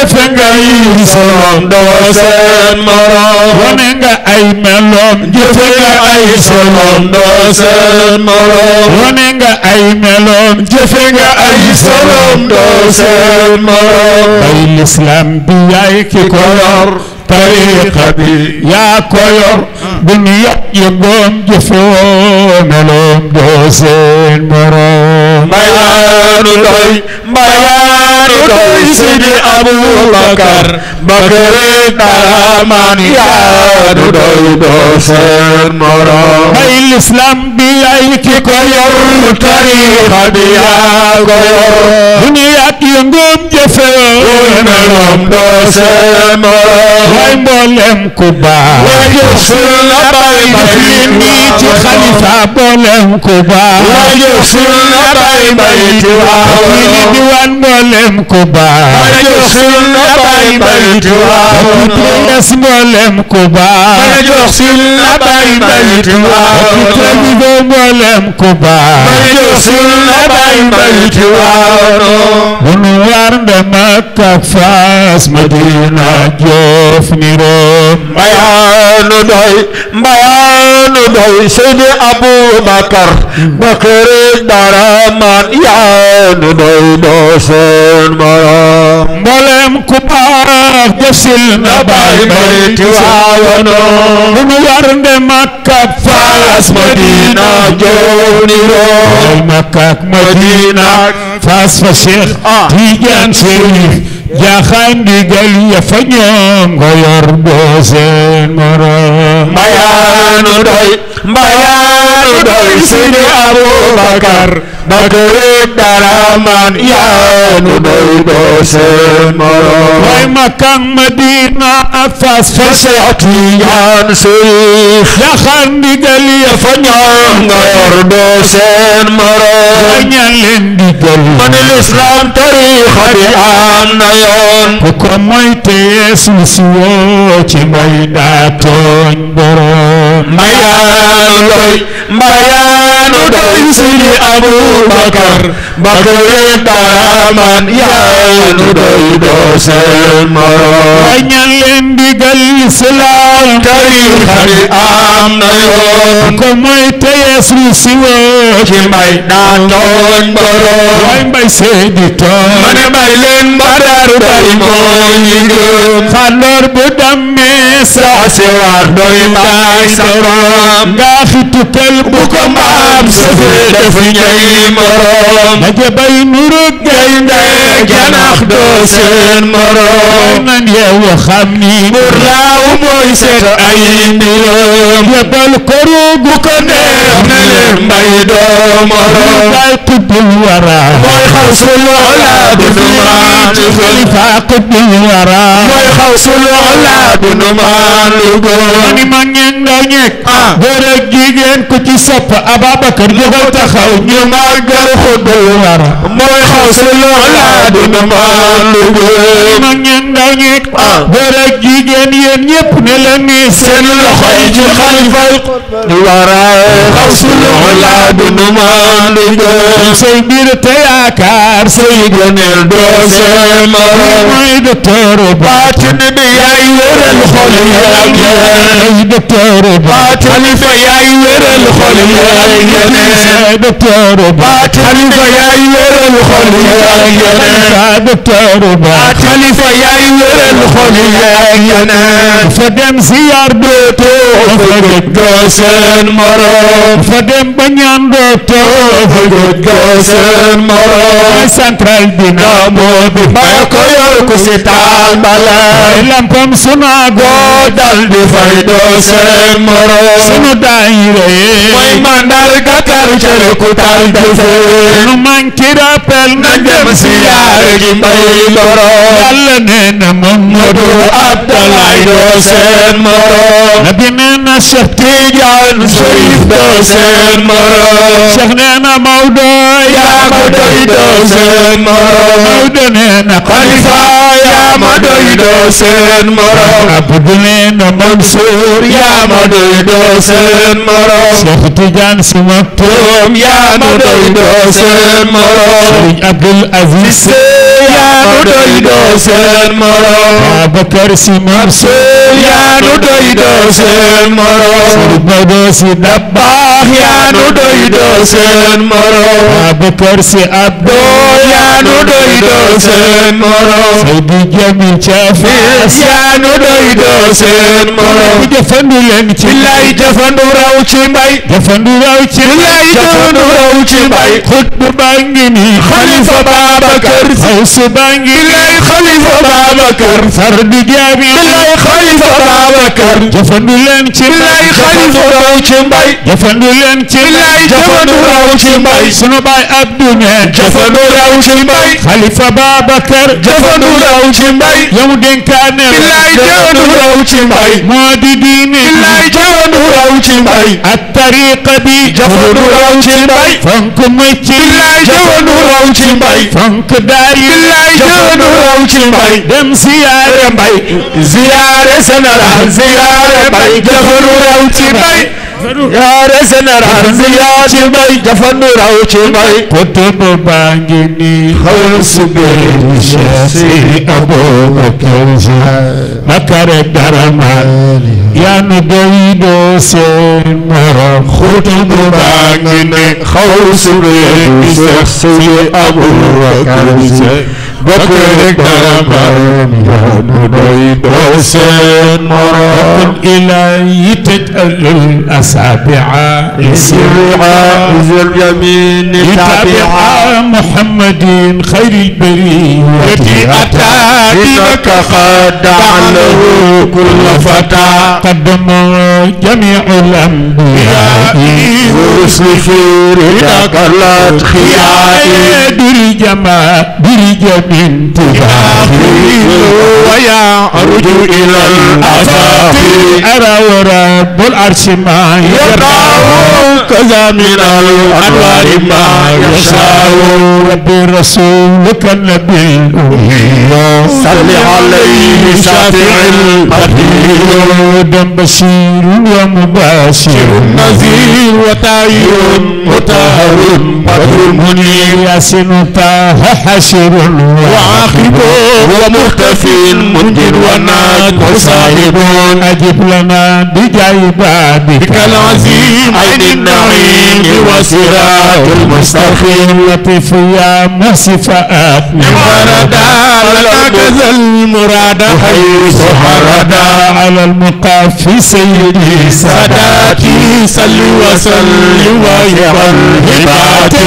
jëfe ngay soloom doo seen moroom wane nga ay meloom jëfe nga ay soloom doo seen moroom wane nga ay meloom jëfe nga ay soloom doo seen moroom bay lislaam bi yaay ki ko yor tariqa bi yaa ko yor hmm. bu ñu yàq yëngoom jëfoo meloom doo seen moroom mbayaanu doy mbayaanu lu doy Seydi Aboubacar Bakari Karaman yaa du doy doo seen morom. ay l'islam bi ay ki ko yor tariixa bi yaa ko yor. duniya ak yëngoom jëfe yoo. lu meloom doo seen morom. waay mboolem ku baax. waay jëfsul la bàyyi ma yi nii ci xalifa mboolem ku baax. waay jëfsul la bàyyi ma yi ci waaw. diwaan mboolem ku baax. waay jëfsul la bàyyi ma yi. yonent waaw des mboolem ku baax ma jox si la bàyyi mbalit waaw des mboolem ku baax ma jox si la bàyyi mbalit waaw bu nu war ndama ak Fass Madina Joof ni Room mbayaanu doy mbayaanu doy Seydi Aboubacar Bakari Daraman yaanu doy doo seen morom mboolem ku baax ak jëfsil na bàyyi mbay Tiwaawoon bu nu war Makka ak Faas Madina jooniroo Makka ak Faas fa Cheikh ah. Tijaan Sérif jaaxaan ndigal ya fa ñoom nga yor doo seen moroom doy mbayaanu doy Sidi Abubakar bakari dara man yaa nu doy doo seen morom. way Makka Madina afas fa Seex Tijaan Sërif. yaxal ndigal ya fa ñoom nga yor doo seen morom. way ña leen di jël. man lislaam tariixa bi am na yoon. ku ko mooy te yeesu si woo ci ngay daa mbayaanu doy sidi Abubakar bakari taraman yaanu doy dooseel morom ma ñaan leen digal islaam tariixa bi am na yoon ko mooy teyees ru siwoo ci mbay daa tooñ borom waay mbay seedi tooñ ma ne mbay leen badar bay mooy yi gëm xaloor bu dammee sax si war doy mbay sa borom ngaa fi tukkal bu ko maam sëfee def ñay morom daje bay nurug gay ndee janax doo seen morom nan yow xam ni bur laaw mooy seet ay mbiram yebal koru bu ko neex ne leen mbay doo morom bay qutbul wara mooy xawsul ola bunu maan xalifa qutbul wara mooy xawsul ma ngeen ndaw ñeek ah. góor ak jigéen ku ci ci sopp Ababakar ñu ko taxaw ñu màggal xudul war mooy xaslu laa dina maalugu mag ñeen ndaw ñi góor ak jigéen yéen ñëpp ne la ni seen loxo yi ci xalifay wara xaslu laa dina maalugu say mbir te yaakaar say gëneel doo seen morom mooy docteur baatin bi yaay wéral xol yi ak yaay docteur baatin fa yaay wéral xol yi ak yeneen saadateur ba xalifa yaay wéral xol yi ak yeneen saadateur ba xalifa yaay wéral xol yi ak yeneen fa dem ziyaar dootoo fa gëj goo seen morom fa dem ba ñaan dootoo fa gëj goo seen morom central dina moo di maa ko yor ku si taal bala lampam sunaa goo dal di fay doo seen morom sunu daayira mooy mandarga taru cere ku taru jëfe nu manki rappel na dem si yaare gi mbay loro yàlla nee na Mamadu Abdalaay doo seen moro nabi nee na Cheikh Tidiane Serif doo seen moro Cheikh nee na Maodo yaa ma yaa ma doy doo seen moro Abdu nee na Mansour yaa ma doy doo Cheikh Tidiane si maktoom yaa ma doy doo seen morom Abdul Aziz yaanu doy doo seen morom Babacar Si Mansour yaanu doy doo seen morom Serigne Babacar Si Dabakh yaanu doy doo seen morom Babacar Si Abdou yaanu doy doo seen morom Seydi Jamil Thiafass yaanu doy doo seen morom jëfandu leen ci lay jëfandu raw ci mbay jëfandu raw ci lay jëfandu raw ci mbay xutbu baa ngi nii xalifa Babacar Si بانجي بالله خليفة بابكر فرد جابي بالله خليفة بابكر جفن لم بالله خليفة روشن باي جفن لم بالله جفن روشن باي سنو باي عبدو نهد جفن روشن باي خليفة بابكر جفن روشن باي يوم دين كان بالله جفن روشن باي مودي ديني بالله جفن روشن باي الطريق بي جفن روشن باي فانكم ميتي بالله جفن روشن باي فانك داري wallaay jëdu raw ci mbay dem ziyaare mbay ziyaare général ziyaare mbay jëdu raw ci mbay yaare général bi yaa ci may jafandu raw ci may pote ba baa ngi nii xawal su bee di seesi Abubakar bakare darama yaa nu doy doo seen morom xutu bu baa ngi nii xawal su bee di seesi Abubakar بكر كرم نديد حسين مرام إلي تتأل الأسابع السرعة اليمين تابعة محمد خير البرية أتى دينك خدع له كل فتى قدم جميع الأنبياء ورسل خير تقلت خيائي برجما برجم انتباهي ويا أرجو إلى الأساطير أرى ورب العرش ما يراه كذا من الأنوار ما يشاء ربي رسولك النبي الأمي صل عليه شافع القدير دم بشير ومباشر نذير وتعير مطهر بدر منير ياسين طه حشر وعاقب ومختفي منجر وناد أجب لنا بجايبانك العظيم عين النار النعيم وصراط المستقيم لطيف يا مصفاء المرادة لك ذا المراد خير سهرادة على المقاف سيدي ساداتي صلوا وسلوا يفرحباتي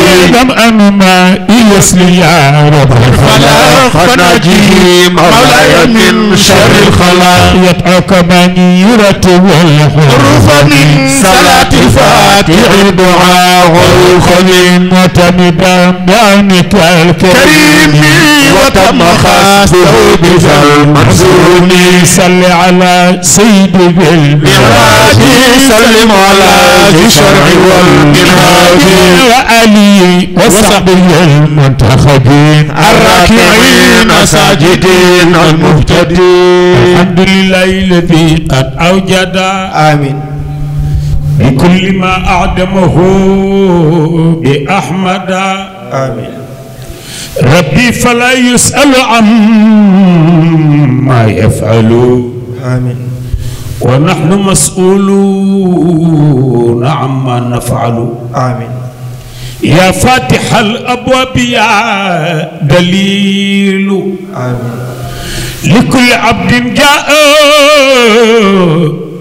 أمما إيسلي يا رب الخلاق فنجي مولاي من شر الخلاق يدعوك من يرتب الحروف من صلاة الفاتح دعاء الخليل متمدا بعينك الكريم وتمخسته بفم محزوني صل على سيد بالمراء سلم على ذي الشرع والجهاد وآلي وصحبه المنتخبين الراكعين ساجدين المهتدين الحمد لله الذي قد أوجد آمين بكل ما أعدمه بأحمد آمين ربي فلا يسأل عما يفعل آمين ونحن مسؤولون عما نفعل آمين يا فاتح الأبواب يا دليل آمين لكل عبد جاء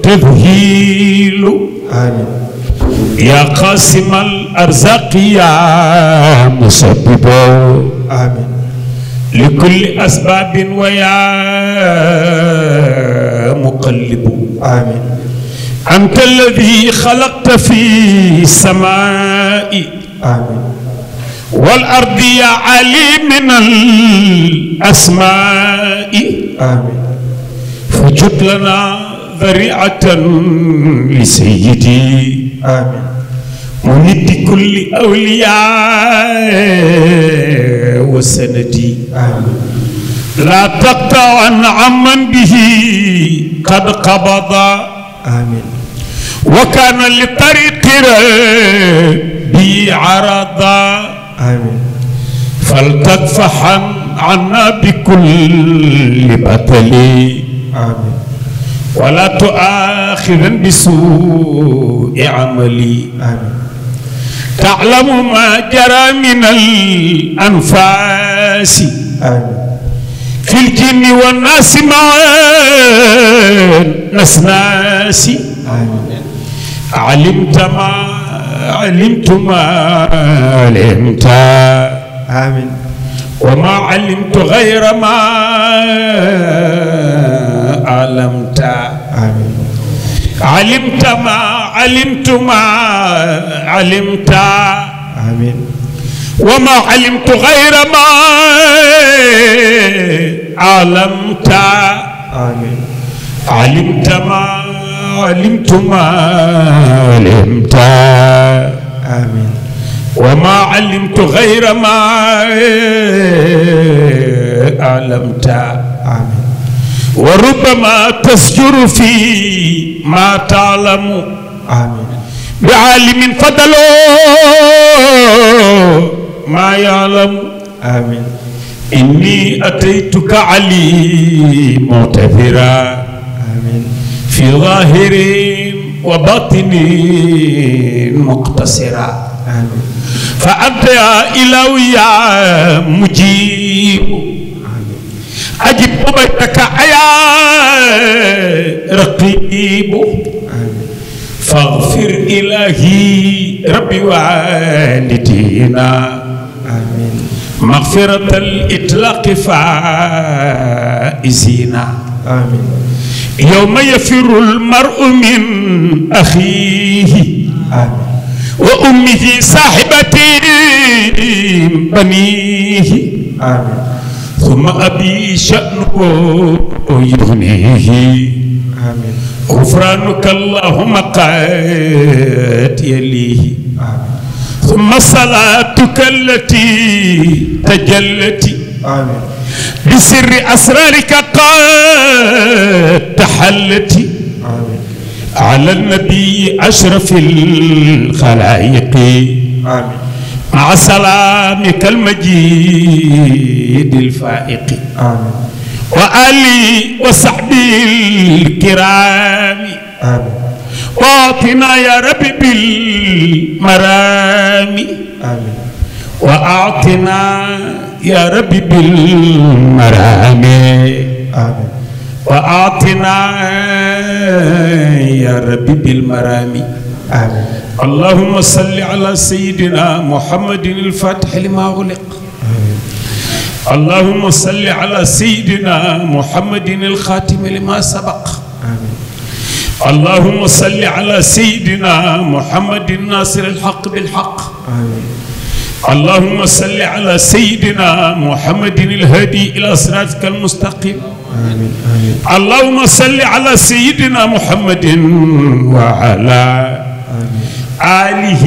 تذهيل آمين يا قاسم الأرزاق يا مسبب آمين لكل أسباب ويا مقلب آمين أنت الذي خلقت في السماء آمين والأرض يا علي من الأسماء آمين فجد لنا ذريعة لسيدي آمين مند كل أولياء وسندي آمين لا تقطع عن عمن به قد قبض آمين وكان لطريق ربي عرضا آمين فلتكفحن عنا بكل بطل آمين ولا تؤاخذن بسوء عملي آمين تعلم ما جرى من الأنفاس آمين الجن والناس معا ناس ناسي علمت ما علمت ما علمت آمين وما علمت غير ما علمت آمين علمت ما علمت ما علمت آمين وما علمت غير ما علمت آمين علمت ما علمت ما علمت آمين وما علمت غير ما علمت آمين وربما تسجر في ما تعلم آمين بعالم فضل ما يعلم آمين إني أتيتك علي معتذرا في ظاهر وباطن مقتصرا فأنت يا إلهي يا مجيب أجب بيتك يا رقيب فاغفر إلهي ربي والدينا مغفرة الإطلاق فائزين آمين يوم يفر المرء من أخيه آمين وأمه صاحبة بنيه آمين ثم أبي شأنه يغنيه آمين غفرانك اللهم قد يليه آمين ثم صلاتك التي تجلت آمين بسر أسرارك قد تحلت آمين على النبي أشرف الخلائق آمين مع سلامك المجيد الفائق آمين وآلي وصحبي الكرام آمين واعطنا يا رب آمين واعطنا يا رب آمين واعطنا يا رب آمين اللهم صل على سيدنا محمد الفاتح لما غلق اللهم صل على سيدنا محمد الخاتم لما سبق آمين. اللهم صل على سيدنا محمد الناصر الحق بالحق آمين. اللهم صل على سيدنا محمد الهادي إلى صراطك المستقيم آمين. آمين. اللهم صل على سيدنا محمد وعلى آله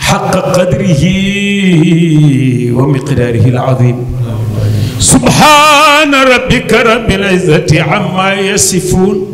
حق قدره ومقداره العظيم سبحان ربك رب العزة عما يصفون